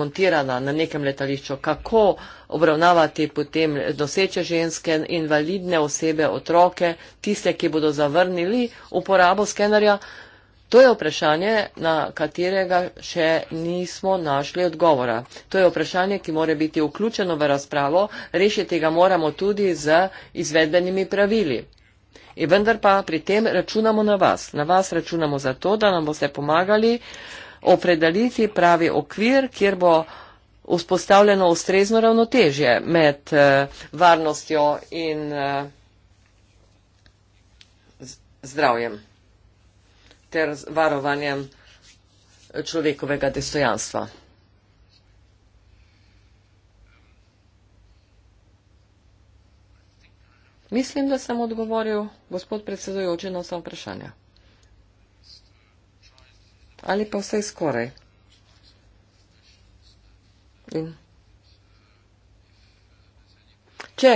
montirana na nekem letališču, kako obravnavati potem doseče ženske, invalidne osebe, otroke, tiste, ki bodo zavrnili uporabo skenerja, To je vprašanje, na katerega še nismo našli odgovora. To je vprašanje, ki more biti vključeno v razpravo, rešiti ga moramo tudi z izvedbenimi pravili. In vendar pa pri tem računamo na vas. Na vas računamo zato, da nam boste pomagali opredeliti pravi okvir, kjer bo vzpostavljeno ustrezno ravnotežje med eh, varnostjo in eh, zdravjem ter z varovanjem človekovega dostojanstva. Mislim, da sem odgovoril, gospod predsedujoči, na vsa vprašanja. Ali pa vse skoraj. In če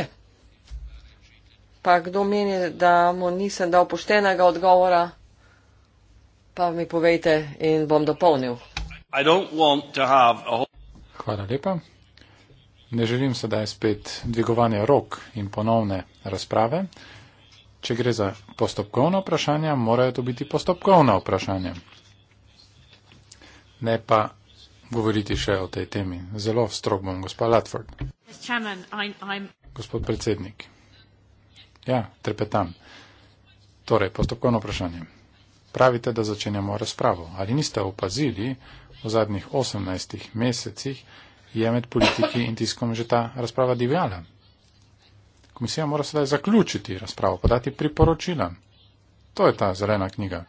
pa kdo meni, da mu nisem dal poštenega odgovora, Pa mi povejte in bom dopolnil. Hvala lepa. Ne želim sedaj spet dvigovanja rok in ponovne razprave. Če gre za postopkovna vprašanja, morajo to biti postopkovna vprašanja. Ne pa govoriti še o tej temi. Zelo strog bom, gospod Latford. Gospod predsednik. Ja, trepetam. Torej, postopkovno vprašanje. Pravite, da začenjamo razpravo. Ali niste opazili v zadnjih 18 mesecih, je med politiki in tiskom že ta razprava divjala? Komisija mora sedaj zaključiti razpravo, podati priporočila. To je ta zelena knjiga.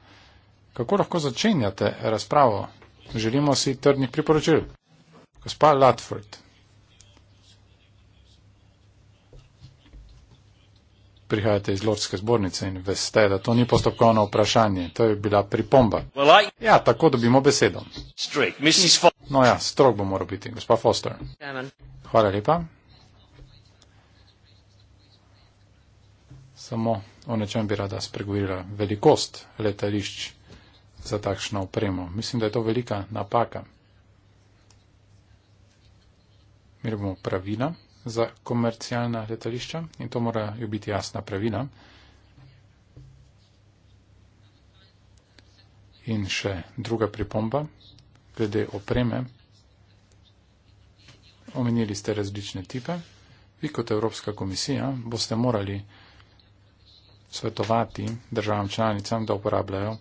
Kako lahko začenjate razpravo? Želimo si trdnih priporočil. Gospa Latford, prihajate iz Lordske zbornice in veste, da to ni postopkovno vprašanje, to je bila pripomba. Ja, tako dobimo besedo. No ja, strok bo moral biti, gospa Foster. Hvala lepa. Samo o nečem bi rada spregovorila. Velikost letališč za takšno opremo. Mislim, da je to velika napaka. Mi bomo pravila za komercialna letališča in to mora jo biti jasna pravila. In še druga pripomba glede opreme. Omenili ste različne tipe. Vi kot Evropska komisija boste morali svetovati državam članicam, da uporabljajo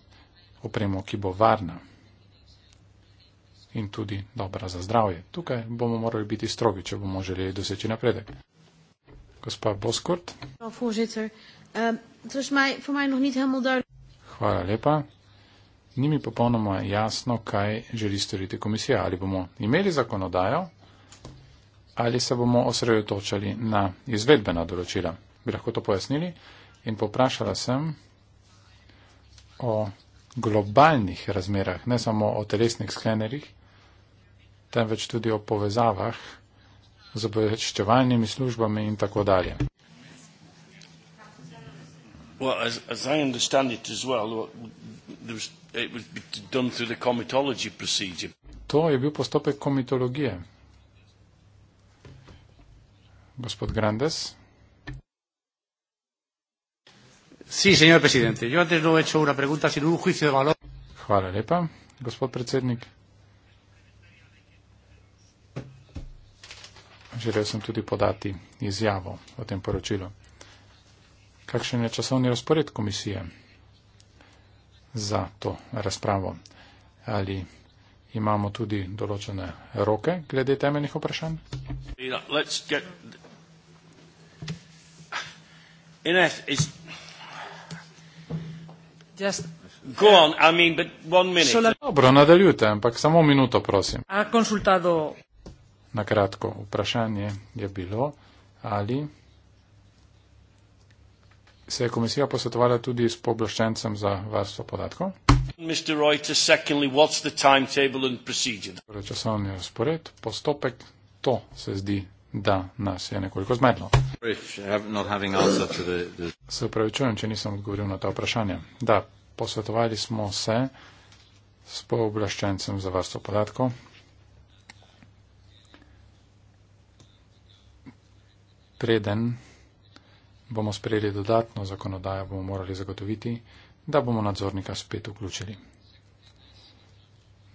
opremo, ki bo varna in tudi dobra za zdravje. Tukaj bomo morali biti strogi, če bomo želeli doseči napredek. Gospa Boskurt. Ehm, Hvala lepa. Ni mi popolnoma jasno, kaj želi storiti komisija. Ali bomo imeli zakonodajo ali se bomo osredotočali na izvedbena določila. Bi lahko to pojasnili? In poprašala sem o globalnih razmerah, ne samo o telesnih sklenerjih temveč tudi o povezavah z obveščevalnimi službami in tako dalje. Well, as, as I understand it as well, there was, it was done through the comitology procedure. To je bil postopek komitologije. Gospod Grandes? Sí, señor presidente. Yo antes no he hecho una pregunta, sino un juicio de valor. Hvala lepa, gospod predsednik. želel sem tudi podati izjavo o tem poročilu. Kakšen je časovni razpored komisije za to razpravo? Ali imamo tudi določene roke glede temeljnih vprašanj? Dobro, nadaljujte, ampak samo minuto, prosim. Na kratko, vprašanje je bilo, ali se je komisija posvetovala tudi s pooblaščencem za varstvo podatkov. Mr. Reuters, secondly, what's the timetable and procedure? Torej, časovni razpored, postopek, to se zdi, da nas je nekoliko zmedlo. Se upravičujem, če nisem odgovoril na ta vprašanja. Da, posvetovali smo se s pooblaščencem za varstvo podatkov. preden bomo sprejeli dodatno zakonodajo, bomo morali zagotoviti, da bomo nadzornika spet vključili.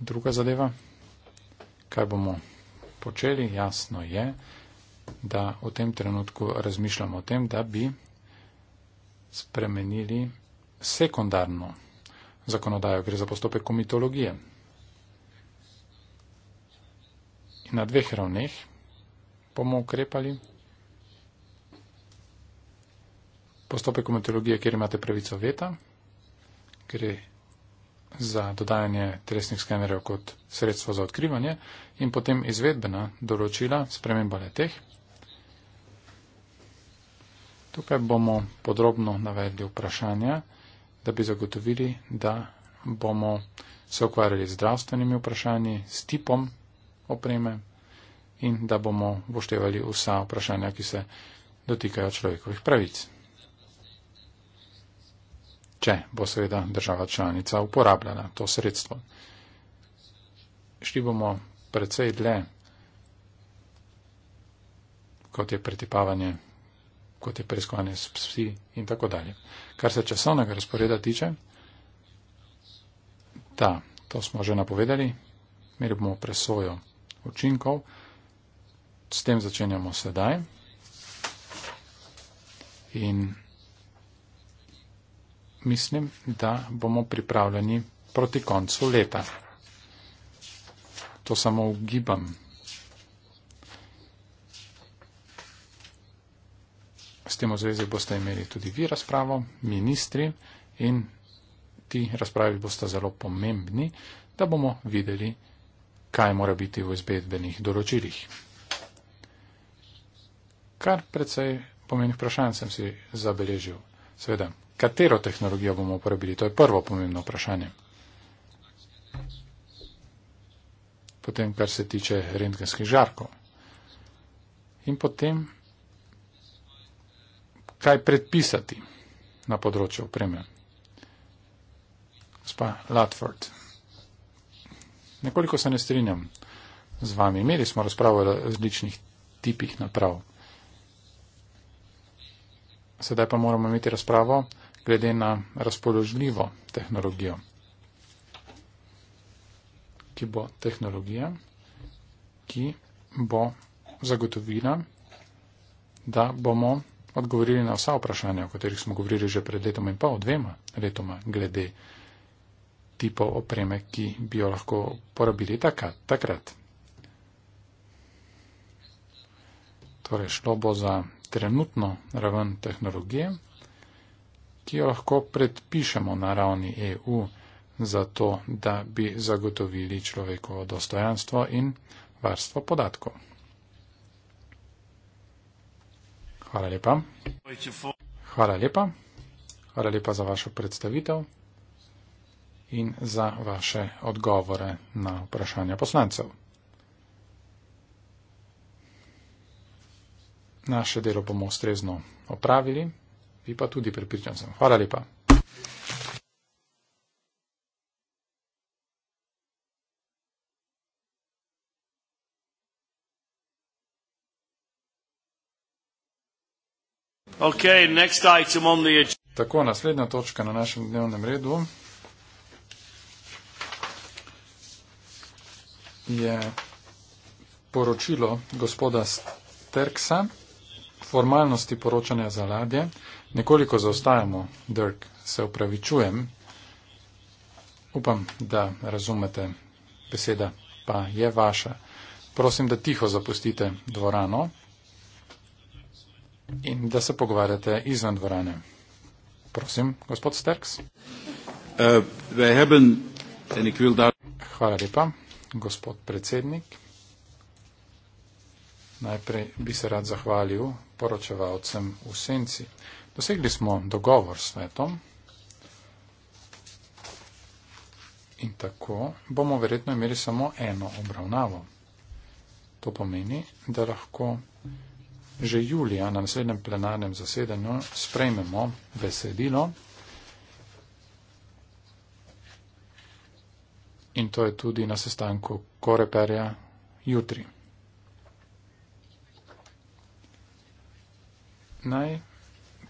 Druga zadeva, kaj bomo počeli, jasno je, da v tem trenutku razmišljamo o tem, da bi spremenili sekundarno zakonodajo, gre za postopek komitologije. In na dveh ravneh bomo ukrepali, postopek komatologije, kjer imate pravico veta, gre za dodajanje telesnih skenerjev kot sredstvo za odkrivanje in potem izvedbena določila sprememba leteh. Tukaj bomo podrobno navedli vprašanja, da bi zagotovili, da bomo se ukvarjali z zdravstvenimi vprašanji, s tipom opreme in da bomo boštevali vsa vprašanja, ki se dotikajo človekovih pravic če bo seveda država članica uporabljala to sredstvo. Šli bomo predvsej dle, kot je pretipavanje, kot je preiskovanje s psi in tako dalje. Kar se časovnega razporeda tiče, da, to smo že napovedali, imeli bomo presojo učinkov, s tem začenjamo sedaj. In mislim, da bomo pripravljeni proti koncu leta. To samo ugibam. S tem v zvezi boste imeli tudi vi razpravo, ministri in ti razpravi boste zelo pomembni, da bomo videli, kaj mora biti v izbedbenih določilih. Kar predvsej pomenih vprašanj sem si zabeležil. Seveda, katero tehnologijo bomo uporabili. To je prvo pomembno vprašanje. Potem, kar se tiče rentgenskih žarkov. In potem, kaj predpisati na področju opreme. Gospa Latford, nekoliko se ne strinjam z vami. Imeli smo razpravo o različnih tipih naprav. Sedaj pa moramo imeti razpravo glede na razpoložljivo tehnologijo, ki bo tehnologija, ki bo zagotovila, da bomo odgovorili na vsa vprašanja, o katerih smo govorili že pred letom in pol, dvema letoma, glede tipov opreme, ki bi jo lahko porabili takrat. takrat. Torej, šlo bo za trenutno raven tehnologije, ki jo lahko predpišemo na ravni EU, zato da bi zagotovili človekovo dostojanstvo in varstvo podatkov. Hvala lepa. Hvala lepa. Hvala lepa za vašo predstavitev in za vaše odgovore na vprašanja poslancev. Naše delo bomo ustrezno opravili. Vi pa tudi pripričan sem. Hvala lepa. Okay, next item on the Tako, naslednja točka na našem dnevnem redu je poročilo gospoda Sterksa, formalnosti poročanja za ladje. Nekoliko zaostajamo, Dirk, se upravičujem. Upam, da razumete beseda, pa je vaša. Prosim, da tiho zapustite dvorano in da se pogovarjate izven dvorane. Prosim, gospod Sterks. Uh, Hvala lepa, gospod predsednik. Najprej bi se rad zahvalil poročevalcem v senci. Dosegli smo dogovor s svetom in tako bomo verjetno imeli samo eno obravnavo. To pomeni, da lahko že julija na naslednjem plenarnem zasedanju sprejmemo besedilo in to je tudi na sestanku Koreperja jutri. Naj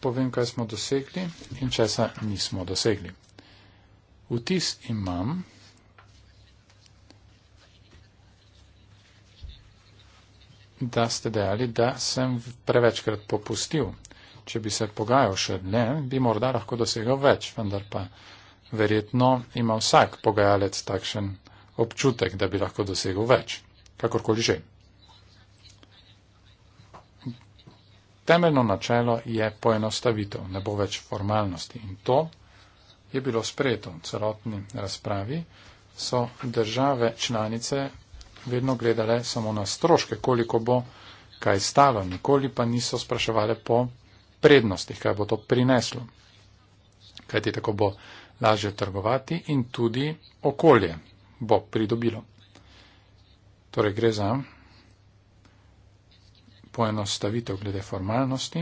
povem, kaj smo dosegli in česa nismo dosegli. Vtis imam, da ste dejali, da sem prevečkrat popustil. Če bi se pogajal še dne, bi morda lahko dosegal več, vendar pa verjetno ima vsak pogajalec takšen občutek, da bi lahko dosegal več, kakorkoli že. Temeljno načelo je poenostavitev, ne bo več formalnosti. In to je bilo sprejeto v celotni razpravi. So države članice vedno gledale samo na stroške, koliko bo kaj stalo, nikoli pa niso spraševale po prednostih, kaj bo to prineslo. Kaj ti tako bo lažje trgovati in tudi okolje bo pridobilo. Torej gre za poenostavitev glede formalnosti,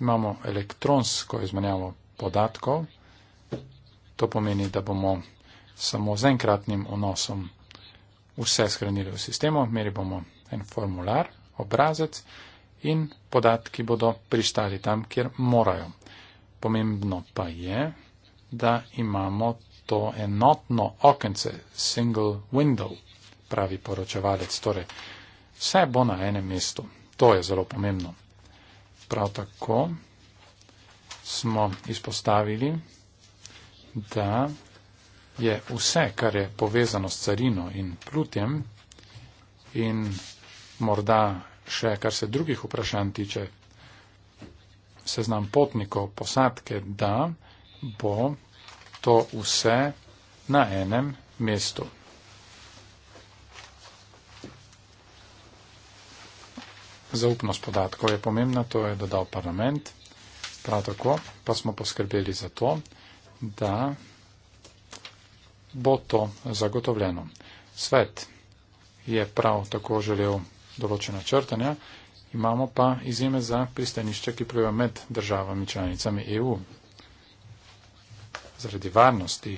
imamo elektronsko izmenjavo podatkov, to pomeni, da bomo samo z enkratnim vnosom vse shranili v sistemu, imeli bomo en formular, obrazec in podatki bodo pristali tam, kjer morajo. Pomembno pa je, da imamo to enotno okence, single window, pravi poročevalec. Torej, vse bo na enem mestu. To je zelo pomembno. Prav tako smo izpostavili, da je vse, kar je povezano s carino in plutjem in morda še, kar se drugih vprašanj tiče, seznam potnikov, posadke, da bo to vse na enem mestu. Zaupnost podatkov je pomembna, to je dodal parlament. Prav tako pa smo poskrbeli za to, da bo to zagotovljeno. Svet je prav tako želel določena črtanja, imamo pa izjeme za pristanišče, ki plujejo med državami članicami EU. Zaradi varnosti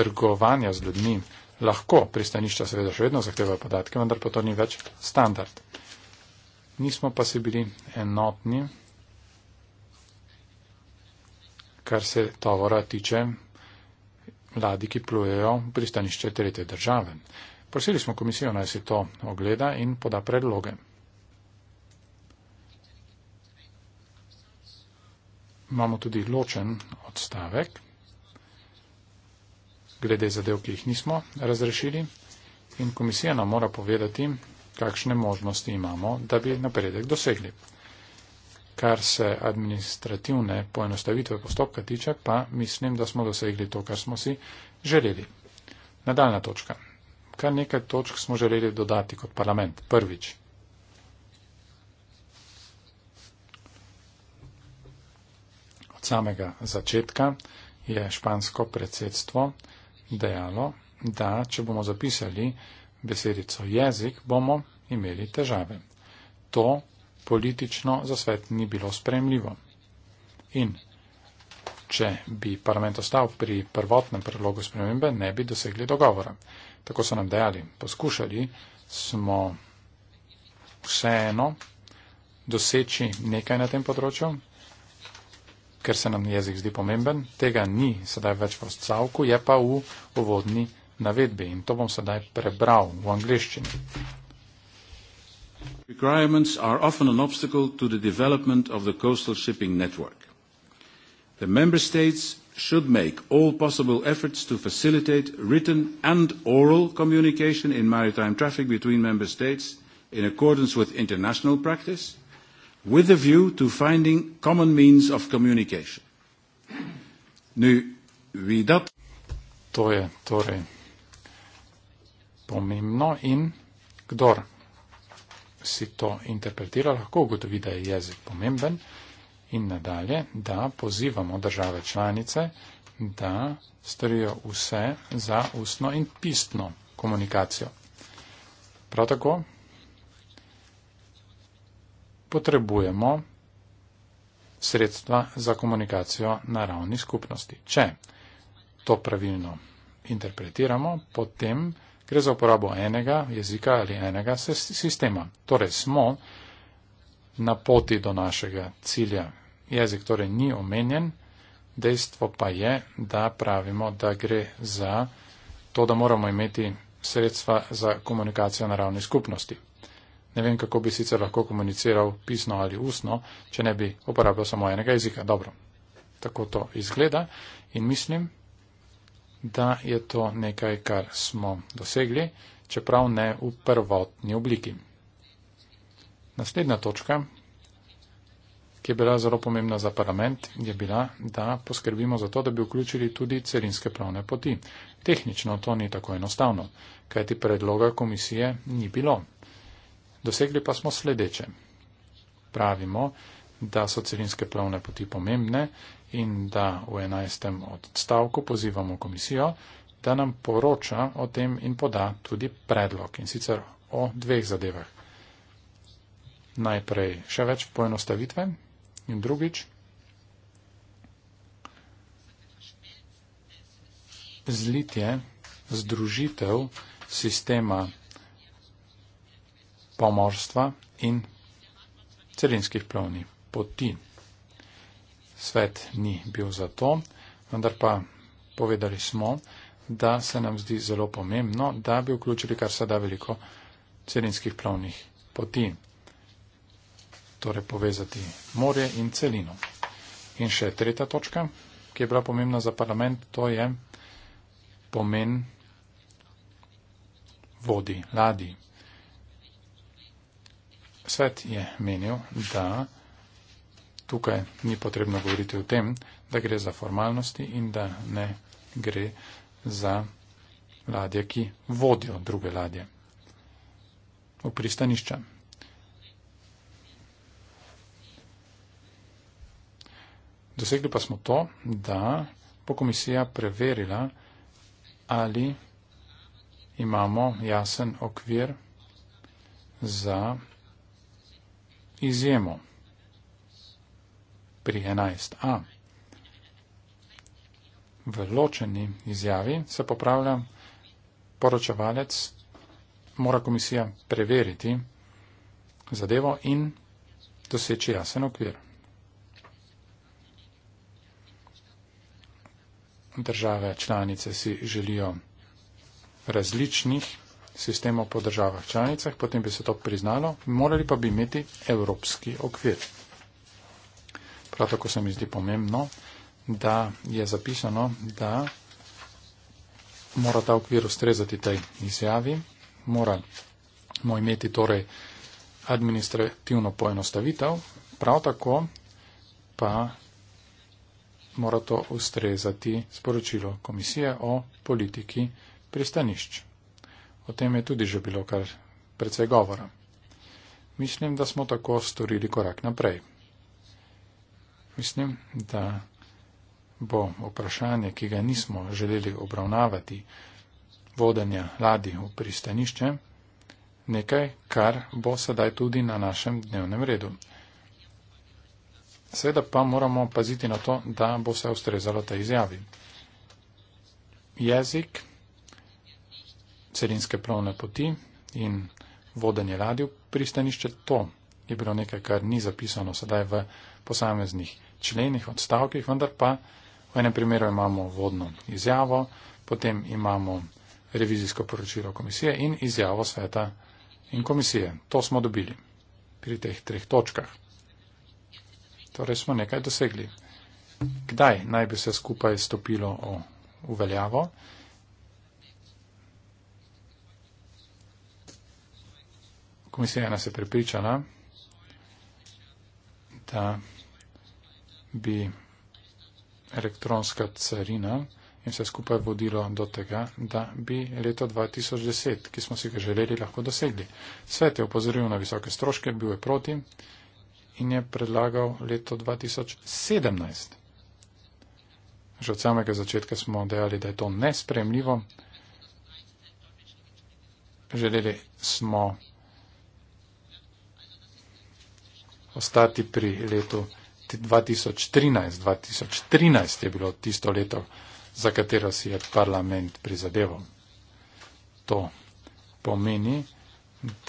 trgovanja z ljudmi lahko pristanišča seveda še vedno zahtevajo podatke, vendar pa to ni več standard nismo pa se bili enotni, kar se tovora tiče ladi, ki plujejo pristanišče tretje države. Prosili smo komisijo, naj se to ogleda in poda predloge. Imamo tudi ločen odstavek glede zadev, ki jih nismo razrešili in komisija nam mora povedati, kakšne možnosti imamo, da bi napredek dosegli. Kar se administrativne poenostavitve postopka tiče, pa mislim, da smo dosegli to, kar smo si želeli. Nadaljna točka. Kar nekaj točk smo želeli dodati kot parlament. Prvič. Od samega začetka je špansko predsedstvo dejalo, da če bomo zapisali, besedico jezik, bomo imeli težave. To politično za svet ni bilo spremljivo. In če bi parlament ostal pri prvotnem predlogu spremembe, ne bi dosegli dogovora. Tako so nam dejali, poskušali smo vseeno doseči nekaj na tem področju, ker se nam jezik zdi pomemben. Tega ni sedaj več v stavku, je pa v uvodni navedbe in to bom sedaj prebral v angliščini. Requirements are often an obstacle to the development of the coastal shipping network. The member states should make all possible efforts to facilitate written and oral communication in maritime traffic between member states in accordance with international practice, with a view to finding common means of communication. Nu, wie dat... To je, torej, pomembno in kdor si to interpretira, lahko ugotovi, da je jezik pomemben in nadalje, da pozivamo države članice, da storijo vse za ustno in pisno komunikacijo. Prav tako potrebujemo sredstva za komunikacijo na ravni skupnosti. Če to pravilno interpretiramo, potem gre za uporabo enega jezika ali enega sistema. Torej smo na poti do našega cilja. Jezik torej ni omenjen, dejstvo pa je, da pravimo, da gre za to, da moramo imeti sredstva za komunikacijo na ravni skupnosti. Ne vem, kako bi sicer lahko komuniciral pisno ali ustno, če ne bi uporabljal samo enega jezika. Dobro, tako to izgleda in mislim, da je to nekaj, kar smo dosegli, čeprav ne v prvotni obliki. Naslednja točka, ki je bila zelo pomembna za parlament, je bila, da poskrbimo za to, da bi vključili tudi celinske pravne poti. Tehnično to ni tako enostavno, kajti predloga komisije ni bilo. Dosegli pa smo sledeče. Pravimo, da so celinske plovne poti pomembne in da v enajstem odstavku pozivamo komisijo, da nam poroča o tem in poda tudi predlog in sicer o dveh zadevah. Najprej še več poenostavitve in drugič. Zlitje, združitev sistema pomorstva in celinskih plovnih poti svet ni bil za to, vendar pa povedali smo, da se nam zdi zelo pomembno, da bi vključili kar se da veliko celinskih plovnih poti. Torej povezati morje in celino. In še tretja točka, ki je bila pomembna za parlament, to je pomen vodi, ladi. Svet je menil, da tukaj ni potrebno govoriti o tem, da gre za formalnosti in da ne gre za ladje, ki vodijo druge ladje v pristanišča. Dosegli pa smo to, da bo komisija preverila, ali imamo jasen okvir za izjemo pri 11a. V ločeni izjavi se popravlja poročevalec, mora komisija preveriti zadevo in doseči jasen okvir. Države članice si želijo različnih sistemov po državah članicah, potem bi se to priznalo, morali pa bi imeti evropski okvir prav tako se mi zdi pomembno, da je zapisano, da mora ta okvir ustrezati tej izjavi, moramo imeti torej administrativno poenostavitev, prav tako pa mora to ustrezati sporočilo komisije o politiki pristanišč. O tem je tudi že bilo kar precej govora. Mislim, da smo tako storili korak naprej. Mislim, da bo vprašanje, ki ga nismo želeli obravnavati, vodenja ladi v pristanišče, nekaj, kar bo sedaj tudi na našem dnevnem redu. Seveda pa moramo paziti na to, da bo se ustrezalo ta izjavi. Jezik celinske plovne poti in vodenje ladi v pristanišče to je bilo nekaj, kar ni zapisano sedaj v posameznih členih, odstavkih, vendar pa v enem primeru imamo vodno izjavo, potem imamo revizijsko poročilo komisije in izjavo sveta in komisije. To smo dobili pri teh treh točkah. Torej smo nekaj dosegli. Kdaj naj bi se skupaj stopilo v uveljavo? Komisija nas je pripričala, da bi elektronska carina in vse skupaj vodilo do tega, da bi leto 2010, ki smo si ga želeli, lahko dosegli. Svet je upozoril na visoke stroške, bil je proti in je predlagal leto 2017. Že od samega začetka smo dejali, da je to nespremljivo. Želeli smo ostati pri letu 2013. 2013 je bilo tisto leto, za katero si je parlament prizadeval. To pomeni,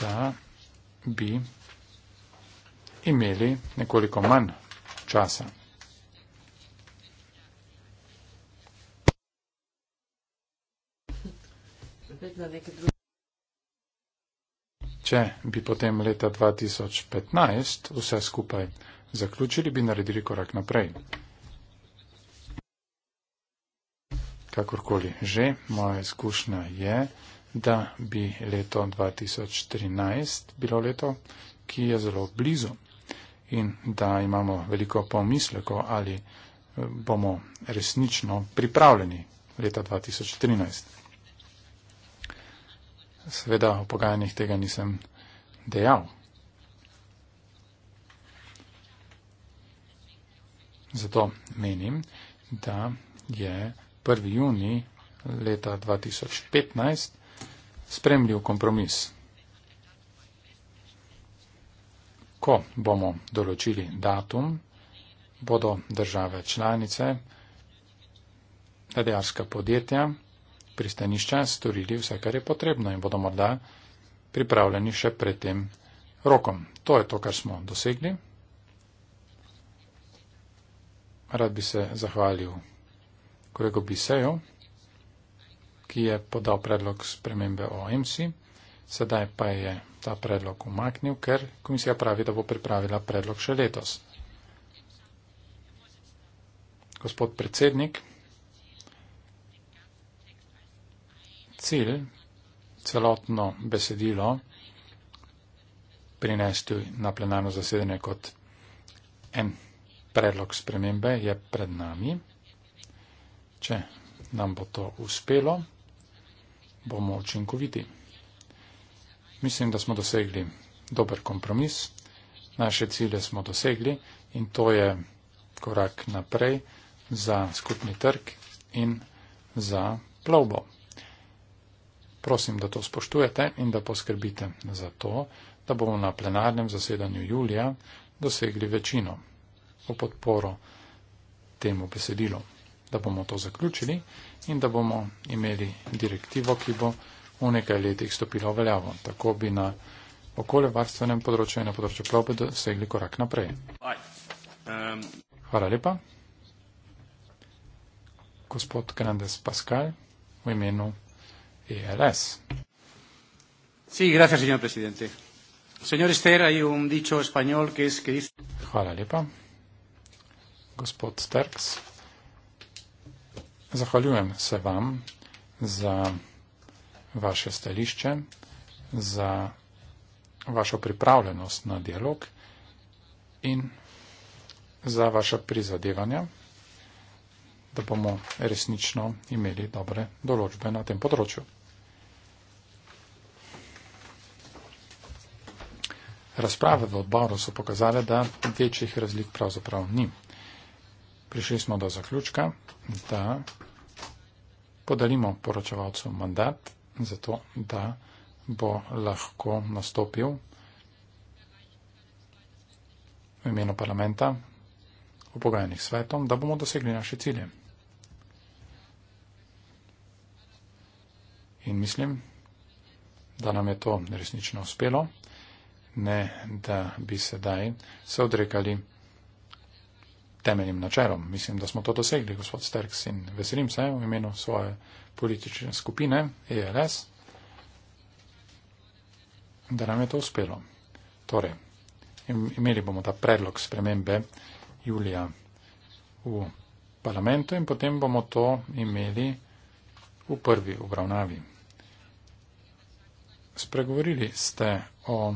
da bi imeli nekoliko manj časa. Na neki drugi če bi potem leta 2015 vse skupaj zaključili, bi naredili korak naprej. Kakorkoli že, moja izkušnja je, da bi leto 2013 bilo leto, ki je zelo blizu in da imamo veliko pomisleko, ali eh, bomo resnično pripravljeni leta 2013. Seveda o pogajanjih tega nisem dejal. Zato menim, da je 1. juni leta 2015 spremljiv kompromis. Ko bomo določili datum, bodo države članice, radijarska podjetja, pristanišča storili vse, kar je potrebno in bodo morda pripravljeni še pred tem rokom. To je to, kar smo dosegli. Rad bi se zahvalil kolego Biseju, ki je podal predlog spremembe OMC. Sedaj pa je ta predlog umaknil, ker komisija pravi, da bo pripravila predlog še letos. Gospod predsednik. cilj, celotno besedilo prinesti na plenarno zasedanje kot en predlog spremembe je pred nami. Če nam bo to uspelo, bomo učinkoviti. Mislim, da smo dosegli dober kompromis, naše cilje smo dosegli in to je korak naprej za skupni trg in za plovbo. Prosim, da to spoštujete in da poskrbite za to, da bomo na plenarnem zasedanju julija dosegli večino v podporo temu besedilu, da bomo to zaključili in da bomo imeli direktivo, ki bo v nekaj letih stopila v veljavo. Tako bi na okoljevarstvenem področju in na področju plovbe dosegli korak naprej. Hvala lepa. Gospod Grandes Pascal v imenu ELS. Sí, gracias, señor presidente. Señor Ester, hay un dicho español que es que dice. Hvala lepa. Gospod Sterks, zahvaljujem se vam za vaše stališče, za vašo pripravljenost na dialog in za vaše prizadevanja, da bomo resnično imeli dobre določbe na tem področju. Razprave v odboru so pokazale, da večjih razlik pravzaprav ni. Prišli smo do zaključka, da podarimo poročevalcu mandat, zato da bo lahko nastopil v imenu parlamenta v pogajanjih svetom, da bomo dosegli naše cilje. In mislim, da nam je to resnično uspelo ne da bi sedaj se odrekali temeljnim načelom. Mislim, da smo to dosegli, gospod Sterks, in veselim se v imenu svoje politične skupine ELS, da nam je to uspelo. Torej, imeli bomo ta predlog spremembe julija v parlamentu in potem bomo to imeli v prvi obravnavi. Spregovorili ste o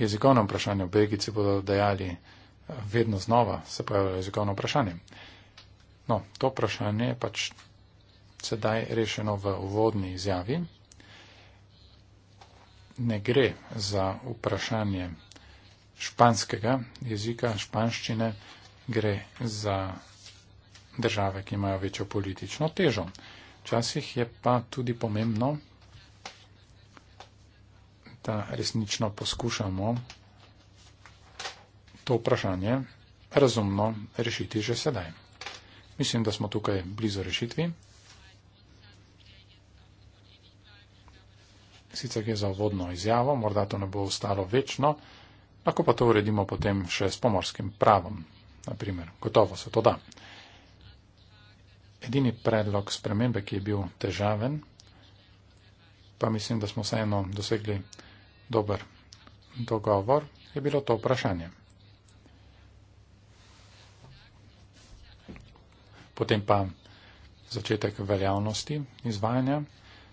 jezikovnem vprašanju. Belgijci bodo dejali, eh, vedno znova se pojavlja jezikovno vprašanje. No, to vprašanje je pač sedaj rešeno v uvodni izjavi. Ne gre za vprašanje španskega jezika, španščine, gre za države, ki imajo večjo politično težo. Včasih je pa tudi pomembno, da resnično poskušamo to vprašanje razumno rešiti že sedaj. Mislim, da smo tukaj blizu rešitvi. Sicer gre za vodno izjavo, morda to ne bo ostalo večno, lahko pa to uredimo potem še s pomorskim pravom, naprimer. Gotovo se to da. Edini predlog spremembe, ki je bil težaven, pa mislim, da smo vseeno dosegli dober dogovor, je bilo to vprašanje. Potem pa začetek veljavnosti izvajanja.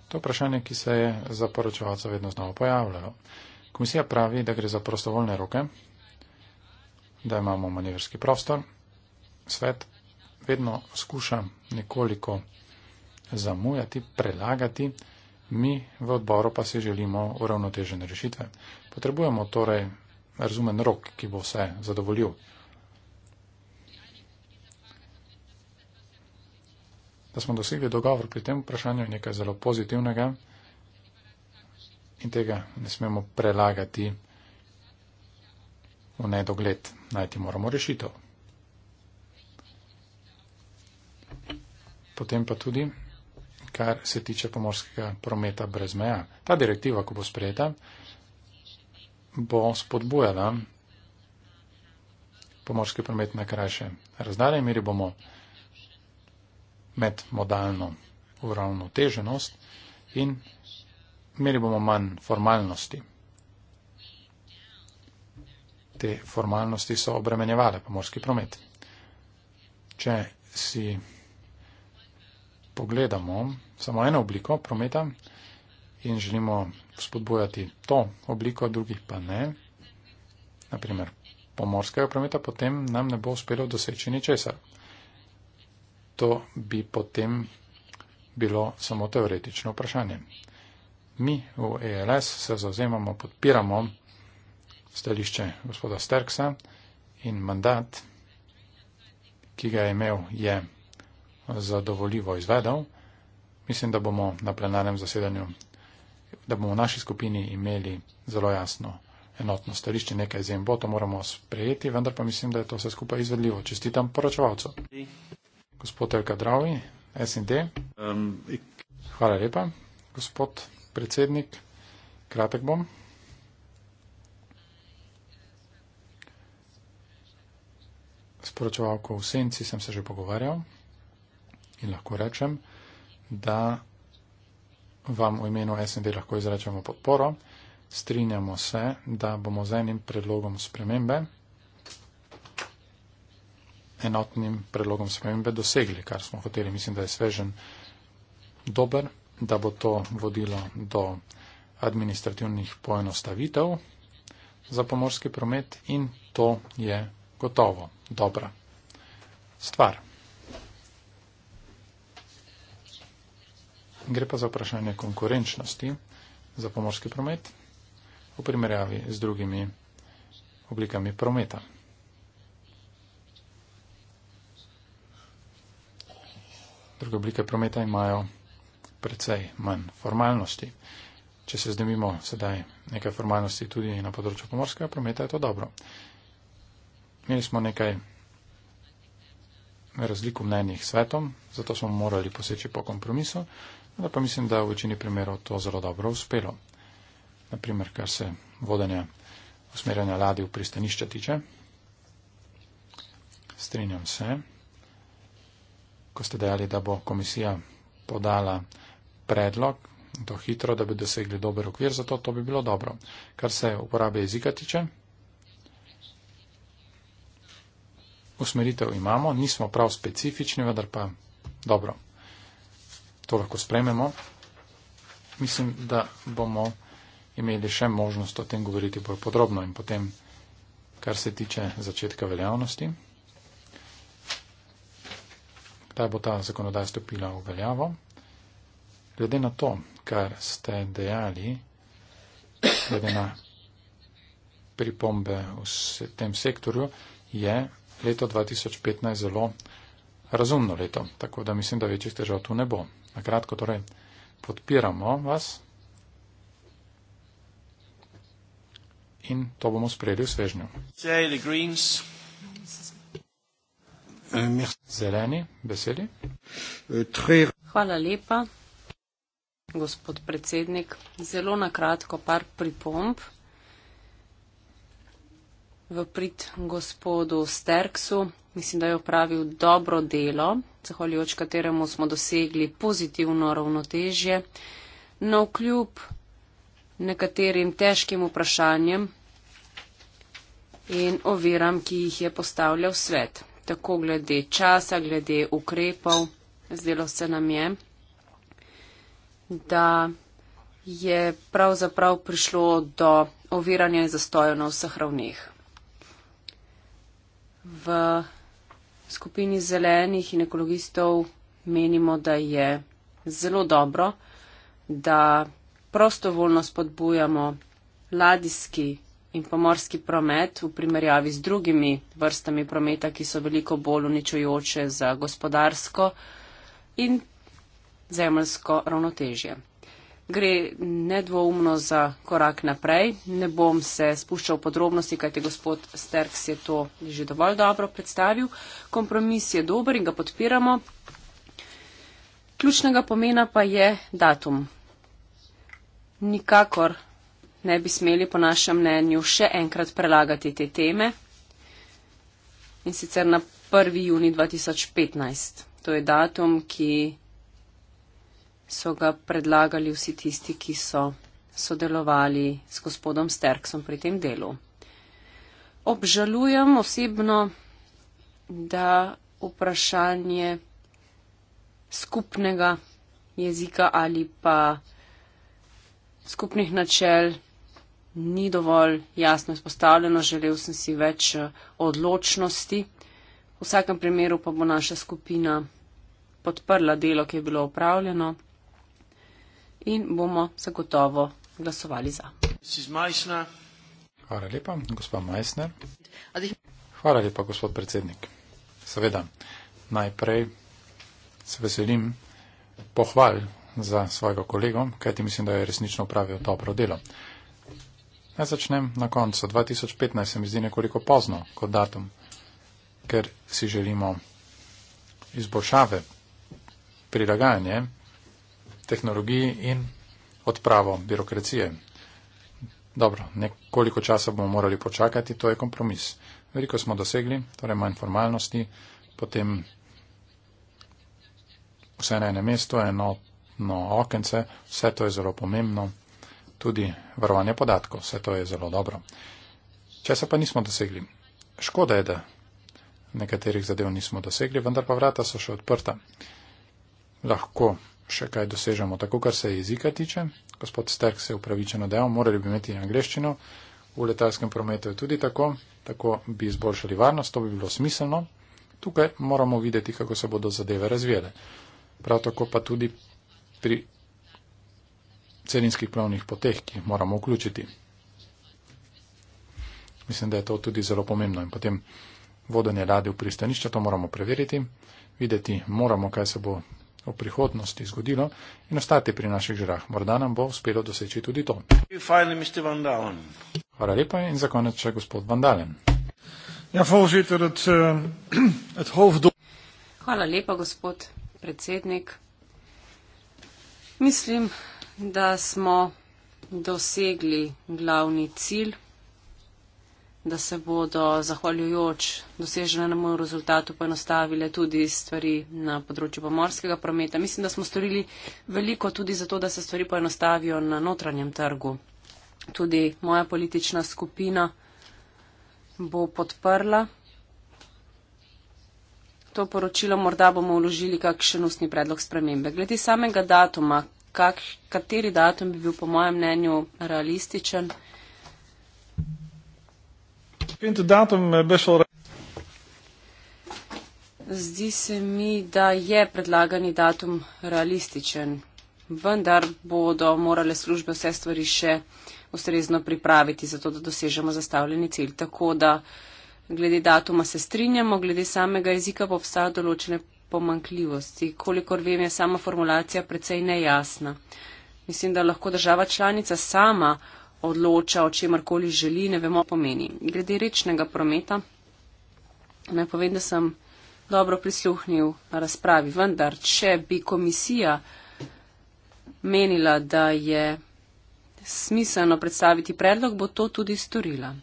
To je vprašanje, ki se je za poročevalca vedno znova pojavljalo. Komisija pravi, da gre za prostovoljne roke, da imamo manevrski prostor. Svet vedno skuša nekoliko zamujati, prelagati. Mi v odboru pa si želimo uravnotežene rešitve. Potrebujemo torej razumen rok, ki bo vse zadovoljil. Da smo dosegli dogovor pri tem vprašanju je nekaj zelo pozitivnega in tega ne smemo prelagati v nedogled. Najti moramo rešitev. Potem pa tudi kar se tiče pomorskega prometa brez meja. Ta direktiva, ko bo sprejeta, bo spodbujala pomorski promet na krajše razdalje, meri bomo med modalno uravnoteženost in meri bomo manj formalnosti. Te formalnosti so obremenjevale pomorski promet. Če si pogledamo samo eno obliko prometa in želimo spodbujati to obliko, drugih pa ne, naprimer pomorskega prometa, potem nam ne bo uspelo doseči ničesar. To bi potem bilo samo teoretično vprašanje. Mi v ELS se zauzemamo, podpiramo stališče gospoda Sterksa in mandat, ki ga je imel, je zadovoljivo izvedel, mislim, da bomo na plenarnem zasedanju, da bomo v naši skupini imeli zelo jasno enotno stališče, nekaj zem bo, to moramo sprejeti, vendar pa mislim, da je to vse skupaj izvedljivo. Čestitam poročevalcu. Gospod Elka Dravi, SND. Um, ik... Hvala lepa, gospod predsednik. Kratek bom. Sporočevalko v senci sem se že pogovarjal in lahko rečem, da vam v imenu SND lahko izrečemo podporo. Strinjamo se, da bomo z enim predlogom spremembe, enotnim predlogom spremembe dosegli, kar smo hoteli. Mislim, da je svežen dober, da bo to vodilo do administrativnih poenostavitev za pomorski promet in to je gotovo dobra stvar. Gre pa za vprašanje konkurenčnosti za pomorski promet v primerjavi z drugimi oblikami prometa. Druge oblike prometa imajo precej manj formalnosti. Če se zdemimo sedaj nekaj formalnosti tudi na področju pomorskega prometa, je to dobro. Imeli smo nekaj razliku mnenjih svetom, zato smo morali poseči po kompromisu. Zdaj no, pa mislim, da v večini primerov to zelo dobro uspelo. Naprimer, kar se vodenja usmerjanja ladij v pristanišča tiče. Strinjam se, ko ste dejali, da bo komisija podala predlog, to hitro, da bi dosegli dober okvir za to, to bi bilo dobro. Kar se uporabe jezika tiče, usmeritev imamo, nismo prav specifični, vendar pa dobro to lahko sprememo, mislim, da bomo imeli še možnost o tem govoriti bolj podrobno in potem, kar se tiče začetka veljavnosti, kdaj bo ta zakonodaj stopila v veljavo. Glede na to, kar ste dejali, glede na pripombe v tem sektorju, je leto 2015 zelo razumno leto, tako da mislim, da večjih težav tu ne bo. Na kratko, torej, podpiramo vas in to bomo sprejeli v svežnju. Zeleni, veseli. Hvala lepa, gospod predsednik. Zelo na kratko par pripomb v prid gospodu Sterksu. Mislim, da je opravil dobro delo, zahvaljujoč kateremu smo dosegli pozitivno ravnotežje. Na no, vkljub nekaterim težkim vprašanjem in oviram, ki jih je postavljal svet. Tako glede časa, glede ukrepov, zdelo se nam je, da je pravzaprav prišlo do oviranja in zastojev na vseh ravneh v skupini zelenih in ekologistov menimo, da je zelo dobro, da prostovoljno spodbujamo ladijski in pomorski promet v primerjavi z drugimi vrstami prometa, ki so veliko bolj uničujoče za gospodarsko in zemljsko ravnotežje gre nedvoumno za korak naprej. Ne bom se spuščal v podrobnosti, kajte gospod Sterks je to že dovolj dobro predstavil. Kompromis je dober in ga podpiramo. Ključnega pomena pa je datum. Nikakor ne bi smeli po našem mnenju še enkrat prelagati te teme. In sicer na 1. juni 2015. To je datum, ki so ga predlagali vsi tisti, ki so sodelovali s gospodom Sterksom pri tem delu. Obžalujem osebno, da vprašanje skupnega jezika ali pa skupnih načel ni dovolj jasno izpostavljeno. Želel sem si več eh, odločnosti. V vsakem primeru pa bo naša skupina podprla delo, ki je bilo upravljeno in bomo zagotovo glasovali za. Hvala lepa, gospod Majsner. Hvala lepa, gospod predsednik. Seveda, najprej se veselim pohval za svojega kolego, kajti mislim, da je resnično upravil dobro delo. Naj ja začnem na koncu. 2015 se mi zdi nekoliko pozno kot datum, ker si želimo izboljšave, prilagajanje tehnologiji in odpravo birokracije. Dobro, nekoliko časa bomo morali počakati, to je kompromis. Veliko smo dosegli, torej manj formalnosti, potem vse na enem mestu, enotno okence, vse to je zelo pomembno, tudi varovanje podatkov, vse to je zelo dobro. Česa pa nismo dosegli? Škoda je, da nekaterih zadev nismo dosegli, vendar pa vrata so še odprta. Lahko še kaj dosežemo. Tako, kar se jezika tiče, gospod Sterk se je upravičeno dejal, morali bi imeti angliščino, v letalskem prometu je tudi tako, tako bi izboljšali varnost, to bi bilo smiselno. Tukaj moramo videti, kako se bodo zadeve razvijele. Prav tako pa tudi pri celinskih plovnih poteh, ki jih moramo vključiti. Mislim, da je to tudi zelo pomembno. In potem vodenje ladje v pristanišče, to moramo preveriti, videti moramo, kaj se bo v prihodnosti zgodilo in ostati pri naših žrah. Morda nam bo uspelo doseči tudi to. Hvala lepa in za konec še gospod Vandalen. Ja, voorzitter, het, uh, het hoofddoel. Hvala lepa, gospod predsednik. Mislim, da smo dosegli glavni cilj da se bodo zahvaljujoč doseženemu rezultatu poenostavile tudi stvari na področju pomorskega prometa. Mislim, da smo storili veliko tudi zato, da se stvari poenostavijo na notranjem trgu. Tudi moja politična skupina bo podprla. To poročilo morda bomo uložili kakšen ustni predlog spremembe. Glede samega datuma, kak, kateri datum bi bil po mojem mnenju realističen vindt de datum best wel. Zdi se mi, da je predlagani datum realističen, vendar bodo morale službe vse stvari še ustrezno pripraviti, zato da dosežemo zastavljeni cilj. Tako da glede datuma se strinjamo, glede samega jezika pa obstajajo določene pomankljivosti. Kolikor vem, je sama formulacija precej nejasna. Mislim, da lahko država članica sama odloča o čemarkoli želi, ne vemo pomeni. Glede rečnega prometa, naj povem, da sem dobro prisluhnil razpravi, vendar, če bi komisija menila, da je smiselno predstaviti predlog, bo to tudi storila.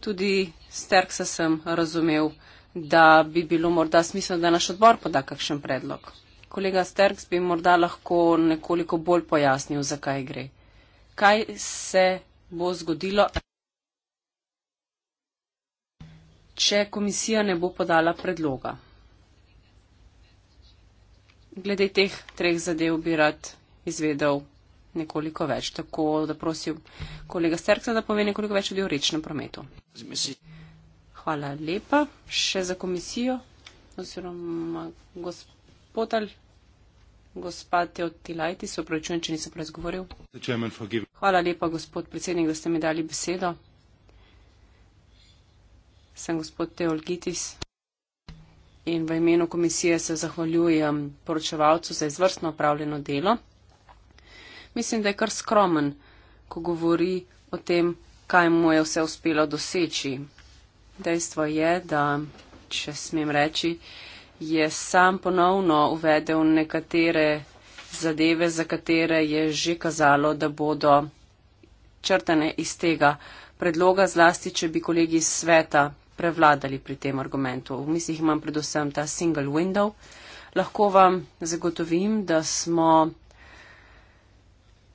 Tudi sterksa sem razumev, da bi bilo morda smiselno, da naš odbor poda kakšen predlog. Kolega Sterks bi morda lahko nekoliko bolj pojasnil, zakaj gre kaj se bo zgodilo, če komisija ne bo podala predloga. Glede teh treh zadev bi rad izvedel nekoliko več, tako da prosim kolega Sterksa, da pove nekoliko več tudi o rečnem prometu. Hvala lepa. Še za komisijo, oziroma gospodar. Gospa Teotilajti, se upravičujem, če nisem razgovoril. Hvala lepa, gospod predsednik, da ste mi dali besedo. Sem gospod Teolgitis in v imenu komisije se zahvaljujem poročevalcu za izvrstno opravljeno delo. Mislim, da je kar skromen, ko govori o tem, kaj mu je vse uspelo doseči. Dejstvo je, da, če smem reči, je sam ponovno uvedel nekatere zadeve, za katere je že kazalo, da bodo črtane iz tega predloga, zlasti, če bi kolegi iz sveta prevladali pri tem argumentu. V mislih imam predvsem ta single window. Lahko vam zagotovim, da smo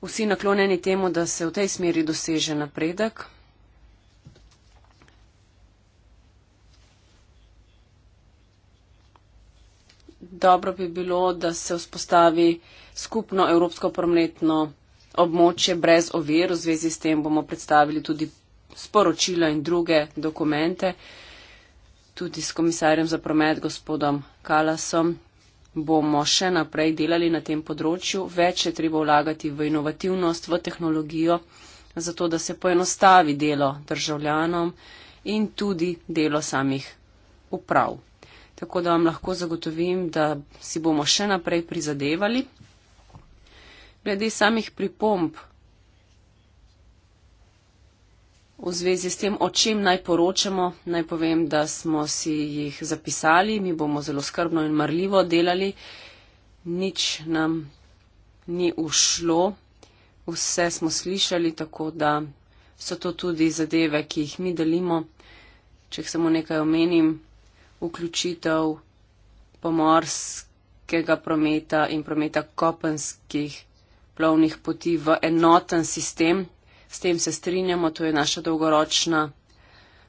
vsi naklonjeni temu, da se v tej smeri doseže napredek. dobro bi bilo, da se vzpostavi skupno evropsko prometno območje brez ovir. V zvezi s tem bomo predstavili tudi sporočila in druge dokumente. Tudi s komisarjem za promet, gospodom Kalasom, bomo še naprej delali na tem področju. Več je treba vlagati v inovativnost, v tehnologijo, zato da se poenostavi delo državljanom in tudi delo samih uprav tako da vam lahko zagotovim, da si bomo še naprej prizadevali. Glede samih pripomb v zvezi s tem, o čem naj poročamo, naj povem, da smo si jih zapisali, mi bomo zelo skrbno in marljivo delali, nič nam ni ušlo, vse smo slišali, tako da so to tudi zadeve, ki jih mi delimo. Če samo nekaj omenim, vključitev pomorskega prometa in prometa kopenskih plovnih poti v enoten sistem. S tem se strinjamo, to je naša dolgoročna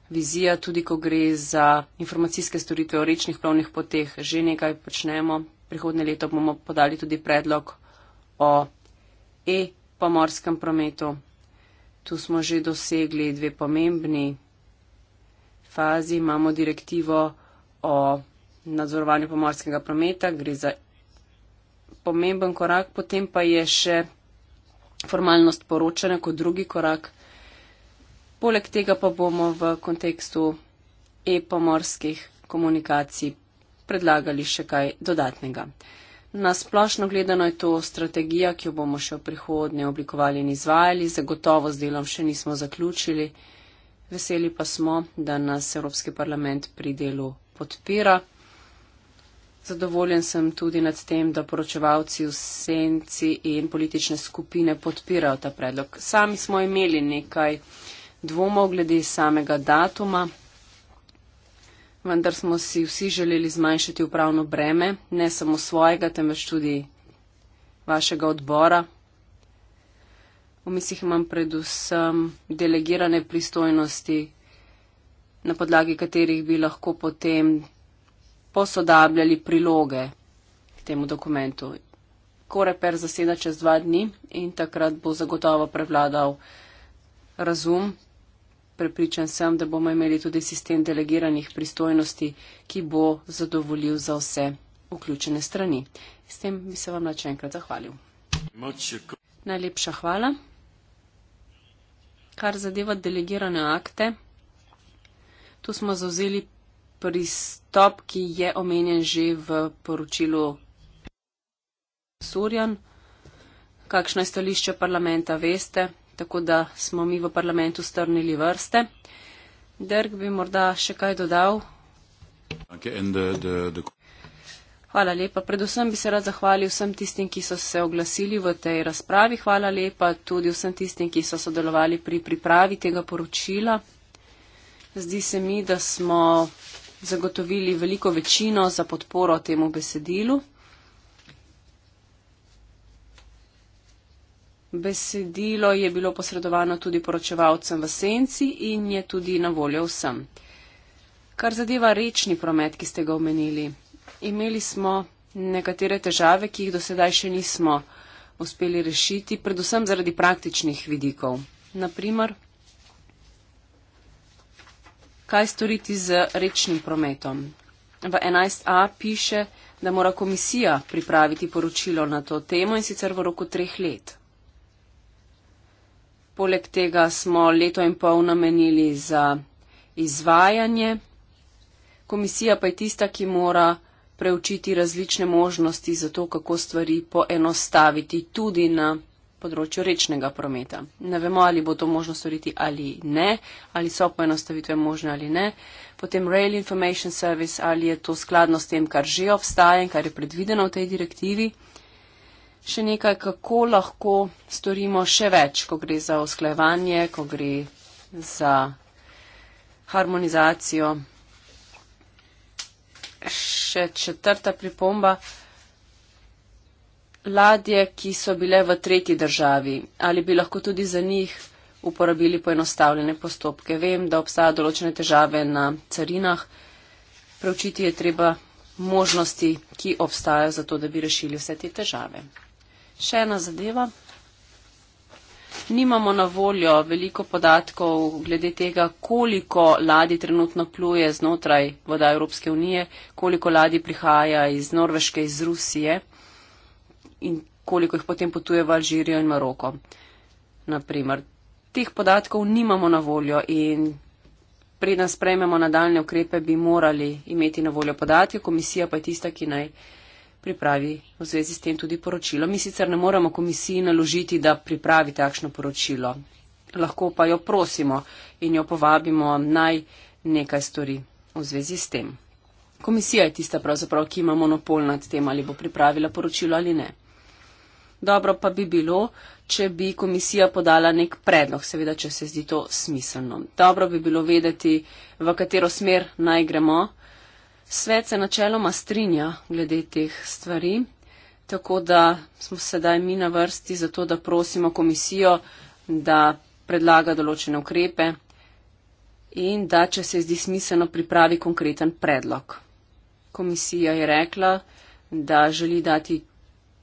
vizija, tudi ko gre za informacijske storitve o rečnih plovnih poteh. Že nekaj počnemo. Prihodne leto bomo podali tudi predlog o e-pomorskem prometu. Tu smo že dosegli dve pomembni fazi. Imamo direktivo o nadzorovanju pomorskega prometa, gre za pomemben korak, potem pa je še formalnost poročanja kot drugi korak. Poleg tega pa bomo v kontekstu e-pomorskih komunikacij predlagali še kaj dodatnega. Na splošno gledano je to strategija, ki jo bomo še v prihodnje oblikovali in izvajali, zagotovo z delom še nismo zaključili. Veseli pa smo, da nas Evropski parlament pri delu podpira. Zadovoljen sem tudi nad tem, da poročevalci v senci in politične skupine podpirajo ta predlog. Sami smo imeli nekaj dvomov glede samega datuma, vendar smo si vsi želeli zmanjšati upravno breme, ne samo svojega, temveč tudi vašega odbora. V mislih imam predvsem delegirane pristojnosti na podlagi katerih bi lahko potem posodabljali priloge k temu dokumentu. Koreper zaseda čez dva dni in takrat bo zagotovo prevladal razum. Prepričan sem, da bomo imeli tudi sistem delegiranih pristojnosti, ki bo zadovoljil za vse vključene strani. S tem bi se vam na če enkrat zahvalil. Najlepša hvala. Kar zadeva delegirane akte. Tu smo zauzeli pristop, ki je omenjen že v poročilu Surjan. Kakšno je stališče parlamenta, veste, tako da smo mi v parlamentu strnili vrste. Derg bi morda še kaj dodal. Hvala lepa. Predvsem bi se rad zahvalil vsem tistim, ki so se oglasili v tej razpravi. Hvala lepa tudi vsem tistim, ki so sodelovali pri pripravi tega poročila. Zdi se mi, da smo zagotovili veliko večino za podporo temu besedilu. Besedilo je bilo posredovano tudi poročevalcem v senci in je tudi na voljo vsem. Kar zadeva rečni promet, ki ste ga omenili, imeli smo nekatere težave, ki jih do sedaj še nismo uspeli rešiti, predvsem zaradi praktičnih vidikov. Naprimer, kaj storiti z rečnim prometom. V 11a piše, da mora komisija pripraviti poročilo na to temo in sicer v roku treh let. Poleg tega smo leto in pol namenili za izvajanje. Komisija pa je tista, ki mora preučiti različne možnosti za to, kako stvari poenostaviti tudi na področju rečnega prometa. Ne vemo, ali bo to možno storiti ali ne, ali so poenostavitve možne ali ne. Potem Rail Information Service, ali je to skladno s tem, kar že obstaja in kar je predvideno v tej direktivi. Še nekaj, kako lahko storimo še več, ko gre za usklajevanje, ko gre za harmonizacijo. Še četrta pripomba ladje, ki so bile v tretji državi, ali bi lahko tudi za njih uporabili poenostavljene postopke. Vem, da obstaja določene težave na carinah. Preučiti je treba možnosti, ki obstajajo za to, da bi rešili vse te težave. Še ena zadeva. Nimamo na voljo veliko podatkov glede tega, koliko ladi trenutno pluje znotraj voda Evropske unije, koliko ladi prihaja iz Norveške, iz Rusije in koliko jih potem potuje v Alžirijo in Maroko. Naprimer, teh podatkov nimamo na voljo in predna sprejmemo nadaljne ukrepe, bi morali imeti na voljo podatke, komisija pa je tista, ki naj pripravi v zvezi s tem tudi poročilo. Mi sicer ne moremo komisiji naložiti, da pripravi takšno poročilo. Lahko pa jo prosimo in jo povabimo naj nekaj stori v zvezi s tem. Komisija je tista pravzaprav, ki ima monopol nad tem, ali bo pripravila poročilo ali ne. Dobro pa bi bilo, če bi komisija podala nek predlog, seveda, če se zdi to smiselno. Dobro bi bilo vedeti, v katero smer naj gremo. Svet se načeloma strinja glede teh stvari, tako da smo sedaj mi na vrsti za to, da prosimo komisijo, da predlaga določene ukrepe in da, če se zdi smiselno, pripravi konkreten predlog. Komisija je rekla, da želi dati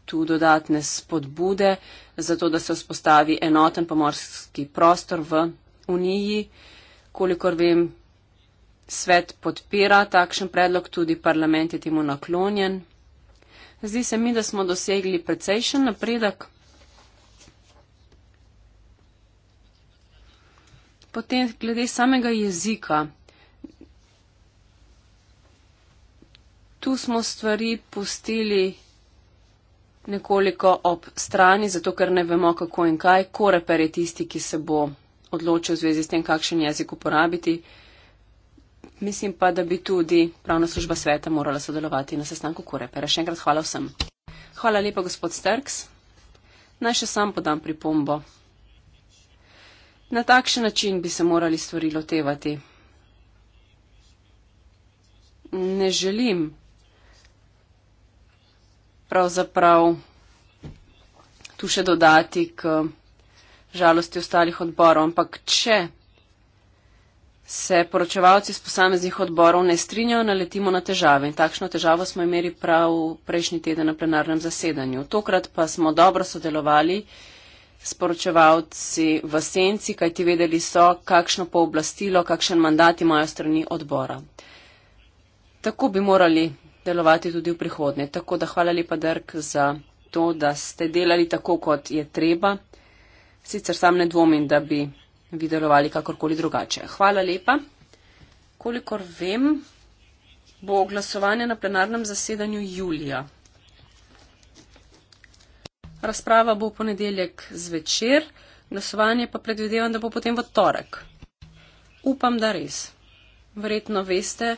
tu dodatne spodbude za to, da se vzpostavi enoten pomorski prostor v Uniji. Kolikor vem, svet podpira takšen predlog, tudi parlament je temu naklonjen. Zdi se mi, da smo dosegli precejšen napredek. Potem glede samega jezika. Tu smo stvari pustili nekoliko ob strani, zato ker ne vemo, kako in kaj. Koreper je tisti, ki se bo odločil v zvezi s tem, kakšen jezik uporabiti. Mislim pa, da bi tudi pravna služba sveta morala sodelovati na sestanku Korepera. Še enkrat hvala vsem. Hvala lepa, gospod Sterks. Naj še sam podam pripombo. Na takšen način bi se morali stvari lotevati. Ne želim pravzaprav tu še dodati k žalosti ostalih odborov. Ampak če se poročevalci z posameznih odborov ne strinjajo, naletimo na težave. In takšno težavo smo imeli prav prejšnji teden na plenarnem zasedanju. Tokrat pa smo dobro sodelovali s poročevalci v senci, kajti vedeli so, kakšno pooblastilo, kakšen mandat imajo strani odbora. Tako bi morali delovati tudi v prihodnje. Tako da hvala lepa, Drk, za to, da ste delali tako, kot je treba. Sicer sam ne dvomim, da bi vi delovali kakorkoli drugače. Hvala lepa. Kolikor vem, bo glasovanje na plenarnem zasedanju julija. Razprava bo v ponedeljek zvečer, glasovanje pa predvidevam, da bo potem v torek. Upam, da res. Verjetno veste,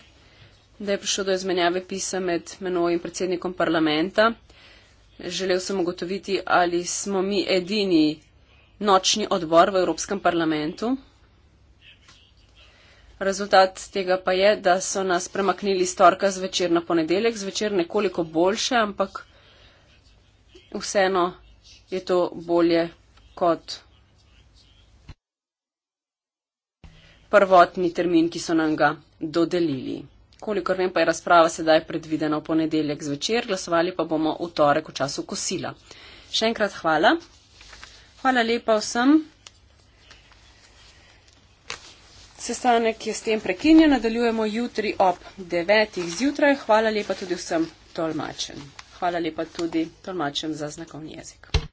da je prišlo do izmenjave pisa med menoj in predsednikom parlamenta. Želel sem ugotoviti, ali smo mi edini nočni odbor v Evropskem parlamentu. Rezultat tega pa je, da so nas premaknili iz torka zvečer na ponedeljek, zvečer nekoliko boljše, ampak vseeno je to bolje kot prvotni termin, ki so nam ga dodelili kolikor vem, pa je razprava sedaj predvidena v ponedeljek zvečer, glasovali pa bomo v torek v času kosila. Še enkrat hvala. Hvala lepa vsem. Sestanek je s tem prekinjen, nadaljujemo jutri ob 9. zjutraj. Hvala lepa tudi vsem tolmačem. Hvala lepa tudi tolmačem za znakovni jezik.